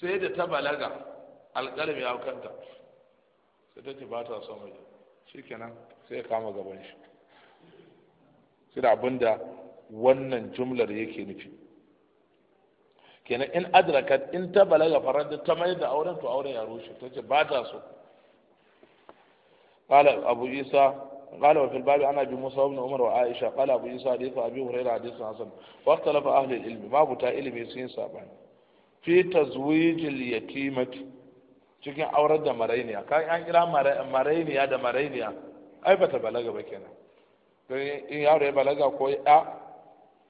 sai da ta balaga alƙalmi ya kanta sai ta ce ba ta so mai shikenan sai ya kama gaban shi sai da abin da wannan jumlar yake nufi kenan in adrakat in ta balaga faran da ta mai da auren to auren ya rushe ta ce ba ta so qala abu isa qala fil babi ana bi musa ibn umar wa aisha qala abu isa hadith abi hurairah hadith hasan wa ikhtalafa ahli al ilm babu ta ilmi sun sabani fi tazwijil yatimat cikin aurar da maraiya kayan an kira maraiya da maraiya ai ba ta balaga ba kenan dan in yaro ya balaga ko a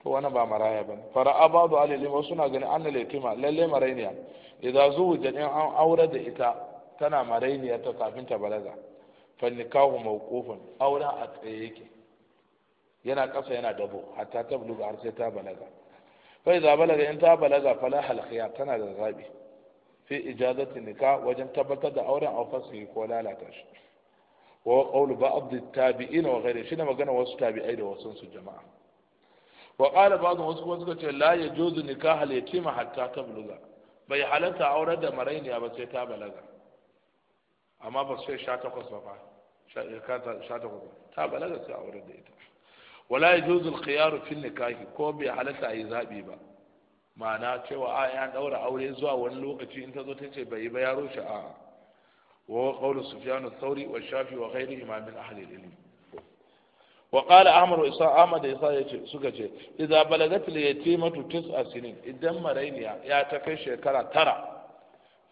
to wani ba maraya fara'a fara abadu alilima wasu suna ganin an lalatima lallai marainiya idan zuwa jadin an aure da ita tana marainiya ta kafin ta balaga fannikahu mawqufun aure a tsaye yake yana kasa yana dabo hatta ta buluga har sai ta balaga fa idan balaga in ta balaga fala hal tana da zabi fi ijazati nika wajen tabbatar da auren a fasli ko lalata shi wa qawlu ba'd at-tabi'in wa ghayri shi ne magana wasu tabi'ai da wasu su jama'a wa qala ba'dhum wasu kuma suka ce la yajuzu nikah al yatima hatta tabluga bai halatta aurar da maraini ba sai ta balaga amma ba sai sha takwas ba fa sha takwas ta balaga sai aurar da ita wala yajuzu al khiyar fi nikahi ko bai halatta yi zabi ba ma'ana cewa a ya daura aure zuwa wani lokaci in ta zo ta ce bai ba yaro rushe a wa qawlu sufyan ath-thawri wa shafi wa ghayrihima min ahli al-ilm wa qala ahmad isa ahmad isa yace suka ce idza balagat al yatimatu tis'a sinin idan marainiya ya ta kai shekara tara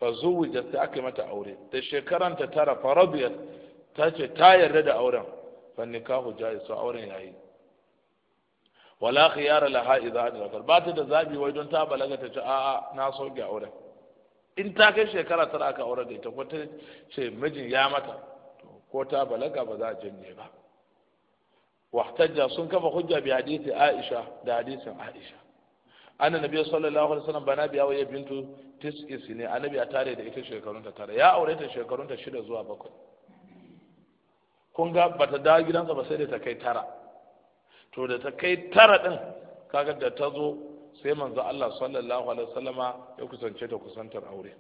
fa zuwijat ta aka mata aure da shekaran ta tara fa radiyat ta ce ta yarda da auren fa nikahu jaiz so auren yayi wala khiyara laha idza adrakar ba ta da zabi wai don ta balaga ta ce a'a na soke auren in ta kai shekara tara aka aure da ita ko ta ce mijin ya mata ko ta balaga ba za a janye ba wahtajja sun kafa hujja bi hadisi Aisha da hadisin Aisha anna nabiy sallallahu alaihi wasallam bana biya wa bintu tis'i sine annabi a tare da ita shekarun ta tare ya aure ta shekarun ta shida zuwa bakwai kun ga bata dawo gidansa ba sai da ta kai tara to da ta kai tara din kaga da ta zo sai manzo Allah sallallahu alaihi wasallama ya kusance ta kusantar aure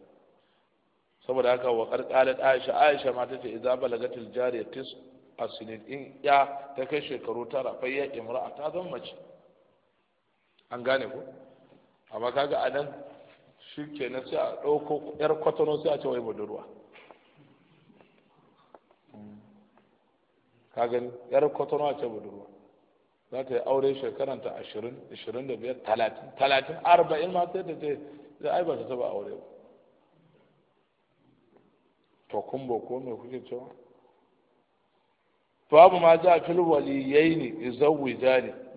saboda haka wa qarqalat Aisha Aisha ma tace idza balagatil jariya tis asinin in ya ta kai shekaru tara fa ya imra'a ta zama mace an gane ko amma kaga a nan shi na sai a ɗauko yar kwatano sai a ce wai budurwa kaga yar kwatano a ce budurwa za ta yi aure shekaranta ashirin ashirin da biyar talatin talatin arba'in ma sai ta ce za a yi ba ta taba aure ba to kun ko me kuke cewa babu ma za fil waliyaini Babu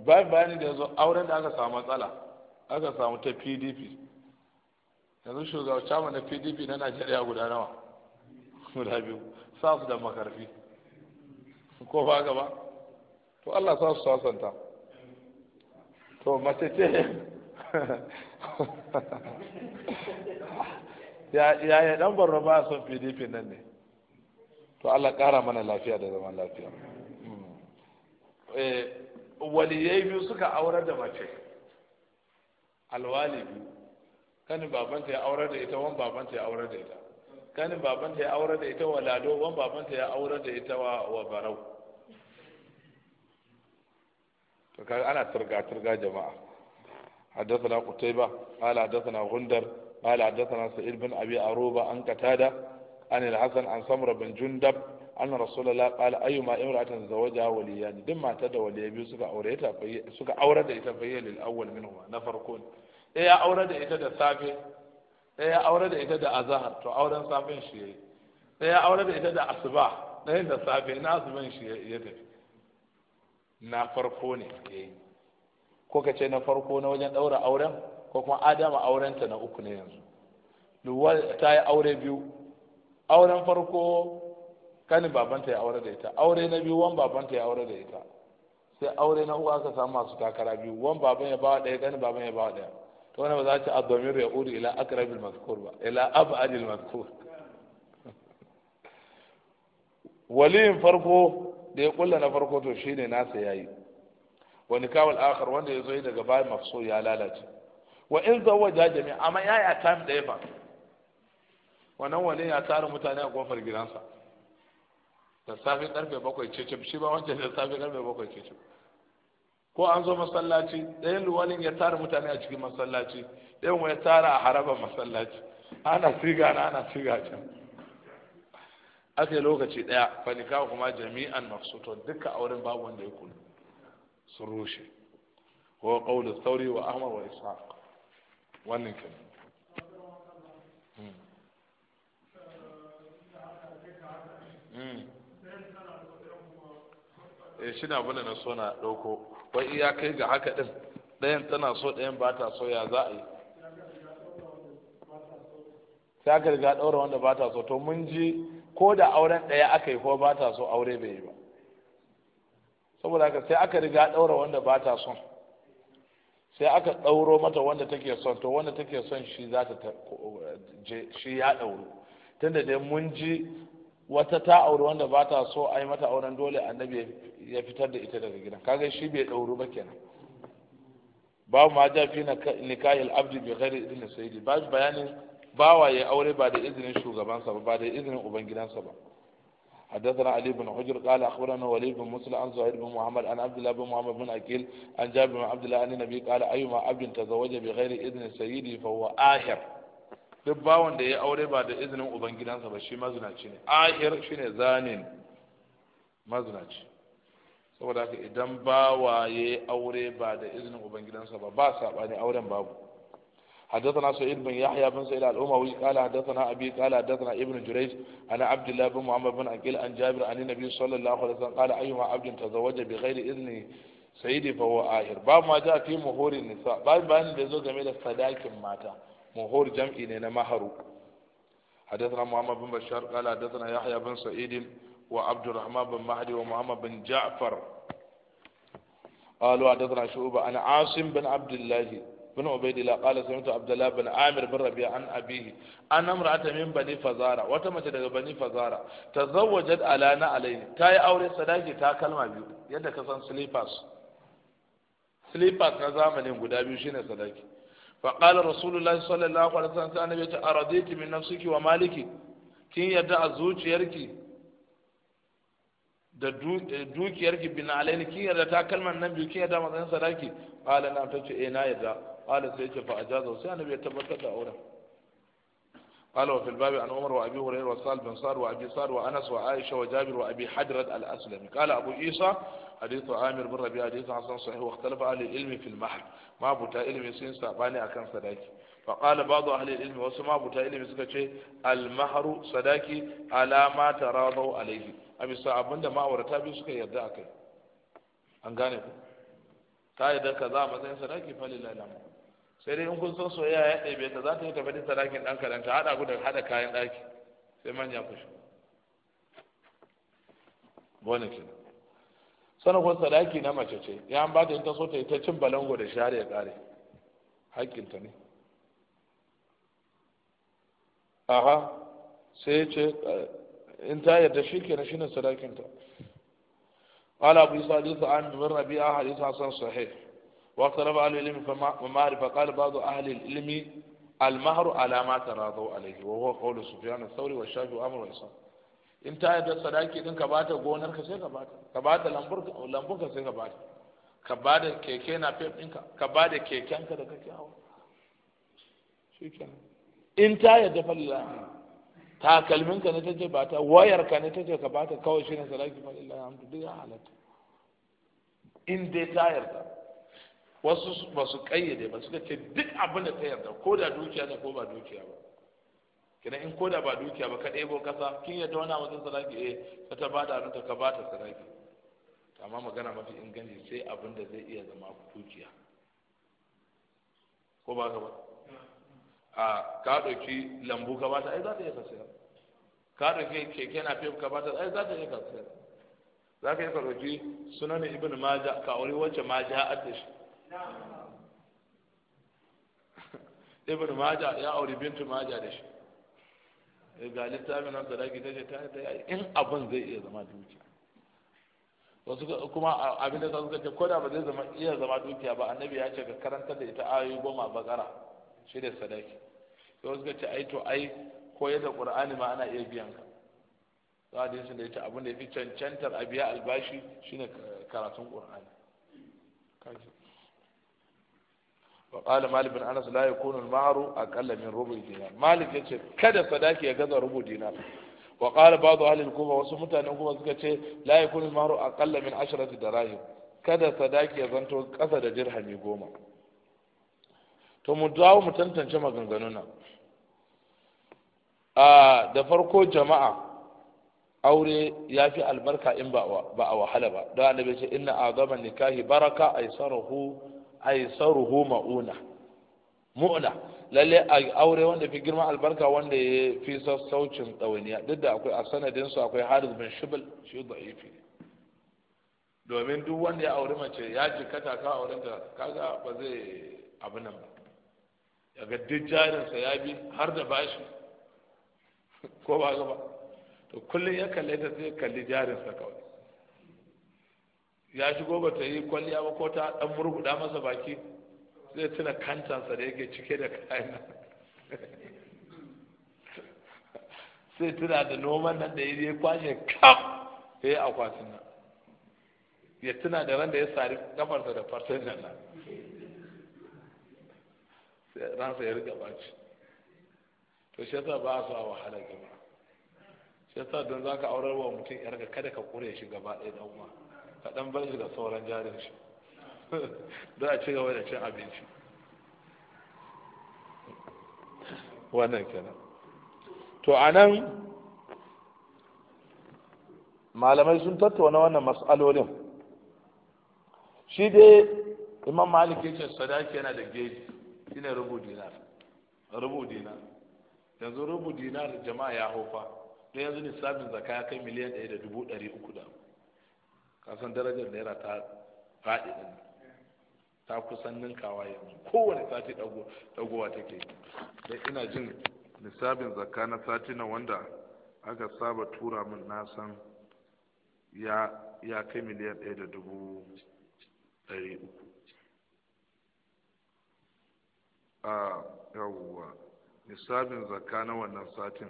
bayan bayani da yanzu auren da aka samu matsala aka samu ta PDP yanzu shugaban chama na PDP na Najeriya guda nawa guda biyu sa su da makarfi ko ba gaba to Allah sa su sasanta to mace ce <laughs> ya ya dan barno ba son PDP nan ne to Allah ƙara mana lafiya da zaman lafiya hmm. eh, waliyai biyu suka aurar da mace alwali biyu kanin babanta ya aurar da ita wani babanta ya aurar da ita kanin babanta ya aurar da ita wa lado wani babanta ya aurar da ita wa barau to ana turga turga jama'a Haddasa na ba, حدثنا haddasa na حدثنا غندر haddasa حدثنا سعيد بن a roba an katada Anil Hassan, Ansamar, bin Jundab, Anwar Salman, Laqali, Ayyuma, Imratan, Zawajab, Waliyya, didin matar da waliyyai biyu suka aure da ita ba iya lalauwal minwa na farko ne. ya aure da ita da safe. Ɗaya ya aure da ita da azahar, to auren safe shi ya ya aure da ita da asuba, na yin da safe, na su shi ya tafi. Na farko ne. Ko ka na farko na wajen ɗaura auren? Ko kuma Adama aurenta na uku ne yanzu? Luwal tayi aure biyu. auren farko kani babanta ya aure da ita aure na biyu wan babanta ya aure da ita sai aure na uku aka samu masu takara biyu wan baban ya bawa ɗaya kani baban ya bawa ɗaya to wani ba za ta abdomir ya uri ila akrabil maskur ba ila abadil maskur <laughs> waliyin farko da ya kulla na farko to shine nasa yayi wani kawal akhar wanda ya zo daga bayan mafsu ya lalace wa in zawwaja jami'a amma yaya time da ya ba wannan wani ya tsara mutane a kofar gidansa da safe karfe bakwai cicim shi ba wancan da safe karfe bakwai cicim ko an zo masallaci ɗaya luwalin ya tara mutane a cikin masallaci ɗayan ya tara a harabar masallaci ana siga na ana siga can Ake lokaci ɗaya fanika kuma jami'an mafsuto duka auren babu wanda ya kula sun rushe ko da sauri wa ahmad wa ishaq wannan kenan shina na bane na so na dauko wai iya kai ga haka din? ɗayan tana so ɗayan ba ta so ya za a yi sai aka riga ɗaura wanda ba ta so to mun ji ko da auren ɗaya aka yi ko ba ta so aure bai yi ba saboda haka sai aka riga ɗaura wanda ba ta son sai aka ɗauro mata wanda take son to wanda take son shi za ta eh, je shi ya ɗauro tunda dai mun ji wata ta auri wanda ba ta so a yi mata auren dole annabi ya fitar da ita daga gidan kaga shi bai ɗauru ba kenan babu ma ja fi nikahil abdi bi ghairi idnin sayyidi ba bayanin bawa ya aure ba da izinin shugabansa ba ba da izinin ubangidansa ba حدثنا علي بن حجر قال اخبرنا وليد بن مسلم عن زهير بن محمد عن عبد الله بن محمد بن اكيل عن جابر بن عبد الله عن النبي قال ايما عبد تزوج بغير اذن سيده فهو آخر duk bawon da ya aure ba da izinin ubangidansa ba shi mazinaci ne ahir shi ne zanin mazinaci saboda haka idan bawa ya aure ba da izinin ubangidansa ba ba saɓani auren babu حدثنا سعيد بن يحيى بن سعيد الأموي قال حدثنا أبي قال حدثنا ابن جريج عن عبد الله بن محمد بن أكيل عن جابر عن النبي صلى الله عليه وسلم قال أيما عبد تزوج بغير إذن سيدي فهو آخر باب ما جاء في مهور النساء باب بان بيزو جميل الصداك ماتا مهور جمعي لنا مهر حدثنا محمد بن بشار قال حدثنا يحيى بن سعيد وعبد الرحمن بن مهدي ومحمد بن جعفر قالوا حدثنا شعوبة أنا عاصم بن عبد الله بن عبيد الله قال سمعت عبد الله بن عامر بن ربيع عن أبيه أن امرأة من بني فزارة وتمت daga بني فزارة تزوجت ألانا عليه تاي أوري صداقي تا كلمة بيو يدك سان سليباس سليباس na zamanin guda biyu shine sadaki فقال رسول الله صلى الله عليه وسلم sai annabi ta araditi min nafsiki wa maliki kin yarda a zuciyarki da dukiyarki bin alaini kin yarda ta kalmar nan biyu kin da matsayin sadaki qala na ta ce eh na yadda qala sai ce fa ajaza sai annabi ya tabbatar da auren قال وفي الباب عن عمر وابي هريره وسال بن سار وابي سار وانس وعائشه وجابر وابي حجرة الاسلمي قال ابو عيسى حديث عامر بن ربيعه حديث حسن صحيح واختلف اهل العلم في المحل ما بوتا علم سين ساباني اكن صداقي فقال بعض اهل العلم وسما بوتا علم suka ce المهر صداقي على ما تراضوا عليه abi sa abinda ma'aurata biyu suka yarda akai an gane ku ta yarda kaza matsayin sadaki falilahi alhamdu sai dai in kun san soyayya ya ɗebe ta za ta yi tafi ta ɗakin ɗan kaɗan ta haɗa ku haɗa kayan ɗaki sai manya ku shi bone ke sanin kun sadaki na mace ce ya an ba ta in ta so ta yi ta cin balango da share ya ƙare haƙƙinta ne aha sai ya ce eh, in ta yarda shi ke shi ne sadakinta قال أبو يسعد عن من ربيعة hadisa san sahih واختلف أهل العلم ومعرفة قال بعض أهل العلم المهر على ما تراضوا عليه وهو قول سفيان الثوري والشافعي وأمر وإسحاق in ta yarda sadaki din ka bata gonar ka sai ka bata ka bata lambun ka sai ka bata ka bada keke na fef ɗinka ka bada keken ka da kake hawa shikenan in ta yarda falila takalmin ka ne ta ce bata wayar ka ne ta ce ka bata kawai shi ne sadaki falila hamdu duk ya halatta in dai ta yarda wasu ba su kayyade ba suka ce duk abin da ta yarda ko da dukiya ne ko ba dukiya ba kina in ko da ba dukiya ba ka ɗebo kasa kin yadda wani abin sadaki eh ka ta bada abin ka ba ta sadaki amma magana mafi inganci sai abin da zai iya zama dukiya ko ba ka ba a ka ɗauki lambu ka bata ai za ta iya ka sayar ka ɗauki keke na fiye ka bata ai za ta iya ka sayar za ka iya ka ɗauki sunan ibn maja ka wuri wacce maja a ta shi ibn maja ya auri bintu maja da shi eh, ga littafin nan sadaki ta ce ta yi in abin zai iya zama dukiya wasu kuma abin da su ce ko da ba zai zama iya zama dukiya ba annabi ya ce ka karantar da ita ayoyi goma bakara shi da sadaki sai wasu ka ce ai to ai koyar da qur'ani ma ana iya biyan ka za a dinsu da ita abin da ya fi cancantar a biya albashi shine karatun qur'ani وقال مالك بن انس لا يكون المهر اقل من ربع دينار مالك yace kada sadaki ya gaza rubu dinar وقال بعض اهل الكوفه wasu mutanen kuma suka ce la yakunu al-mahru aqalla min ashrati darahim kada sadaki ya zanto kasa da dirhami goma to mu dawo mu tantance maganganun nan a da farko jama'a aure ya fi albarka in ba a wahala ba don annabi ce inna azama nikahi baraka aisaruhu aisaruhu mauna mu'na lalle a aure wanda fi girman albarka wanda ya fi sassaucin ɗawainiya duk da akwai a sanadin su akwai haris bin shibal shi da'ifi domin duk wanda ya aure mace ya kata ka auren ta kaga ba zai abu nan ba daga duk jarinsa ya bi har da bashi ko ba ga ba to kullum ya kalle ta sai kalli jarinsa kawai ya shigo ba ta yi kwalliya ba ko ta dan murguda masa baki zai tuna kantansa da yake cike da kayan <laughs> sai tuna da noman nan da ya kwashe kam ya yi akwatin nan ya tuna da ran da ya sari kafarsa da farsan nan sai ransa ya riga baci to shi yasa ba su a wahala gaba shi yasa don za ka aurar wa mutum yarga kada ka kure shi gaba ɗaya da uwa Kaɗan ba bar shi da sauran jarin shi <laughs> za a ci gaba da cin abinci wannan kenan to a nan malamai sun tattauna wannan matsalolin. shi dai imam malik yake sadaki yana da geji ne rubu dinar rubu dinar yanzu rubu dinar jama'a ya hofa don yanzu lissafin zaka ya kai miliyan ɗaya da dubu ɗari uku da kasan darajar naira ta faɗi ɗin ta kusan ninkawa yanzu kowane sati ɗagowa take da ina jin nisabin zakka na sati na wanda aka saba tura min na san ya kai miliyan ɗaya da dubu ɗari uku a ah, yawwa lissafin zakka na wannan satin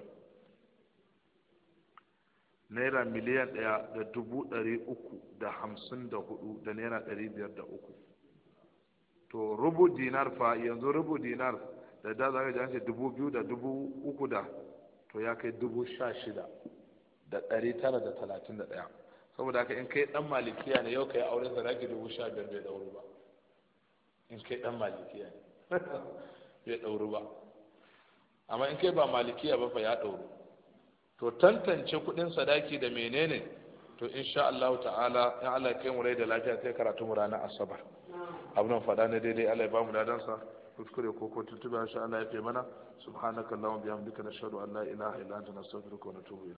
naira miliyan ɗaya da dubu ɗari uku da hamsin da hudu da naira ɗari biyar da uku to rubu dinar fa yanzu rubu dinar da da zaka ji dubu biyu da dubu uku da to ya kai dubu sha shida da ɗari tara da talatin da ɗaya saboda haka in kai ɗan malikiya ne yau kai auren sadaki dubu sha biyar bai ɗauru ba in kai ɗan malikiya ne <laughs> bai ɗauru ba amma in kai ba malikiya ba fa ya ɗauru to tantance kuɗin sadaki da menene to insha Allah ta'ala ya Allah kai mu rai da lafiya sai karatu mu ranar asabar abin faɗa na daidai Allah ya ba mu sa kuskure ko ko tutuba insha Allah ya fi mana subhanaka allahumma bihamdika nashhadu an la ilaha illa anta nastaghfiruka wa natubu